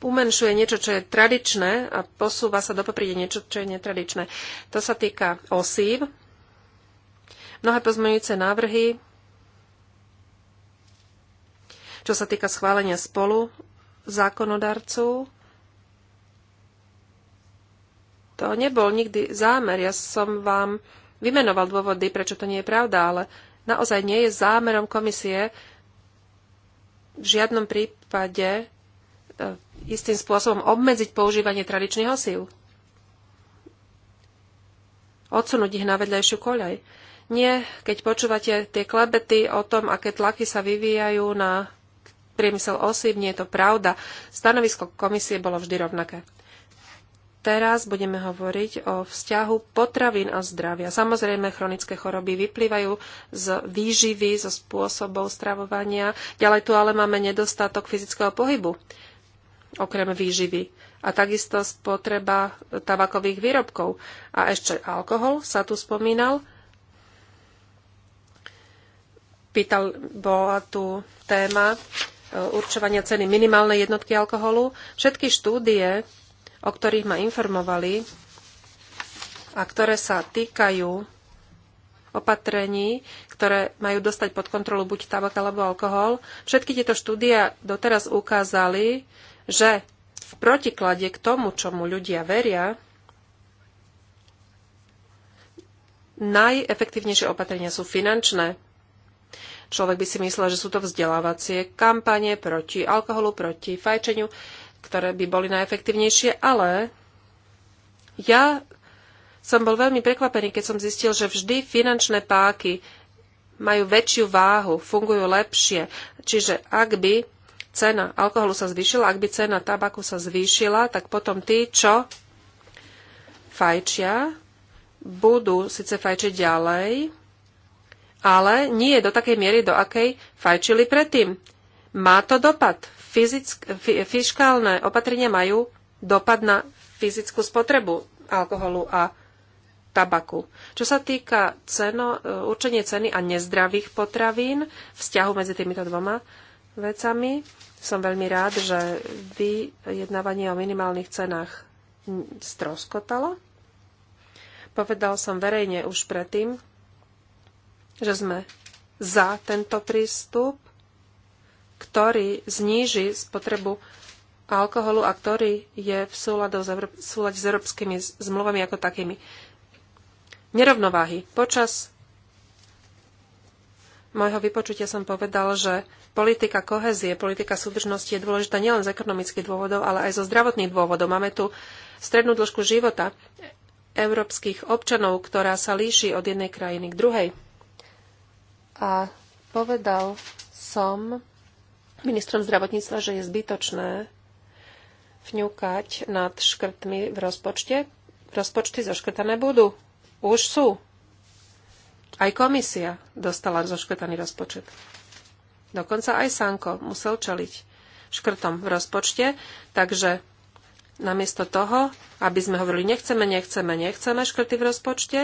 umenšuje niečo, čo je tradičné a posúva sa do popríde niečo, čo je netradičné. To sa týka osív. Mnohé pozmeňujúce návrhy čo sa týka schválenia spolu zákonodarcu. To nebol nikdy zámer. Ja som vám vymenoval dôvody, prečo to nie je pravda, ale naozaj nie je zámerom komisie v žiadnom prípade e, istým spôsobom obmedziť používanie tradičných osív. Odsunúť ich na vedľajšiu koľaj. Nie, keď počúvate tie klebety o tom, aké tlaky sa vyvíjajú na priemysel osýb, nie je to pravda. Stanovisko komisie bolo vždy rovnaké. Teraz budeme hovoriť o vzťahu potravín a zdravia. Samozrejme, chronické choroby vyplývajú z výživy, zo spôsobov stravovania. Ďalej tu ale máme nedostatok fyzického pohybu, okrem výživy. A takisto spotreba tabakových výrobkov. A ešte alkohol sa tu spomínal. Pýtal, bola tu téma E, určovania ceny minimálnej jednotky alkoholu. Všetky štúdie, o ktorých ma informovali a ktoré sa týkajú opatrení, ktoré majú dostať pod kontrolu buď tabak alebo alkohol, všetky tieto štúdia doteraz ukázali, že v protiklade k tomu, čomu ľudia veria, najefektívnejšie opatrenia sú finančné. Človek by si myslel, že sú to vzdelávacie kampane proti alkoholu, proti fajčeniu, ktoré by boli najefektívnejšie, ale ja som bol veľmi prekvapený, keď som zistil, že vždy finančné páky majú väčšiu váhu, fungujú lepšie. Čiže ak by cena alkoholu sa zvýšila, ak by cena tabaku sa zvýšila, tak potom tí, čo fajčia, budú síce fajčiť ďalej, ale nie je do takej miery, do akej fajčili predtým. Má to dopad. Fyzick, fiskálne opatrenia majú dopad na fyzickú spotrebu alkoholu a tabaku. Čo sa týka ceno, e, určenie ceny a nezdravých potravín, vzťahu medzi týmito dvoma vecami, som veľmi rád, že vyjednávanie o minimálnych cenách stroskotalo. Povedal som verejne už predtým, že sme za tento prístup, ktorý zníži spotrebu alkoholu a ktorý je v súlade s európskymi zmluvami ako takými. Nerovnováhy. Počas môjho vypočutia som povedal, že politika kohezie, politika súdržnosti je dôležitá nielen z ekonomických dôvodov, ale aj zo zdravotných dôvodov. Máme tu strednú dĺžku života európskych občanov, ktorá sa líši od jednej krajiny k druhej a povedal som ministrom zdravotníctva, že je zbytočné vňukať nad škrtmi v rozpočte. Rozpočty zoškrtané budú. Už sú. Aj komisia dostala zoškrtaný rozpočet. Dokonca aj Sanko musel čeliť škrtom v rozpočte, takže namiesto toho, aby sme hovorili nechceme, nechceme, nechceme škrty v rozpočte,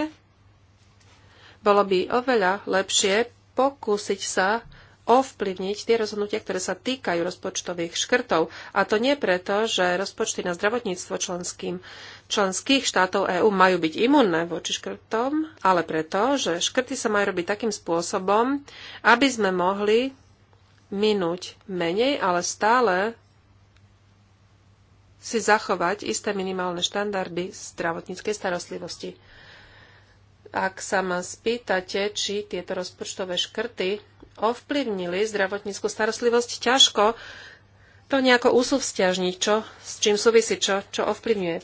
bolo by oveľa lepšie pokúsiť sa ovplyvniť tie rozhodnutia, ktoré sa týkajú rozpočtových škrtov. A to nie preto, že rozpočty na zdravotníctvo členským, členských štátov EÚ majú byť imunné voči škrtom, ale preto, že škrty sa majú robiť takým spôsobom, aby sme mohli minúť menej, ale stále si zachovať isté minimálne štandardy zdravotníckej starostlivosti. Ak sa ma spýtate, či tieto rozpočtové škrty ovplyvnili zdravotníckú starostlivosť, ťažko to nejako usúvzťažniť, čo, s čím súvisí, čo, čo ovplyvňuje.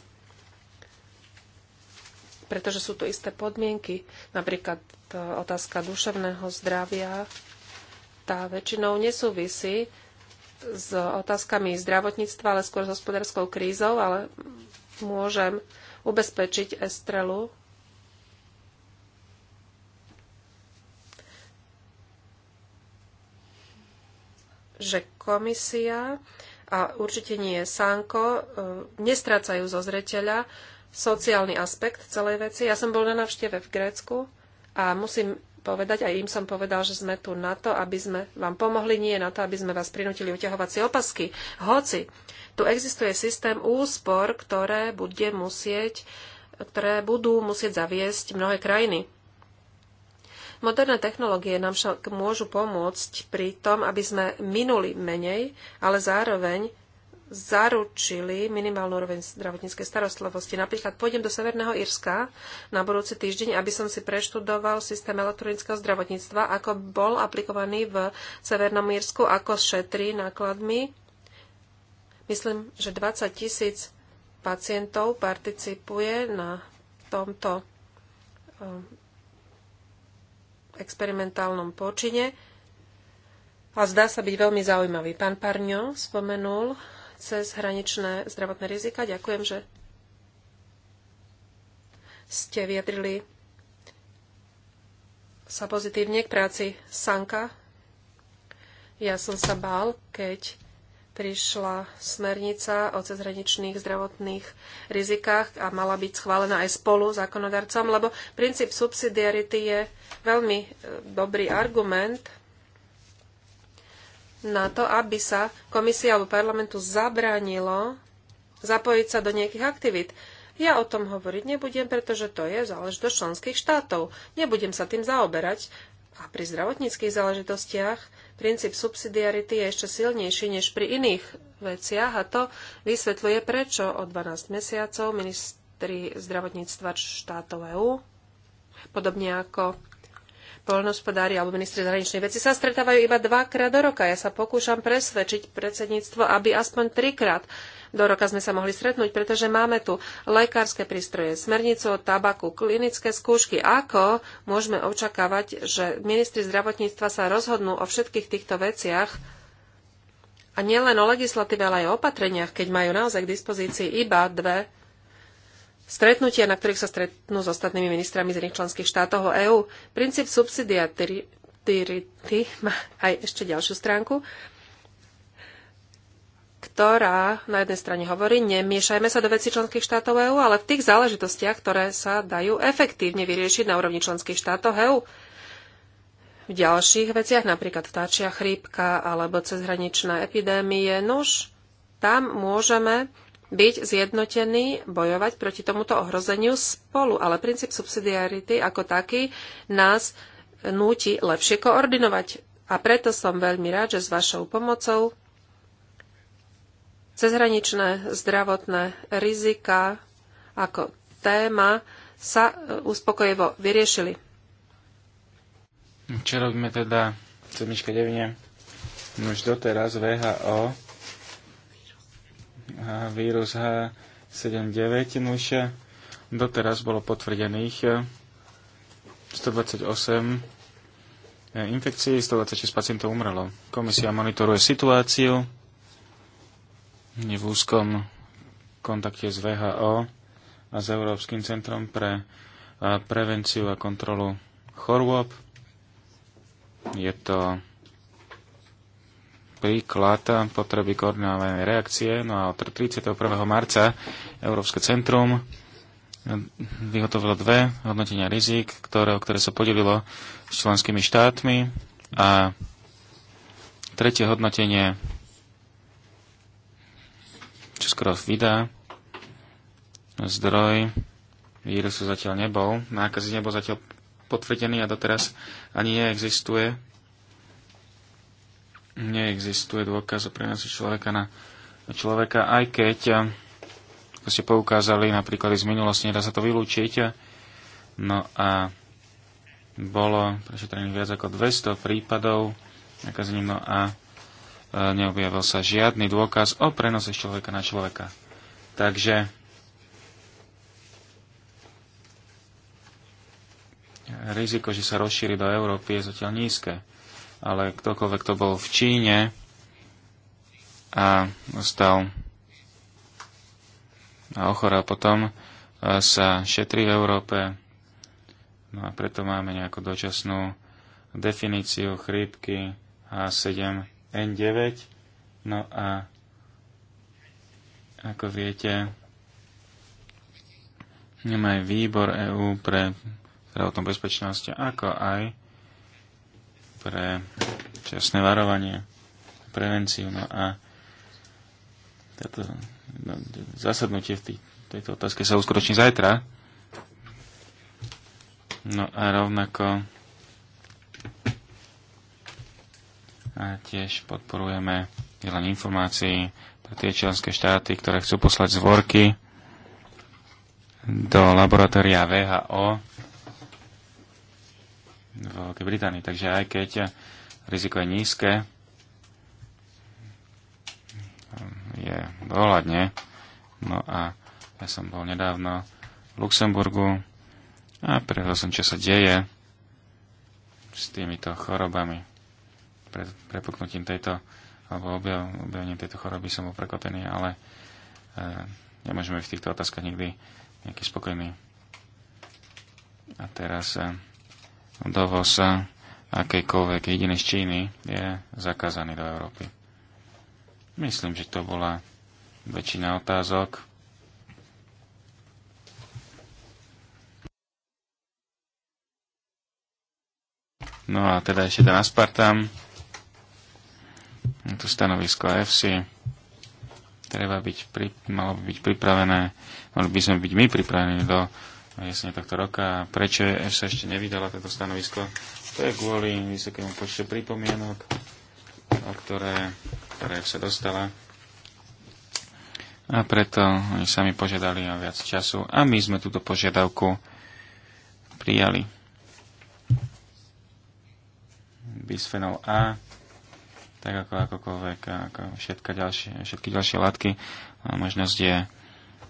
Pretože sú tu isté podmienky, napríklad e, otázka duševného zdravia, tá väčšinou nesúvisí s otázkami zdravotníctva, ale skôr s hospodárskou krízou, ale môžem ubezpečiť Estrelu, že komisia a určite nie Sánko e, nestrácajú zo zreteľa sociálny aspekt celej veci. Ja som bol na návšteve v Grécku a musím povedať, aj im som povedal, že sme tu na to, aby sme vám pomohli, nie na to, aby sme vás prinútili utiahovať si opasky. Hoci tu existuje systém úspor, ktoré, bude musieť, ktoré budú musieť zaviesť mnohé krajiny. Moderné technológie nám však môžu pomôcť pri tom, aby sme minuli menej, ale zároveň zaručili minimálnu úroveň zdravotníckej starostlivosti. Napríklad pôjdem do Severného Írska na budúci týždeň, aby som si preštudoval systém elektronického zdravotníctva, ako bol aplikovaný v Severnom Írsku, ako šetrí nákladmi. Myslím, že 20 tisíc pacientov participuje na tomto eh, experimentálnom počine a zdá sa byť veľmi zaujímavý. Pán Parňo spomenul cez hraničné zdravotné rizika. Ďakujem, že ste vyjadrili sa pozitívne k práci Sanka. Ja som sa bál, keď prišla smernica o cezhraničných zdravotných rizikách a mala byť schválená aj spolu zákonodarcom, lebo princíp subsidiarity je veľmi e, dobrý argument na to, aby sa komisia alebo parlamentu zabránilo zapojiť sa do nejakých aktivít. Ja o tom hovoriť nebudem, pretože to je záležitosť členských štátov. Nebudem sa tým zaoberať. A pri zdravotníckých záležitostiach princíp subsidiarity je ešte silnejší než pri iných veciach a to vysvetľuje, prečo o 12 mesiacov ministri zdravotníctva štátov EÚ, podobne ako poľnohospodári alebo ministri zahraničnej veci sa stretávajú iba dvakrát do roka. Ja sa pokúšam presvedčiť predsedníctvo, aby aspoň trikrát do roka sme sa mohli stretnúť, pretože máme tu lekárske prístroje, smernicu o tabaku, klinické skúšky. Ako môžeme očakávať, že ministri zdravotníctva sa rozhodnú o všetkých týchto veciach a nielen o legislatíve, ale aj o opatreniach, keď majú naozaj k dispozícii iba dve stretnutia, na ktorých sa stretnú s ostatnými ministrami z iných členských štátov EÚ. Princíp subsidiarity má aj ešte ďalšiu stránku ktorá na jednej strane hovorí, nemiešajme sa do veci členských štátov EÚ, ale v tých záležitostiach, ktoré sa dajú efektívne vyriešiť na úrovni členských štátov EÚ. V ďalších veciach, napríklad vtáčia chrípka alebo cezhraničná epidémie, nuž, tam môžeme byť zjednotení, bojovať proti tomuto ohrozeniu spolu. Ale princíp subsidiarity ako taký nás núti lepšie koordinovať. A preto som veľmi rád, že s vašou pomocou Cezhraničné zdravotné rizika ako téma sa e, uspokojivo vyriešili. Čo robíme teda, sedmička devine? No už doteraz VHO a vírus H79 no už e, doteraz bolo potvrdených 128 e, infekcií, 126 pacientov umrelo. Komisia monitoruje situáciu v úzkom kontakte s VHO a s Európskym centrom pre prevenciu a kontrolu chorôb. Je to príklad potreby koordinovanej reakcie. No a od 31. marca Európske centrum vyhotovilo dve hodnotenia rizik, ktoré, ktoré sa podelilo s členskými štátmi a tretie hodnotenie čo skoro vydá. Zdroj vírusu zatiaľ nebol, nákazy nebol zatiaľ potvrdený a doteraz ani neexistuje neexistuje dôkaz o prenosi človeka na človeka, aj keď ako eh, ste poukázali napríklad z minulosti, nedá sa to vylúčiť. No a bolo prešetrených viac ako 200 prípadov nakazením, no a E, neobjavil sa žiadny dôkaz o prenose človeka na človeka. Takže riziko, že sa rozšíri do Európy, je zatiaľ nízke. Ale ktokoľvek to bol v Číne a stal a ochorel potom, e, sa šetrí v Európe. No a preto máme nejakú dočasnú definíciu chrípky H7 N9. No a ako viete, nemá aj výbor EÚ pre zdravotnú bezpečnosť, ako aj pre časné varovanie, prevenciu. No a no, zasadnutie v tý, tejto otázke sa uskutoční zajtra. No a rovnako A tiež podporujeme len informácií pre tie členské štáty, ktoré chcú poslať zvorky do laboratória VHO v Veľkej Británii. Takže aj keď riziko je nízke, je dôľadne. No a ja som bol nedávno v Luxemburgu a prehľadal som, čo sa deje s týmito chorobami pred prepuknutím tejto alebo objavením tejto choroby som bol prekvapený, ale e, nemôžeme v týchto otázkach nikdy nejaký spokojný. A teraz e, dovoz eh, akejkoľvek jedinej z Číny je zakázaný do Európy. Myslím, že to bola väčšina otázok. No a teda ešte ten aspartam. Je stanovisko AFC. Treba byť, pri, malo byť pripravené, mali by sme byť my pripravení do jesene tohto roka. Prečo EFSA ešte nevydala toto stanovisko? To je kvôli vysokému počtu pripomienok, o ktoré, ktoré EFSA dostala. A preto oni sami požiadali o viac času a my sme túto požiadavku prijali. Bisphenol A tak ako akokoľvek, ako všetka ďalšie, všetky ďalšie látky. A možnosť je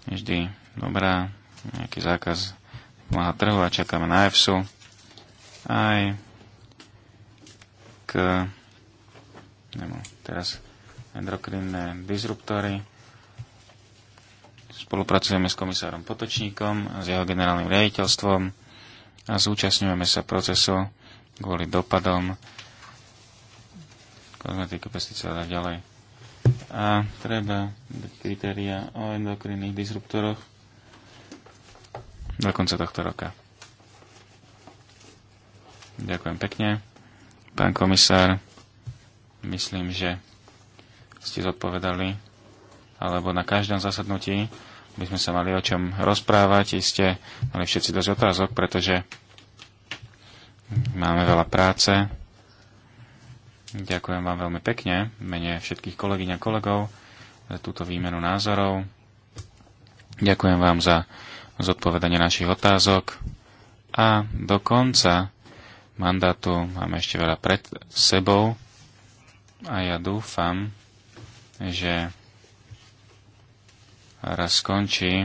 vždy dobrá, nejaký zákaz pomáha trhu a čakáme na EFSU. Aj k nemo, teraz endokrinné disruptory. Spolupracujeme s komisárom Potočníkom, s jeho generálnym riaditeľstvom a zúčastňujeme sa procesu kvôli dopadom kozmetiky, pesticídy a ďalej. A treba dať kritéria o endokrinných disruptoroch do konca tohto roka. Ďakujem pekne. Pán komisár, myslím, že ste zodpovedali, alebo na každom zasadnutí by sme sa mali o čom rozprávať. Iste mali všetci dosť otázok, pretože máme veľa práce Ďakujem vám veľmi pekne, mene všetkých kolegyň a kolegov, za túto výmenu názorov. Ďakujem vám za zodpovedanie našich otázok. A do konca mandátu máme ešte veľa pred sebou a ja dúfam, že raz skončí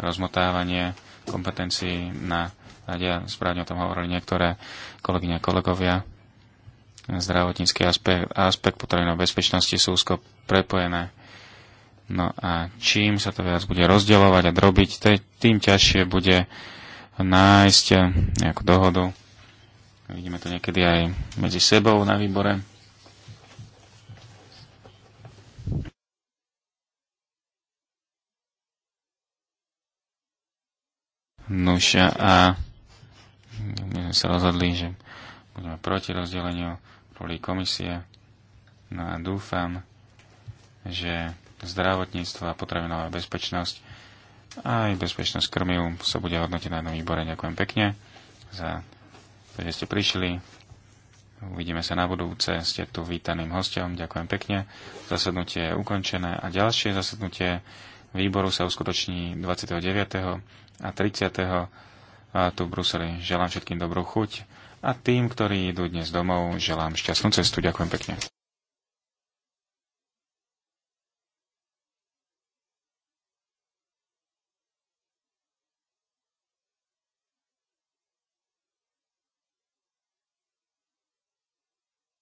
rozmotávanie kompetencií na rade. Správne o tom hovorili niektoré kolegyne a kolegovia zdravotnícky aspekt aspekt potravinovej bezpečnosti sú úzko prepojené. No a čím sa to viac bude rozdielovať a drobiť, tým ťažšie bude nájsť eh, nejakú dohodu. Vidíme to niekedy aj medzi sebou na výbore. Nuž a my sme sa rozhodli, že budeme proti rozdeleniu boli komisie. No a dúfam, že zdravotníctvo a potravinová bezpečnosť a aj bezpečnosť krmiu sa bude hodnotiť na jednom výbore. Ďakujem pekne za to, že ste prišli. Uvidíme sa na budúce. Ste tu vítaným hostom. Ďakujem pekne. Zasadnutie je ukončené a ďalšie zasadnutie výboru sa uskutoční 29. a 30. A tu v Bruseli. Želám všetkým dobrú chuť a tým, ktorí idú dnes domov, želám šťastnú cestu. Ďakujem pekne.